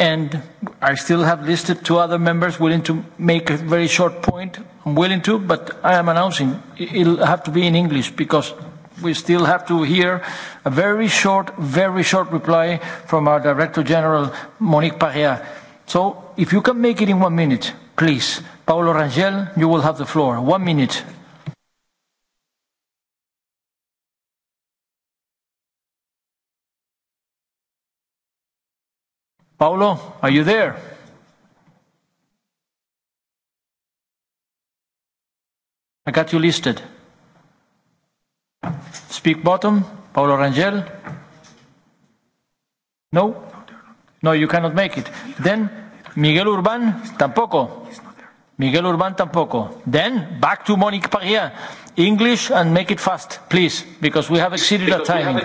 Speaker 1: and I still have listed two other members willing to make a very short point. I'm willing to, but I am announcing it'll have to be in English because we still have to hear a very short, very short reply from our Director General, Monique Paria. So if you can make it in one minute, please. Paolo Rangel, you will have the floor. One minute.
Speaker 8: Paulo, are you there? I got you listed.
Speaker 1: Speak bottom, Paulo Rangel. No? No, you cannot make it. Then, Miguel Urban, tampoco. Miguel Urban tampoco. Then back to Monique Parrier. English and make it fast, please, because we have exceeded our time.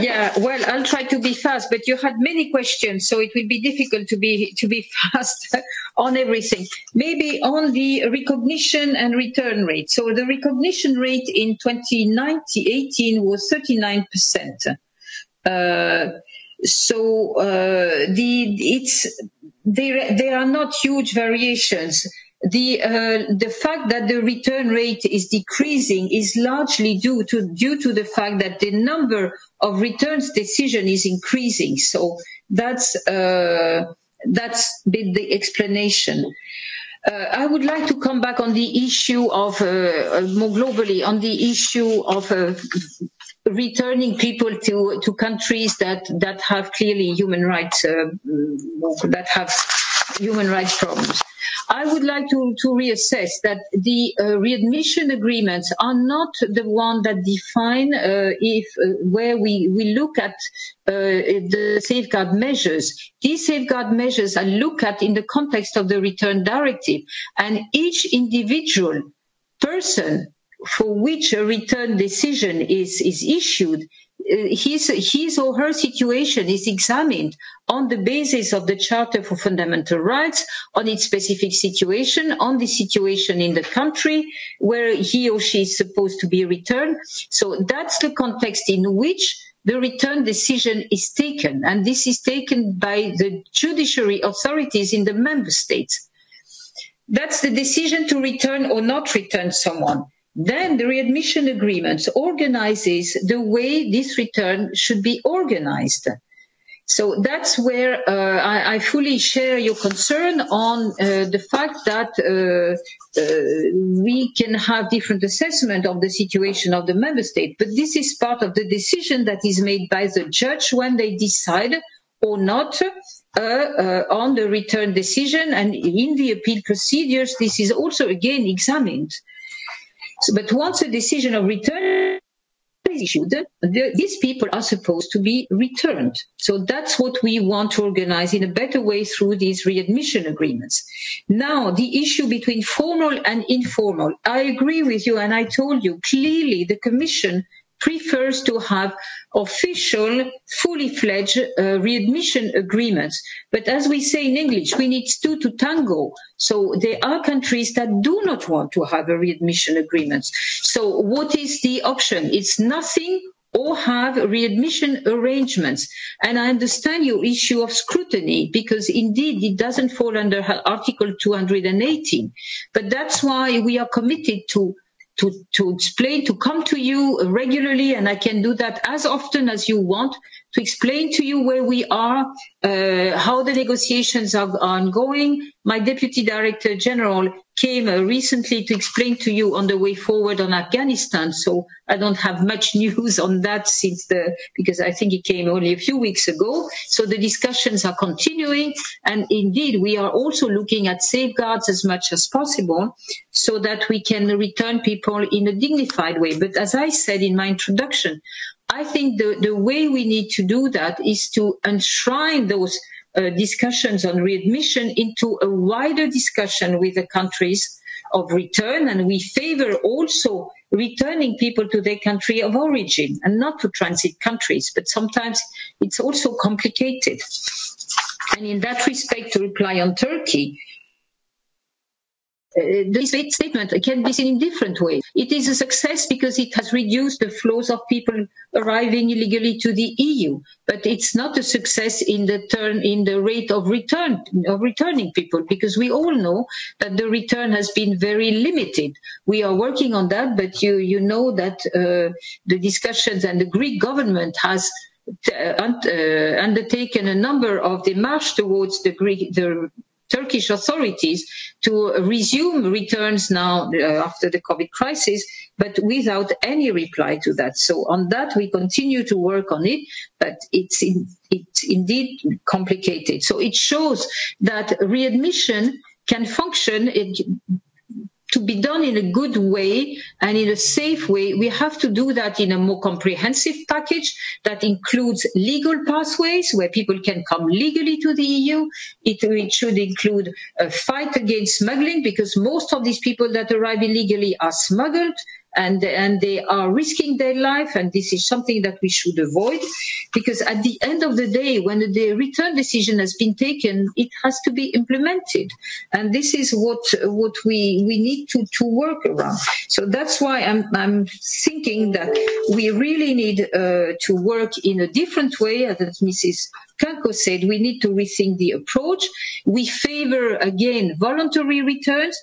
Speaker 9: Yeah, well, I'll try to be fast, but you had many questions, so it will be difficult to be to be fast on everything. Maybe on the recognition and return rate. So the recognition rate in 2018 was 39%. Uh, so uh, the it's there there are not huge variations the uh, the fact that the return rate is decreasing is largely due to due to the fact that the number of returns decision is increasing. So that's uh, that's been the explanation. Uh, I would like to come back on the issue of uh, uh, more globally on the issue of uh, returning people to to countries that that have clearly human rights uh, that have human rights problems. I would like to, to reassess that the uh, readmission agreements are not the one that define uh, if uh, where we, we look at uh, the safeguard measures. These safeguard measures are looked at in the context of the return directive and each individual person for which a return decision is, is issued his, his or her situation is examined on the basis of the Charter for Fundamental Rights, on its specific situation, on the situation in the country where he or she is supposed to be returned. So that's the context in which the return decision is taken, and this is taken by the judiciary authorities in the member states. That's the decision to return or not return someone. Then the readmission agreement organizes the way this return should be organized. So that's where uh, I, I fully share your concern on uh, the fact that uh, uh, we can have different assessment of the situation of the member state, but this is part of the decision that is made by the judge when they decide or not uh, uh, on the return decision, and in the appeal procedures, this is also again examined. Uh, So, but once a decision of return is issued, the, these people are supposed to be returned. So that's what we want to organize in a better way through these readmission agreements. Now, the issue between formal and informal. I agree with you, and I told you clearly the Commission prefers to have official, fully fledged uh, readmission agreements. But as we say in English, we need two to tango. So there are countries that do not want to have a readmission agreement. So what is the option? It's nothing or have readmission arrangements. And I understand your issue of scrutiny because indeed it doesn't fall under Article 218. But that's why we are committed to to, to explain, to come to you regularly, and I can do that as often as you want to explain to you where we are, uh, how the negotiations are ongoing. My Deputy Director General came uh, recently to explain to you on the way forward on Afghanistan, so I don't have much news on that since the, because I think it came only a few weeks ago. So the discussions are continuing, and indeed we are also looking at safeguards as much as possible so that we can return people in a dignified way. But as I said in my introduction, I think the, the way we need to do that is to enshrine those uh, discussions on readmission into a wider discussion with the countries of return. And we favor also returning people to their country of origin and not to transit countries. But sometimes it's also complicated. And in that respect, to reply on Turkey, Uh, this statement can be seen in different ways. It is a success because it has reduced the flows of people arriving illegally to the EU, but it's not a success in the turn in the rate of return of returning people because we all know that the return has been very limited. We are working on that, but you you know that uh, the discussions and the Greek government has t- uh, uh, undertaken a number of march towards the Greek the Turkish authorities to resume returns now uh, after the COVID crisis, but without any reply to that. So on that, we continue to work on it, but it's, in, it's indeed complicated. So it shows that readmission can function. It, to be done in a good way and in a safe way, we have to do that in a more comprehensive package that includes legal pathways where people can come legally to the EU. It, it should include a fight against smuggling because most of these people that arrive illegally are smuggled and and they are risking their life and this is something that we should avoid because at the end of the day when the return decision has been taken it has to be implemented and this is what what we we need to to work around so that's why i'm i'm thinking that we really need uh, to work in a different way as mrs Kanko said we need to rethink the approach. We favor again voluntary returns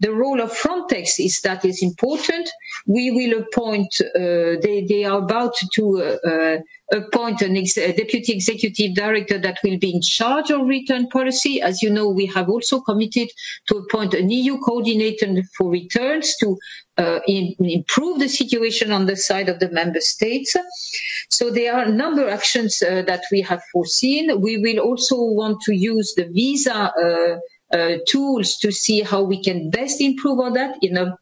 Speaker 9: The role of Frontex is that is important. We will appoint, uh, they, they are about to uh, uh, appoint an ex a deputy executive director that will be in charge of return policy. As you know, we have also committed to appoint an EU coordinator for returns to uh, in, improve the situation on the side of the member states. So there are a number of actions uh, that we have foreseen. We will also want to use the visa uh, uh, tools to see how we can best improve on that in a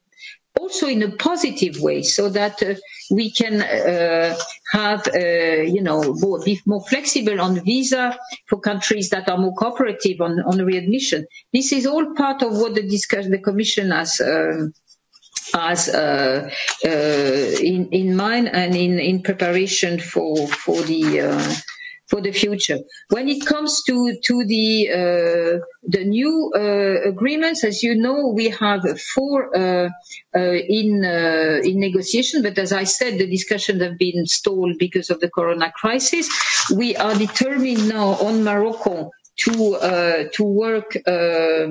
Speaker 9: also in a positive way so that uh, we can uh, have uh, you know more, be more flexible on visa for countries that are more cooperative on, on readmission this is all part of what the discussion the commission has um, as uh, uh, in in mind and in in preparation for for the uh, for the future. When it comes to to the uh, the new uh, agreements, as you know, we have four uh, uh, in uh, in negotiation. But as I said, the discussions have been stalled because of the Corona crisis. We are determined now on Morocco to uh, to work uh,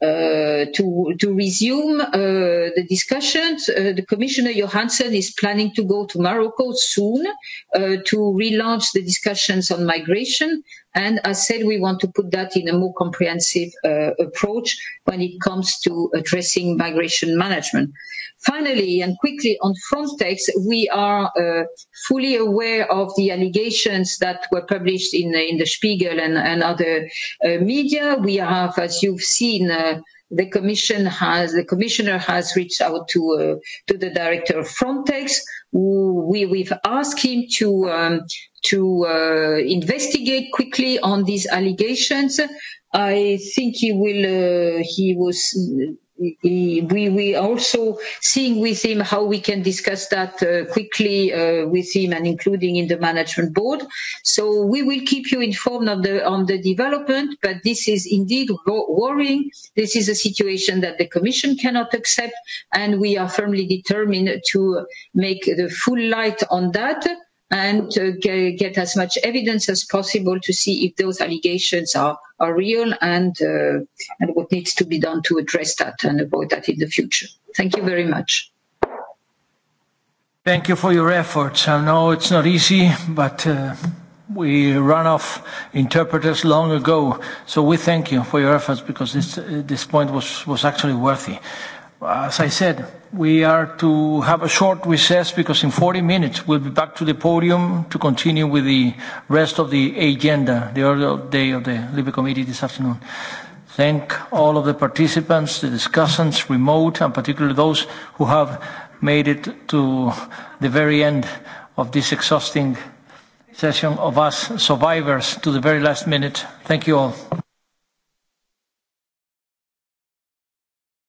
Speaker 9: uh, to, to resume uh, the discussions. Uh, the Commissioner Johansson is planning to go to Morocco soon uh, to relaunch the discussions on migration. And as said, we want to put that in a more comprehensive uh, approach when it comes to addressing migration management. Finally, and quickly on Frontex, we are uh, fully aware of the allegations that were published in, in the Spiegel and, and other uh, media. We have, as you've seen, uh, the commission has the commissioner has reached out to uh, to the director of Frontex. We we've asked him to um, to uh, investigate quickly on these allegations. I think he will. Uh, he was we we also seeing with him how we can discuss that uh, quickly uh, with him and including in the management board. So we will keep you informed on the on the development. But this is indeed worrying. This is a situation that the Commission cannot accept, and we are firmly determined to make the full light on that and to get as much evidence as possible to see if those allegations are, are real and, uh, and what needs to be done to address that and avoid that in the future. Thank you very much.
Speaker 1: Thank you for your efforts. I know it's not easy, but uh, we run off interpreters long ago. So we thank you for your efforts because this, uh, this point was, was actually worthy. As I said, we are to have a short recess because in 40 minutes we'll be back to the podium to continue with the rest of the agenda, the order of day of the Libre Committee this afternoon. Thank all of the participants, the discussants, remote, and particularly those who have made it to the very end of this exhausting session of us survivors to the very last minute. Thank you all.